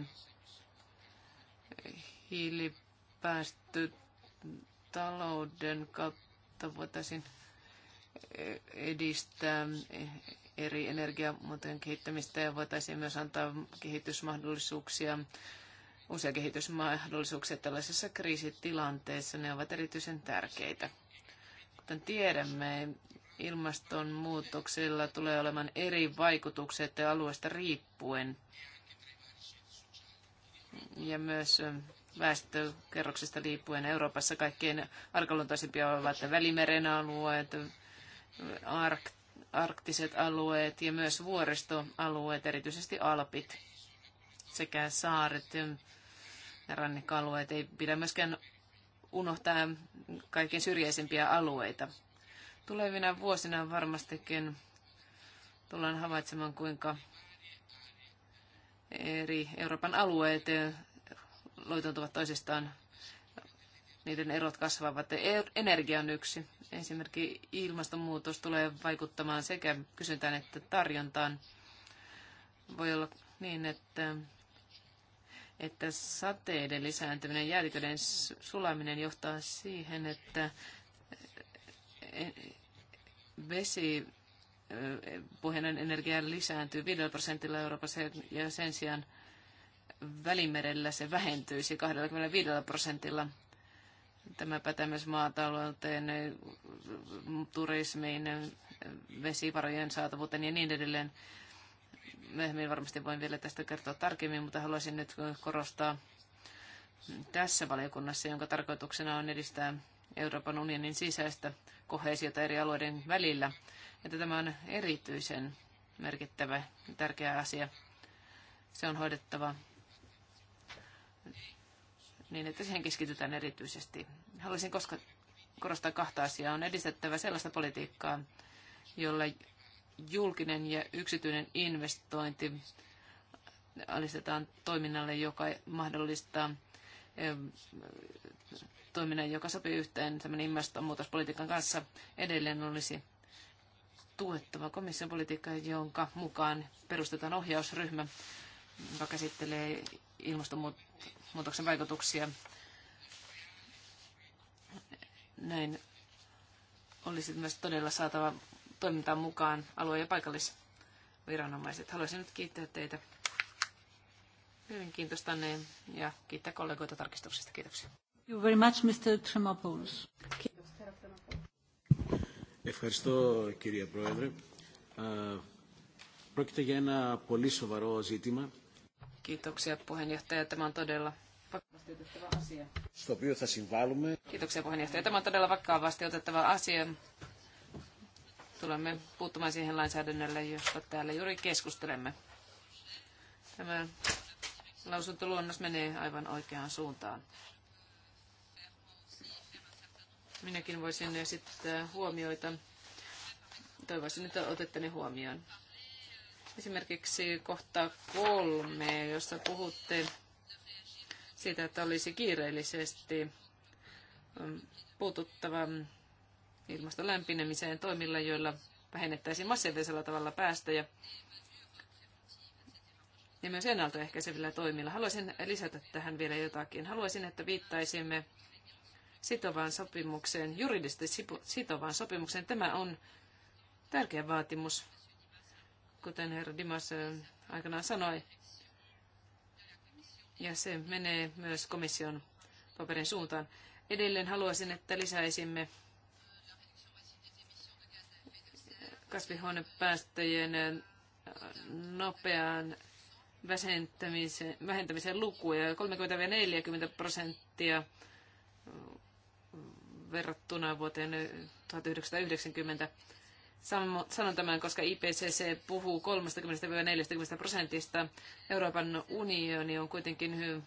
Hiilipäästötalouden talouden kautta voitaisiin edistää eri energiamuotojen kehittämistä ja voitaisiin myös antaa kehitysmahdollisuuksia uusia kehitysmahdollisuuksia tällaisessa kriisitilanteessa. Ne ovat erityisen tärkeitä. Kuten tiedämme, ilmastonmuutoksella tulee olemaan eri vaikutukset alueesta riippuen ja myös väestökerroksista liippuen Euroopassa kaikkein arkaluontoisimpia ovat Välimeren alueet, ark, arktiset alueet ja myös vuoristoalueet, erityisesti Alpit sekä saaret, rannikkoalueet. Ei pidä myöskään unohtaa kaikkein syrjäisempiä alueita. Tulevina vuosina varmastikin tullaan havaitsemaan, kuinka eri Euroopan alueet loitontuvat toisistaan. Niiden erot kasvavat. Energia on yksi. Esimerkiksi ilmastonmuutos tulee vaikuttamaan sekä kysyntään että tarjontaan. Voi olla niin, että että sateiden lisääntyminen, jäätiköiden sulaminen johtaa siihen, että eh, eh, vesi eh, pohjainen energia lisääntyy 5 prosentilla Euroopassa ja sen sijaan Välimerellä se vähentyisi 25 prosentilla. Tämä pätee myös maatalouteen, turismiin, vesivarojen saatavuuteen ja niin edelleen. Myöhemmin varmasti voin vielä tästä kertoa tarkemmin, mutta haluaisin nyt korostaa tässä valiokunnassa, jonka tarkoituksena on edistää Euroopan unionin sisäistä kohesiota eri alueiden välillä, että tämä on erityisen merkittävä ja tärkeä asia. Se on hoidettava niin, että siihen keskitytään erityisesti. Haluaisin koska korostaa kahta asiaa. On edistettävä sellaista politiikkaa, jolla julkinen ja yksityinen investointi alistetaan toiminnalle, joka mahdollistaa toiminnan, joka sopii yhteen tämän ilmastonmuutospolitiikan kanssa. Edelleen olisi tuettava komission politiikka, jonka mukaan perustetaan ohjausryhmä, joka käsittelee ilmastonmuutoksen vaikutuksia. Näin olisi myös todella saatava toimintaan mukaan alue- ja paikallisviranomaiset. Haluaisin nyt kiittää teitä mielenkiintoistanne ja kiittää kollegoita tarkistuksista. Kiitoksia. You very much, Mr. Tremopoulos. Kiitos, herra Tremopoulos. Ευχαριστώ, κύριε Πρόεδρε. Πρόκειται για ένα πολύ σοβαρό ζήτημα. Kiitoksia puheenjohtaja. Tämä on todella vakavasti otettava asia. Στο οποίο θα συμβάλλουμε. Kiitoksia puheenjohtaja. Tämä on todella vakavasti otettava asia, tulemme puuttumaan siihen lainsäädännöllä, josta täällä juuri keskustelemme. Tämä lausuntoluonnos menee aivan oikeaan suuntaan. Minäkin voisin esittää huomioita. Toivoisin, että otette ne huomioon. Esimerkiksi kohta kolme, jossa puhutte siitä, että olisi kiireellisesti puututtava ilmaston lämpenemiseen toimilla, joilla vähennettäisiin massiivisella tavalla päästöjä ja myös ennaltaehkäisevillä toimilla. Haluaisin lisätä tähän vielä jotakin. Haluaisin, että viittaisimme sitovaan sopimukseen, juridisesti sitovaan sopimukseen. Tämä on tärkeä vaatimus, kuten herra Dimas aikanaan sanoi. Ja se menee myös komission paperin suuntaan. Edelleen haluaisin, että lisäisimme kasvihuonepäästöjen äh, nopeaan vähentämisen, vähentämisen lukuja 30-40 prosenttia äh, verrattuna vuoteen 1990. Äh, sanon tämän, koska IPCC puhuu 30-40 prosentista. Euroopan unioni on kuitenkin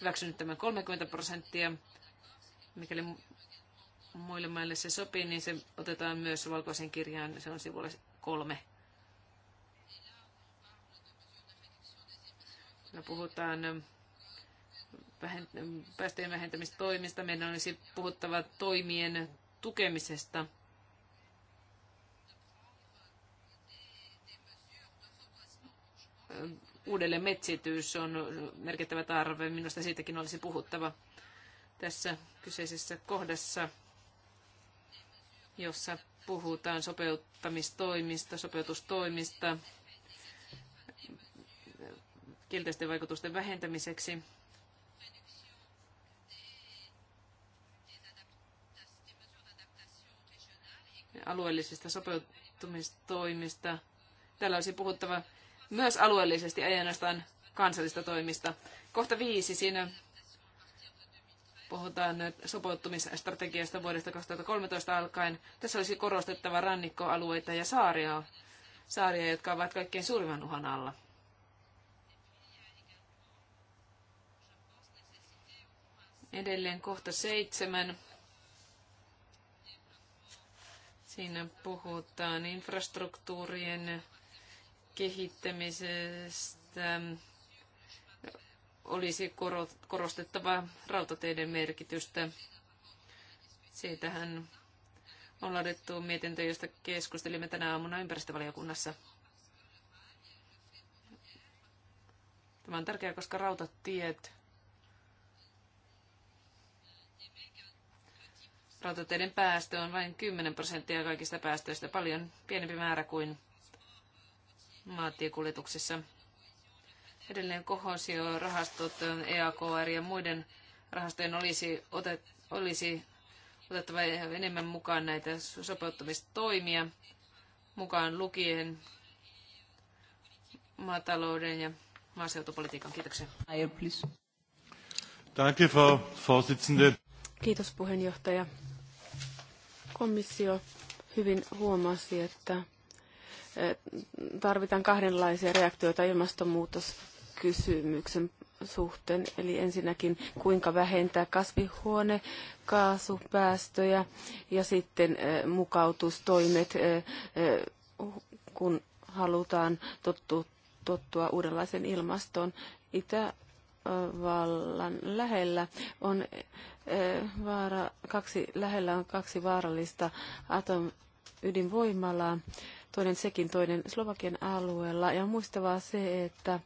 hyväksynyt tämän 30 prosenttia, mikäli muille maille se sopii, niin se otetaan myös valkoisen kirjaan, se on sivulla kolme. Me puhutaan päästöjen vähentämistoimista. Meidän olisi puhuttava toimien tukemisesta. Uudelle metsitys on merkittävä tarve. Minusta siitäkin olisi puhuttava tässä kyseisessä kohdassa jossa puhutaan sopeuttamistoimista, sopeutustoimista kielteisten vaikutusten vähentämiseksi. alueellisista sopeutumistoimista. Täällä olisi puhuttava myös alueellisesti, ei ainoastaan kansallista toimista. Kohta viisi. Siinä puhutaan nyt sopeutumisstrategiasta vuodesta 2013 alkaen. Tässä olisi korostettava rannikkoalueita ja saaria, saaria jotka ovat kaikkein suurimman uhan alla. Edelleen kohta seitsemän. Siinä puhutaan infrastruktuurien kehittämisestä olisi korostettava rautateiden merkitystä. Siitähän on laadittu mietintö, josta keskustelimme tänä aamuna ympäristövaliokunnassa. Tämä on tärkeää, koska rautatiet, rautateiden päästö on vain 10 prosenttia kaikista päästöistä, paljon pienempi määrä kuin maatiekuljetuksissa edelleen kohosio, rahastot, EAKR ja muiden rahastojen olisi, otet, olisi otettava enemmän mukaan näitä sopeuttamistoimia, mukaan lukien maatalouden ja maaseutupolitiikan. Kiitoksia. Danke, Frau Kiitos puheenjohtaja. Komissio hyvin huomasi, että eh, tarvitaan kahdenlaisia reaktioita ilmastonmuutos kysymyksen suhteen. Eli ensinnäkin kuinka vähentää kasvihuonekaasupäästöjä ja sitten mukautustoimet, kun halutaan tottua, tottua uudenlaisen ilmastoon. Itävallan lähellä on vaara, kaksi, lähellä on kaksi vaarallista atomydinvoimalaa. ydinvoimalaa toinen sekin toinen Slovakian alueella. Ja on muistavaa se, että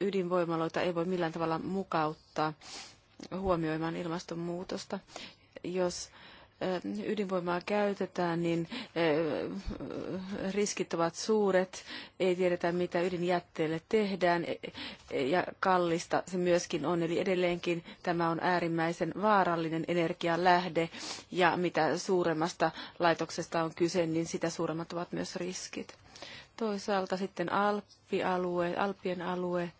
ydinvoimaloita ei voi millään tavalla mukauttaa huomioimaan ilmastonmuutosta. Jos ydinvoimaa käytetään, niin riskit ovat suuret, ei tiedetä mitä ydinjätteelle tehdään e, e, ja kallista se myöskin on. Eli edelleenkin tämä on äärimmäisen vaarallinen energialähde ja mitä suuremmasta laitoksesta on kyse, niin sitä suuremmat ovat myös riskit. Toisaalta sitten Alppialue, Alppien alue,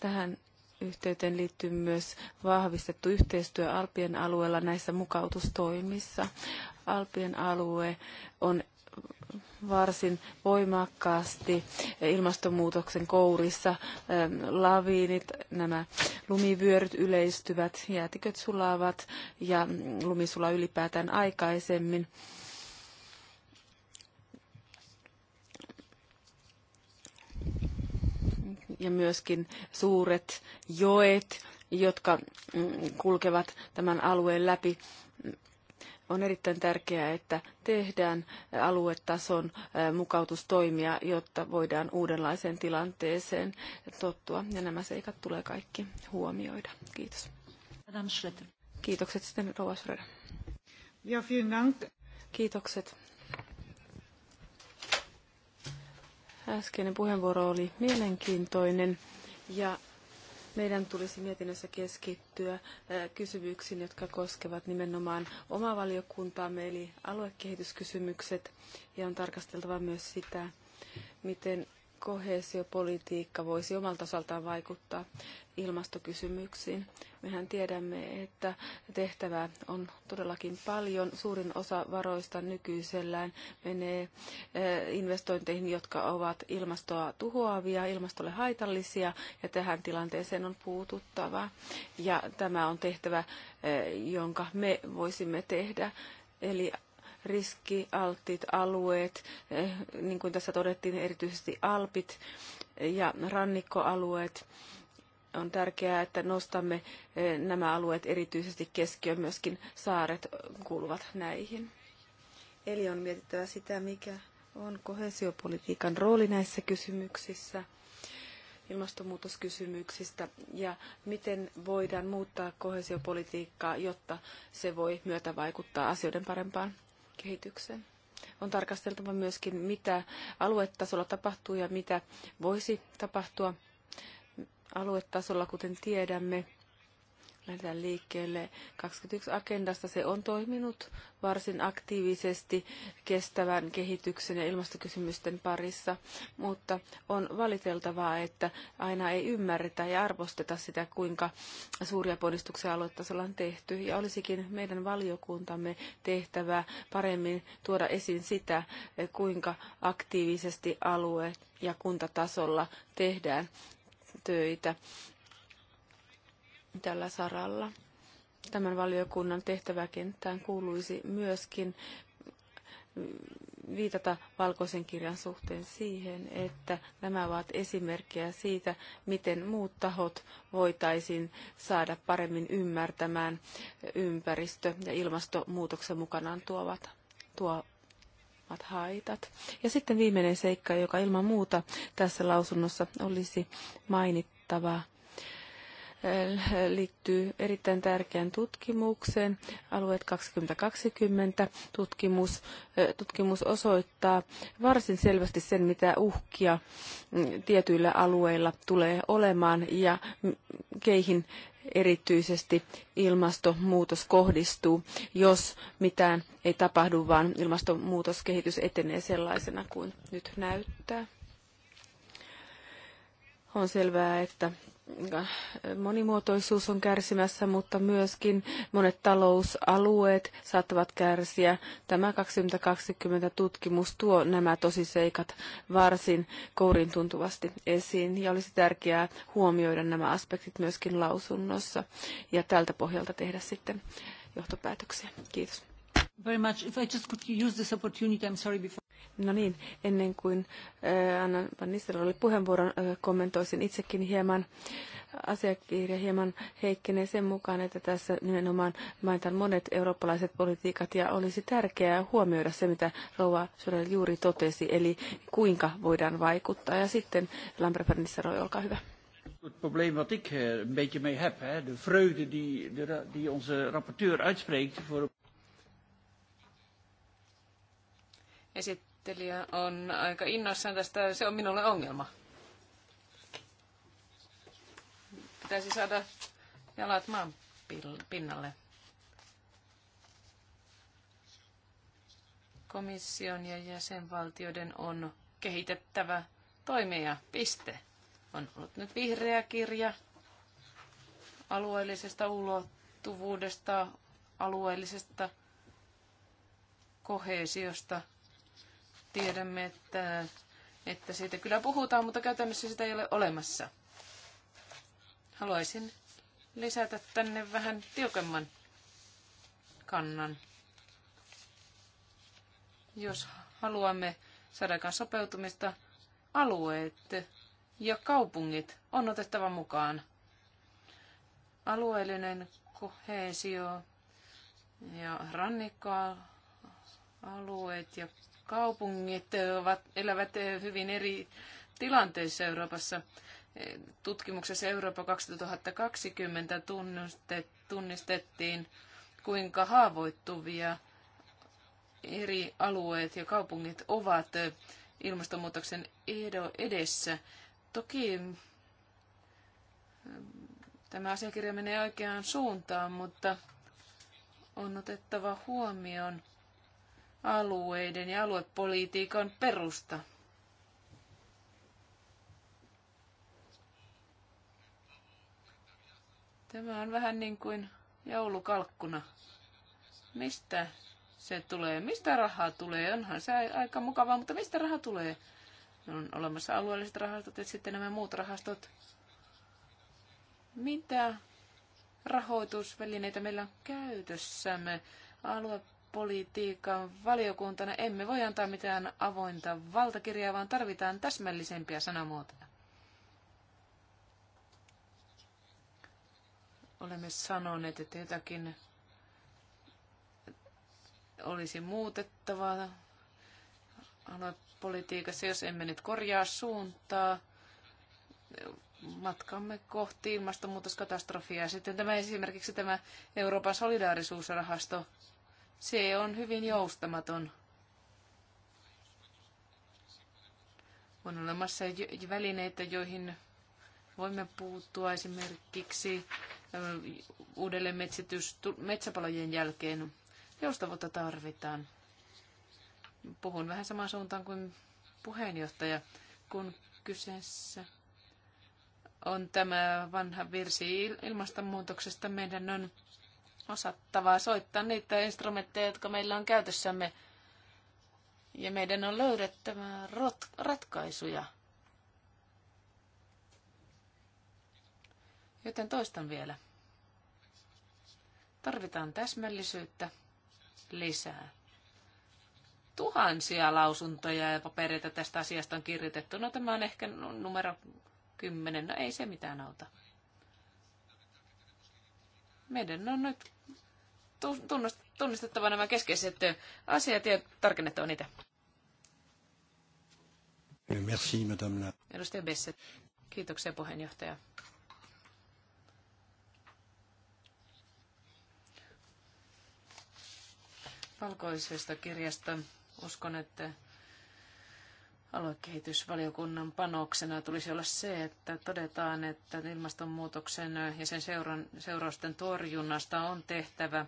tähän yhteyteen liittyy myös vahvistettu yhteistyö Alpien alueella näissä mukautustoimissa. Alpien alue on varsin voimakkaasti ilmastonmuutoksen kourissa. Ähm, laviinit, nämä lumivyöryt yleistyvät, jäätiköt sulavat ja mm, lumi sulaa ylipäätään aikaisemmin. ja myöskin suuret joet, jotka mm, kulkevat tämän alueen läpi. On erittäin tärkeää, että tehdään aluetason mukautustoimia, jotta voidaan uudenlaiseen tilanteeseen tottua. Ja nämä seikat tulee kaikki huomioida. Kiitos. Kiitokset sitten, Rouva Schröder. Kiitokset Äskeinen puheenvuoro oli mielenkiintoinen ja meidän tulisi mietinnössä keskittyä kysymyksiin, jotka koskevat nimenomaan omaa valiokuntaamme, eli aluekehityskysymykset, ja on tarkasteltava myös sitä, miten Koheesiopolitiikka voisi omalta osaltaan vaikuttaa ilmastokysymyksiin. Mehän tiedämme, että tehtävää on todellakin paljon. Suurin osa varoista nykyisellään menee eh, investointeihin, jotka ovat ilmastoa tuhoavia, ilmastolle haitallisia, ja tähän tilanteeseen on puututtava. Ja tämä on tehtävä, eh, jonka me voisimme tehdä. Eli riskialttiit alueet, eh, niin kuin tässä todettiin, erityisesti Alpit ja rannikkoalueet. On tärkeää, että nostamme eh, nämä alueet erityisesti keskiöön, myöskin saaret kuuluvat näihin. Eli on mietittävä sitä, mikä on kohesiopolitiikan rooli näissä kysymyksissä ilmastonmuutoskysymyksistä ja miten voidaan muuttaa kohesiopolitiikkaa, jotta se voi myötävaikuttaa asioiden parempaan kehityksen. On tarkasteltava myöskin, mitä aluetasolla tapahtuu ja mitä voisi tapahtua aluetasolla, kuten tiedämme lähdetään liikkeelle 21 agendasta. Se on toiminut varsin aktiivisesti kestävän kehityksen ja ilmastokysymysten parissa, mutta on valiteltavaa, että aina ei ymmärretä ja arvosteta sitä, kuinka suuria ponnistuksia aloittaisella on tehty. Ja olisikin meidän valiokuntamme tehtävä paremmin tuoda esiin sitä, kuinka aktiivisesti alue- ja kuntatasolla tehdään töitä tällä saralla. Tämän valiokunnan tehtäväkenttään kuuluisi myöskin viitata valkoisen kirjan suhteen siihen, että nämä ovat esimerkkejä siitä, miten muut tahot voitaisiin saada paremmin ymmärtämään ympäristö- ja ilmastonmuutoksen mukanaan tuovat, tuovat haitat. Ja sitten viimeinen seikka, joka ilman muuta tässä lausunnossa olisi mainittava, liittyy erittäin tärkeään tutkimukseen, Alueet 2020 tutkimus. Tutkimus osoittaa varsin selvästi sen, mitä uhkia mm, tietyillä alueilla tulee olemaan ja keihin erityisesti ilmastonmuutos kohdistuu, jos mitään ei tapahdu, vaan ilmastonmuutoskehitys etenee sellaisena kuin nyt näyttää. On selvää, että monimuotoisuus on kärsimässä, mutta myöskin monet talousalueet saattavat kärsiä. Tämä 2020 tutkimus tuo nämä tosiseikat varsin kourin tuntuvasti esiin ja olisi tärkeää huomioida nämä aspektit myöskin lausunnossa ja tältä pohjalta tehdä sitten johtopäätöksiä. Kiitos. No niin, ennen kuin äh, eh, annan Van Nistelroolle puheenvuoron, äh, kommentoisin itsekin hieman. Asiakirja hieman heikkenee sen mukaan, että tässä nimenomaan mainitaan monet eurooppalaiset politiikat ja olisi tärkeää huomioida se, mitä Rouva Sorel juuri totesi, eli kuinka voidaan vaikuttaa. Ja sitten Lambert Van olkaa hyvä. Het probleem wat ik eh, een beetje mee heb, de vreugde die, die onze rapporteur uitspreekt voor Esittelijä on aika innoissaan tästä. Se on minulle ongelma. Pitäisi saada jalat maan pinnalle. Komission ja jäsenvaltioiden on kehitettävä toimia. Piste. On ollut nyt vihreä kirja alueellisesta ulottuvuudesta, alueellisesta kohesiosta – Tiedämme, että, että siitä kyllä puhutaan, mutta käytännössä sitä ei ole olemassa. Haluaisin lisätä tänne vähän tiukemman kannan. Jos haluamme saada sopeutumista, alueet ja kaupungit on otettava mukaan. Alueellinen kohesio ja rannikkoalueet ja kaupungit ovat, elävät hyvin eri tilanteissa Euroopassa. Tutkimuksessa Eurooppa 2020 tunnistettiin, kuinka haavoittuvia eri alueet ja kaupungit ovat ilmastonmuutoksen edessä. Toki tämä asiakirja menee oikeaan suuntaan, mutta on otettava huomioon alueiden ja aluepolitiikan perusta. Tämä on vähän niin kuin joulukalkkuna. Mistä se tulee? Mistä rahaa tulee? Onhan se aika mukavaa, mutta mistä raha tulee? No, on olemassa alueelliset rahastot ja sitten nämä muut rahastot. Mitä rahoitusvälineitä meillä on käytössämme? Alue politiikan valiokuntana emme voi antaa mitään avointa valtakirjaa, vaan tarvitaan täsmällisempiä sanamuotoja. Olemme sanoneet, että jotakin olisi muutettava aluepolitiikassa, jos emme nyt korjaa suuntaa matkamme kohti ilmastonmuutoskatastrofia. Sitten tämä esimerkiksi tämä Euroopan solidaarisuusrahasto se on hyvin joustamaton. On olemassa välineitä, joihin voimme puuttua esimerkiksi uudelleen metsitys, metsäpalojen jälkeen. Joustavuutta tarvitaan. Puhun vähän samaan suuntaan kuin puheenjohtaja, kun kyseessä on tämä vanha virsi ilmastonmuutoksesta. Meidän on osattavaa soittaa niitä instrumentteja, jotka meillä on käytössämme. Ja meidän on löydettävä ratkaisuja. Joten toistan vielä. Tarvitaan täsmällisyyttä lisää. Tuhansia lausuntoja ja papereita tästä asiasta on kirjoitettu. No tämä on ehkä numero kymmenen. No ei se mitään auta. Meidän on nyt tunnistettava nämä keskeiset asiat ja tarkennettava niitä. Merci, madame la... Edustaja Besset. Kiitoksia puheenjohtaja. Valkoisesta kirjasta uskon, että aluekehitysvaliokunnan panoksena tulisi olla se, että todetaan, että ilmastonmuutoksen ja sen seuran, seurausten torjunnasta on tehtävä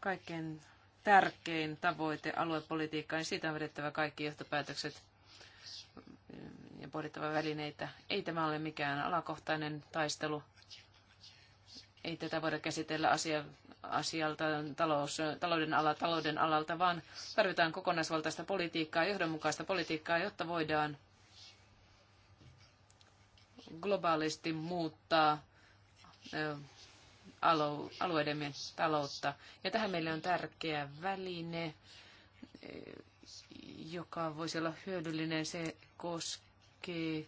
kaikkein tärkein tavoite aluepolitiikkaan. Siitä on vedettävä kaikki johtopäätökset ja pohdittava välineitä. Ei tämä ole mikään alakohtainen taistelu. Ei tätä voida käsitellä asia asialta, talous, talouden, ala, talouden alalta, vaan tarvitaan kokonaisvaltaista politiikkaa, johdonmukaista politiikkaa, jotta voidaan globaalisti muuttaa alueidemme taloutta. Ja tähän meille on tärkeä väline, joka voisi olla hyödyllinen. Se koskee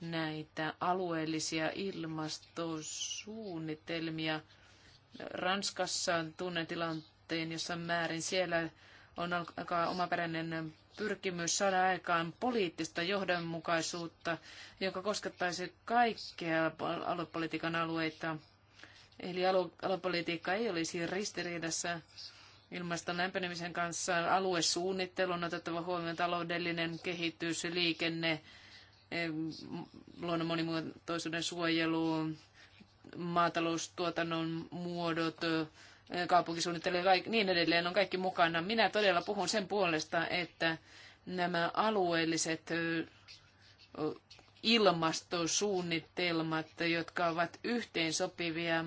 näitä alueellisia ilmastosuunnitelmia – Ranskassa tunnen tilanteen jossain määrin. Siellä on aika omaperäinen pyrkimys saada aikaan poliittista johdonmukaisuutta, joka koskettaisi kaikkea aluepolitiikan alueita. Eli aluepolitiikka ei olisi ristiriidassa ilmaston lämpenemisen kanssa. Aluesuunnittelu on otettava huomioon taloudellinen kehitys, liikenne, eh, luonnon monimuotoisuuden suojelu, maataloustuotannon muodot, kaupunkisuunnittelu ja niin edelleen on kaikki mukana. Minä todella puhun sen puolesta, että nämä alueelliset ilmastosuunnitelmat, jotka ovat yhteensopivia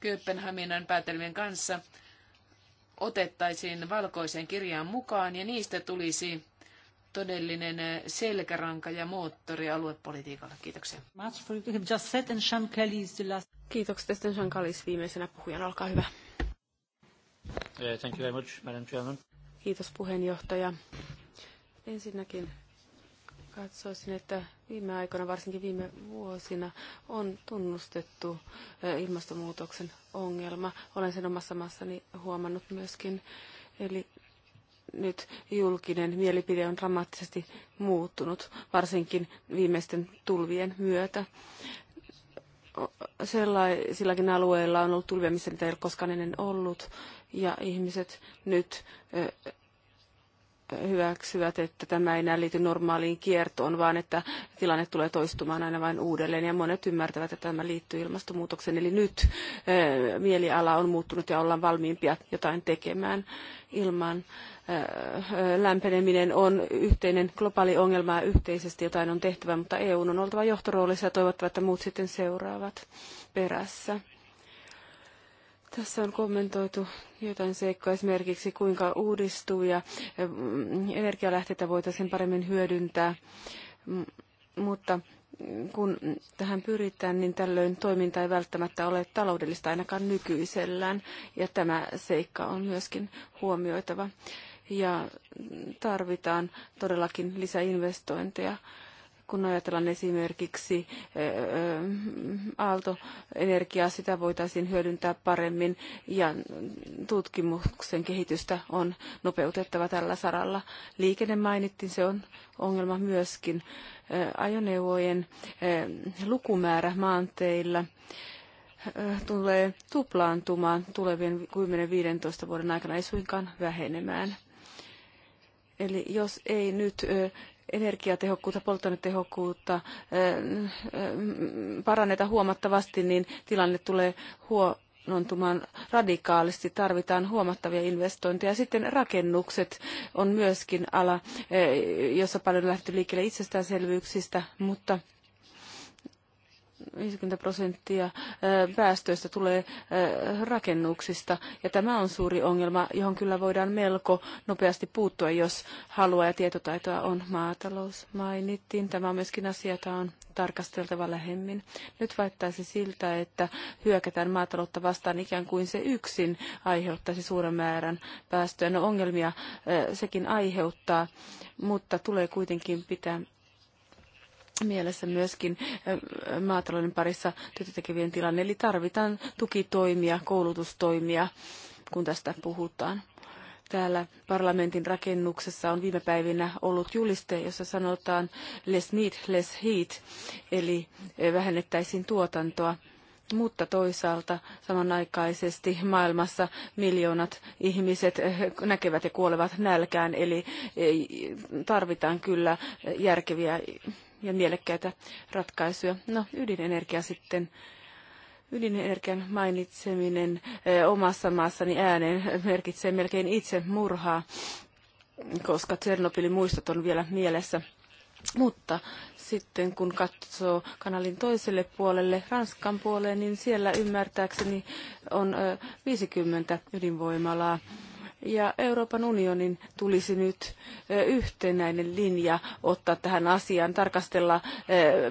Kööpenhaminan päätelmien kanssa, otettaisiin valkoiseen kirjaan mukaan ja niistä tulisi todellinen selkäranka ja moottori aluepolitiikalle. Kiitoksia. Kiitokset sitten Shankalis viimeisenä puhujana. Olkaa hyvä. Thank you very much, Madam Chairman. Kiitos puheenjohtaja. Ensinnäkin katsoisin, että viime aikoina, varsinkin viime vuosina, on tunnustettu eh, ilmastonmuutoksen ongelma. Olen sen omassa maassani huomannut myöskin. Eli nyt julkinen mielipide on dramaattisesti muuttunut, varsinkin viimeisten tulvien myötä. Sellaisillakin alueilla on ollut tulvia, missä niitä ei ole koskaan ennen ollut, ja ihmiset nyt hyväksyvät, että tämä ei enää liity normaaliin kiertoon, vaan että tilanne tulee toistumaan aina vain uudelleen. Ja monet ymmärtävät, että tämä liittyy ilmastonmuutokseen. Eli nyt mieliala on muuttunut ja ollaan valmiimpia jotain tekemään ilman lämpeneminen on yhteinen globaali ongelma ja yhteisesti jotain on tehtävä, mutta EU on oltava johtoroolissa ja toivottavasti, että muut sitten seuraavat perässä. Tässä on kommentoitu jotain seikkoa esimerkiksi, kuinka uudistuvia mm, energialähteitä voitaisiin paremmin hyödyntää, mm, mutta kun tähän pyritään, niin tällöin toiminta ei välttämättä ole taloudellista ainakaan nykyisellään, ja tämä seikka on myöskin huomioitava ja tarvitaan todellakin lisäinvestointeja. Kun ajatellaan esimerkiksi aaltoenergiaa, sitä voitaisiin hyödyntää paremmin ja tutkimuksen kehitystä on nopeutettava tällä saralla. Liikenne mainittiin, se on ongelma myöskin. Ajoneuvojen lukumäärä maanteilla tulee tuplaantumaan tulevien 10-15 vuoden aikana, ei suinkaan vähenemään. Eli jos ei nyt energiatehokkuutta, polttoainetehokkuutta paranneta huomattavasti, niin tilanne tulee huonontumaan radikaalisti. Tarvitaan huomattavia investointeja. Sitten rakennukset on myöskin ala, jossa paljon lähti liikkeelle itsestäänselvyyksistä, mutta 50 prosenttia päästöistä tulee rakennuksista. Ja tämä on suuri ongelma, johon kyllä voidaan melko nopeasti puuttua, jos halua ja tietotaitoa on. Maatalous mainittiin. Tämä on myöskin asia, jota on tarkasteltava lähemmin. Nyt vaikuttaisi siltä, että hyökätään maataloutta vastaan ikään kuin se yksin aiheuttaisi suuren määrän päästöjä. No ongelmia sekin aiheuttaa, mutta tulee kuitenkin pitää mielessä myöskin maatalouden parissa työtä tekevien tilanne, eli tarvitaan tukitoimia, koulutustoimia, kun tästä puhutaan täällä parlamentin rakennuksessa on viime päivinä ollut juliste, jossa sanotaan less need, less heat, eli vähennettäisiin tuotantoa. Mutta toisaalta samanaikaisesti maailmassa miljoonat ihmiset näkevät ja kuolevat nälkään, eli tarvitaan kyllä järkeviä ja mielekkäitä ratkaisuja. No, ydinenergia sitten. Ydinenergian mainitseminen eh, omassa maassani ääneen eh, merkitsee melkein itse murhaa, koska Tsernobylin muistot on vielä mielessä. Mutta sitten kun katsoo kanalin toiselle puolelle, Ranskan puoleen, niin siellä ymmärtääkseni on 50 eh, ydinvoimalaa ja Euroopan unionin tulisi nyt yhtenäinen linja ottaa tähän asiaan, tarkastella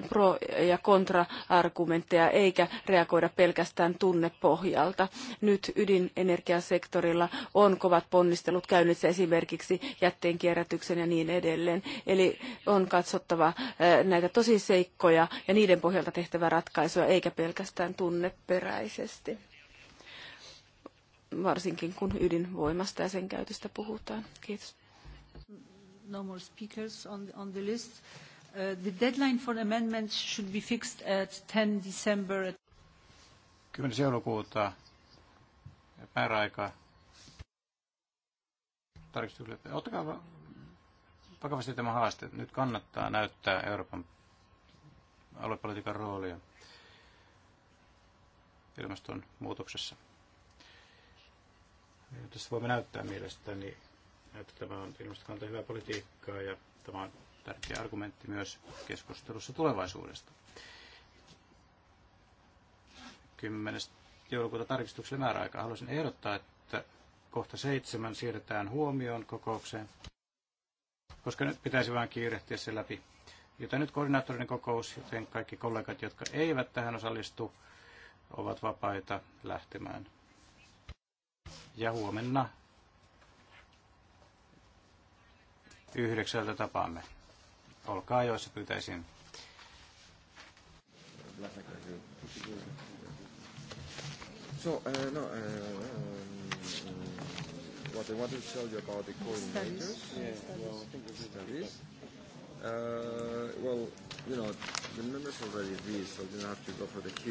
pro- ja kontra-argumentteja, eikä reagoida pelkästään tunnepohjalta. Nyt ydinenergiasektorilla on kovat ponnistelut käynnissä esimerkiksi jätteenkierrätyksen ja niin edelleen. Eli on katsottava näitä tosiseikkoja ja niiden pohjalta tehtävä ratkaisuja eikä pelkästään tunneperäisesti varsinkin kun ydinvoimasta ja sen käytöstä puhutaan. Kiitos. No more speakers on the, on the list. Uh, the deadline for amendments should be fixed at 10 December. At 10. joulukuuta määräaika tarkistukselle. Ottakaa vakavasti tämä haaste. Nyt kannattaa näyttää Euroopan aluepolitiikan roolia ilmastonmuutoksessa. Tässä voimme näyttää mielestäni, että tämä on ilmastokanta hyvää politiikkaa ja tämä on tärkeä argumentti myös keskustelussa tulevaisuudesta. 10. joulukuuta tarkistukselle määräaika. Haluaisin ehdottaa, että kohta seitsemän siirretään huomioon kokoukseen, koska nyt pitäisi vain kiirehtiä sen läpi. Joten nyt koordinaattorin kokous, joten kaikki kollegat, jotka eivät tähän osallistu, ovat vapaita lähtemään ja huomenna yhdeksältä tapaamme. Olkaa ajoissa, pyytäisin. So, uh, no, uh, um, what I wanted to tell you about the coordinators, yeah, well, studies. Uh, well, you know, the members already did, so you don't have to go for the hearing.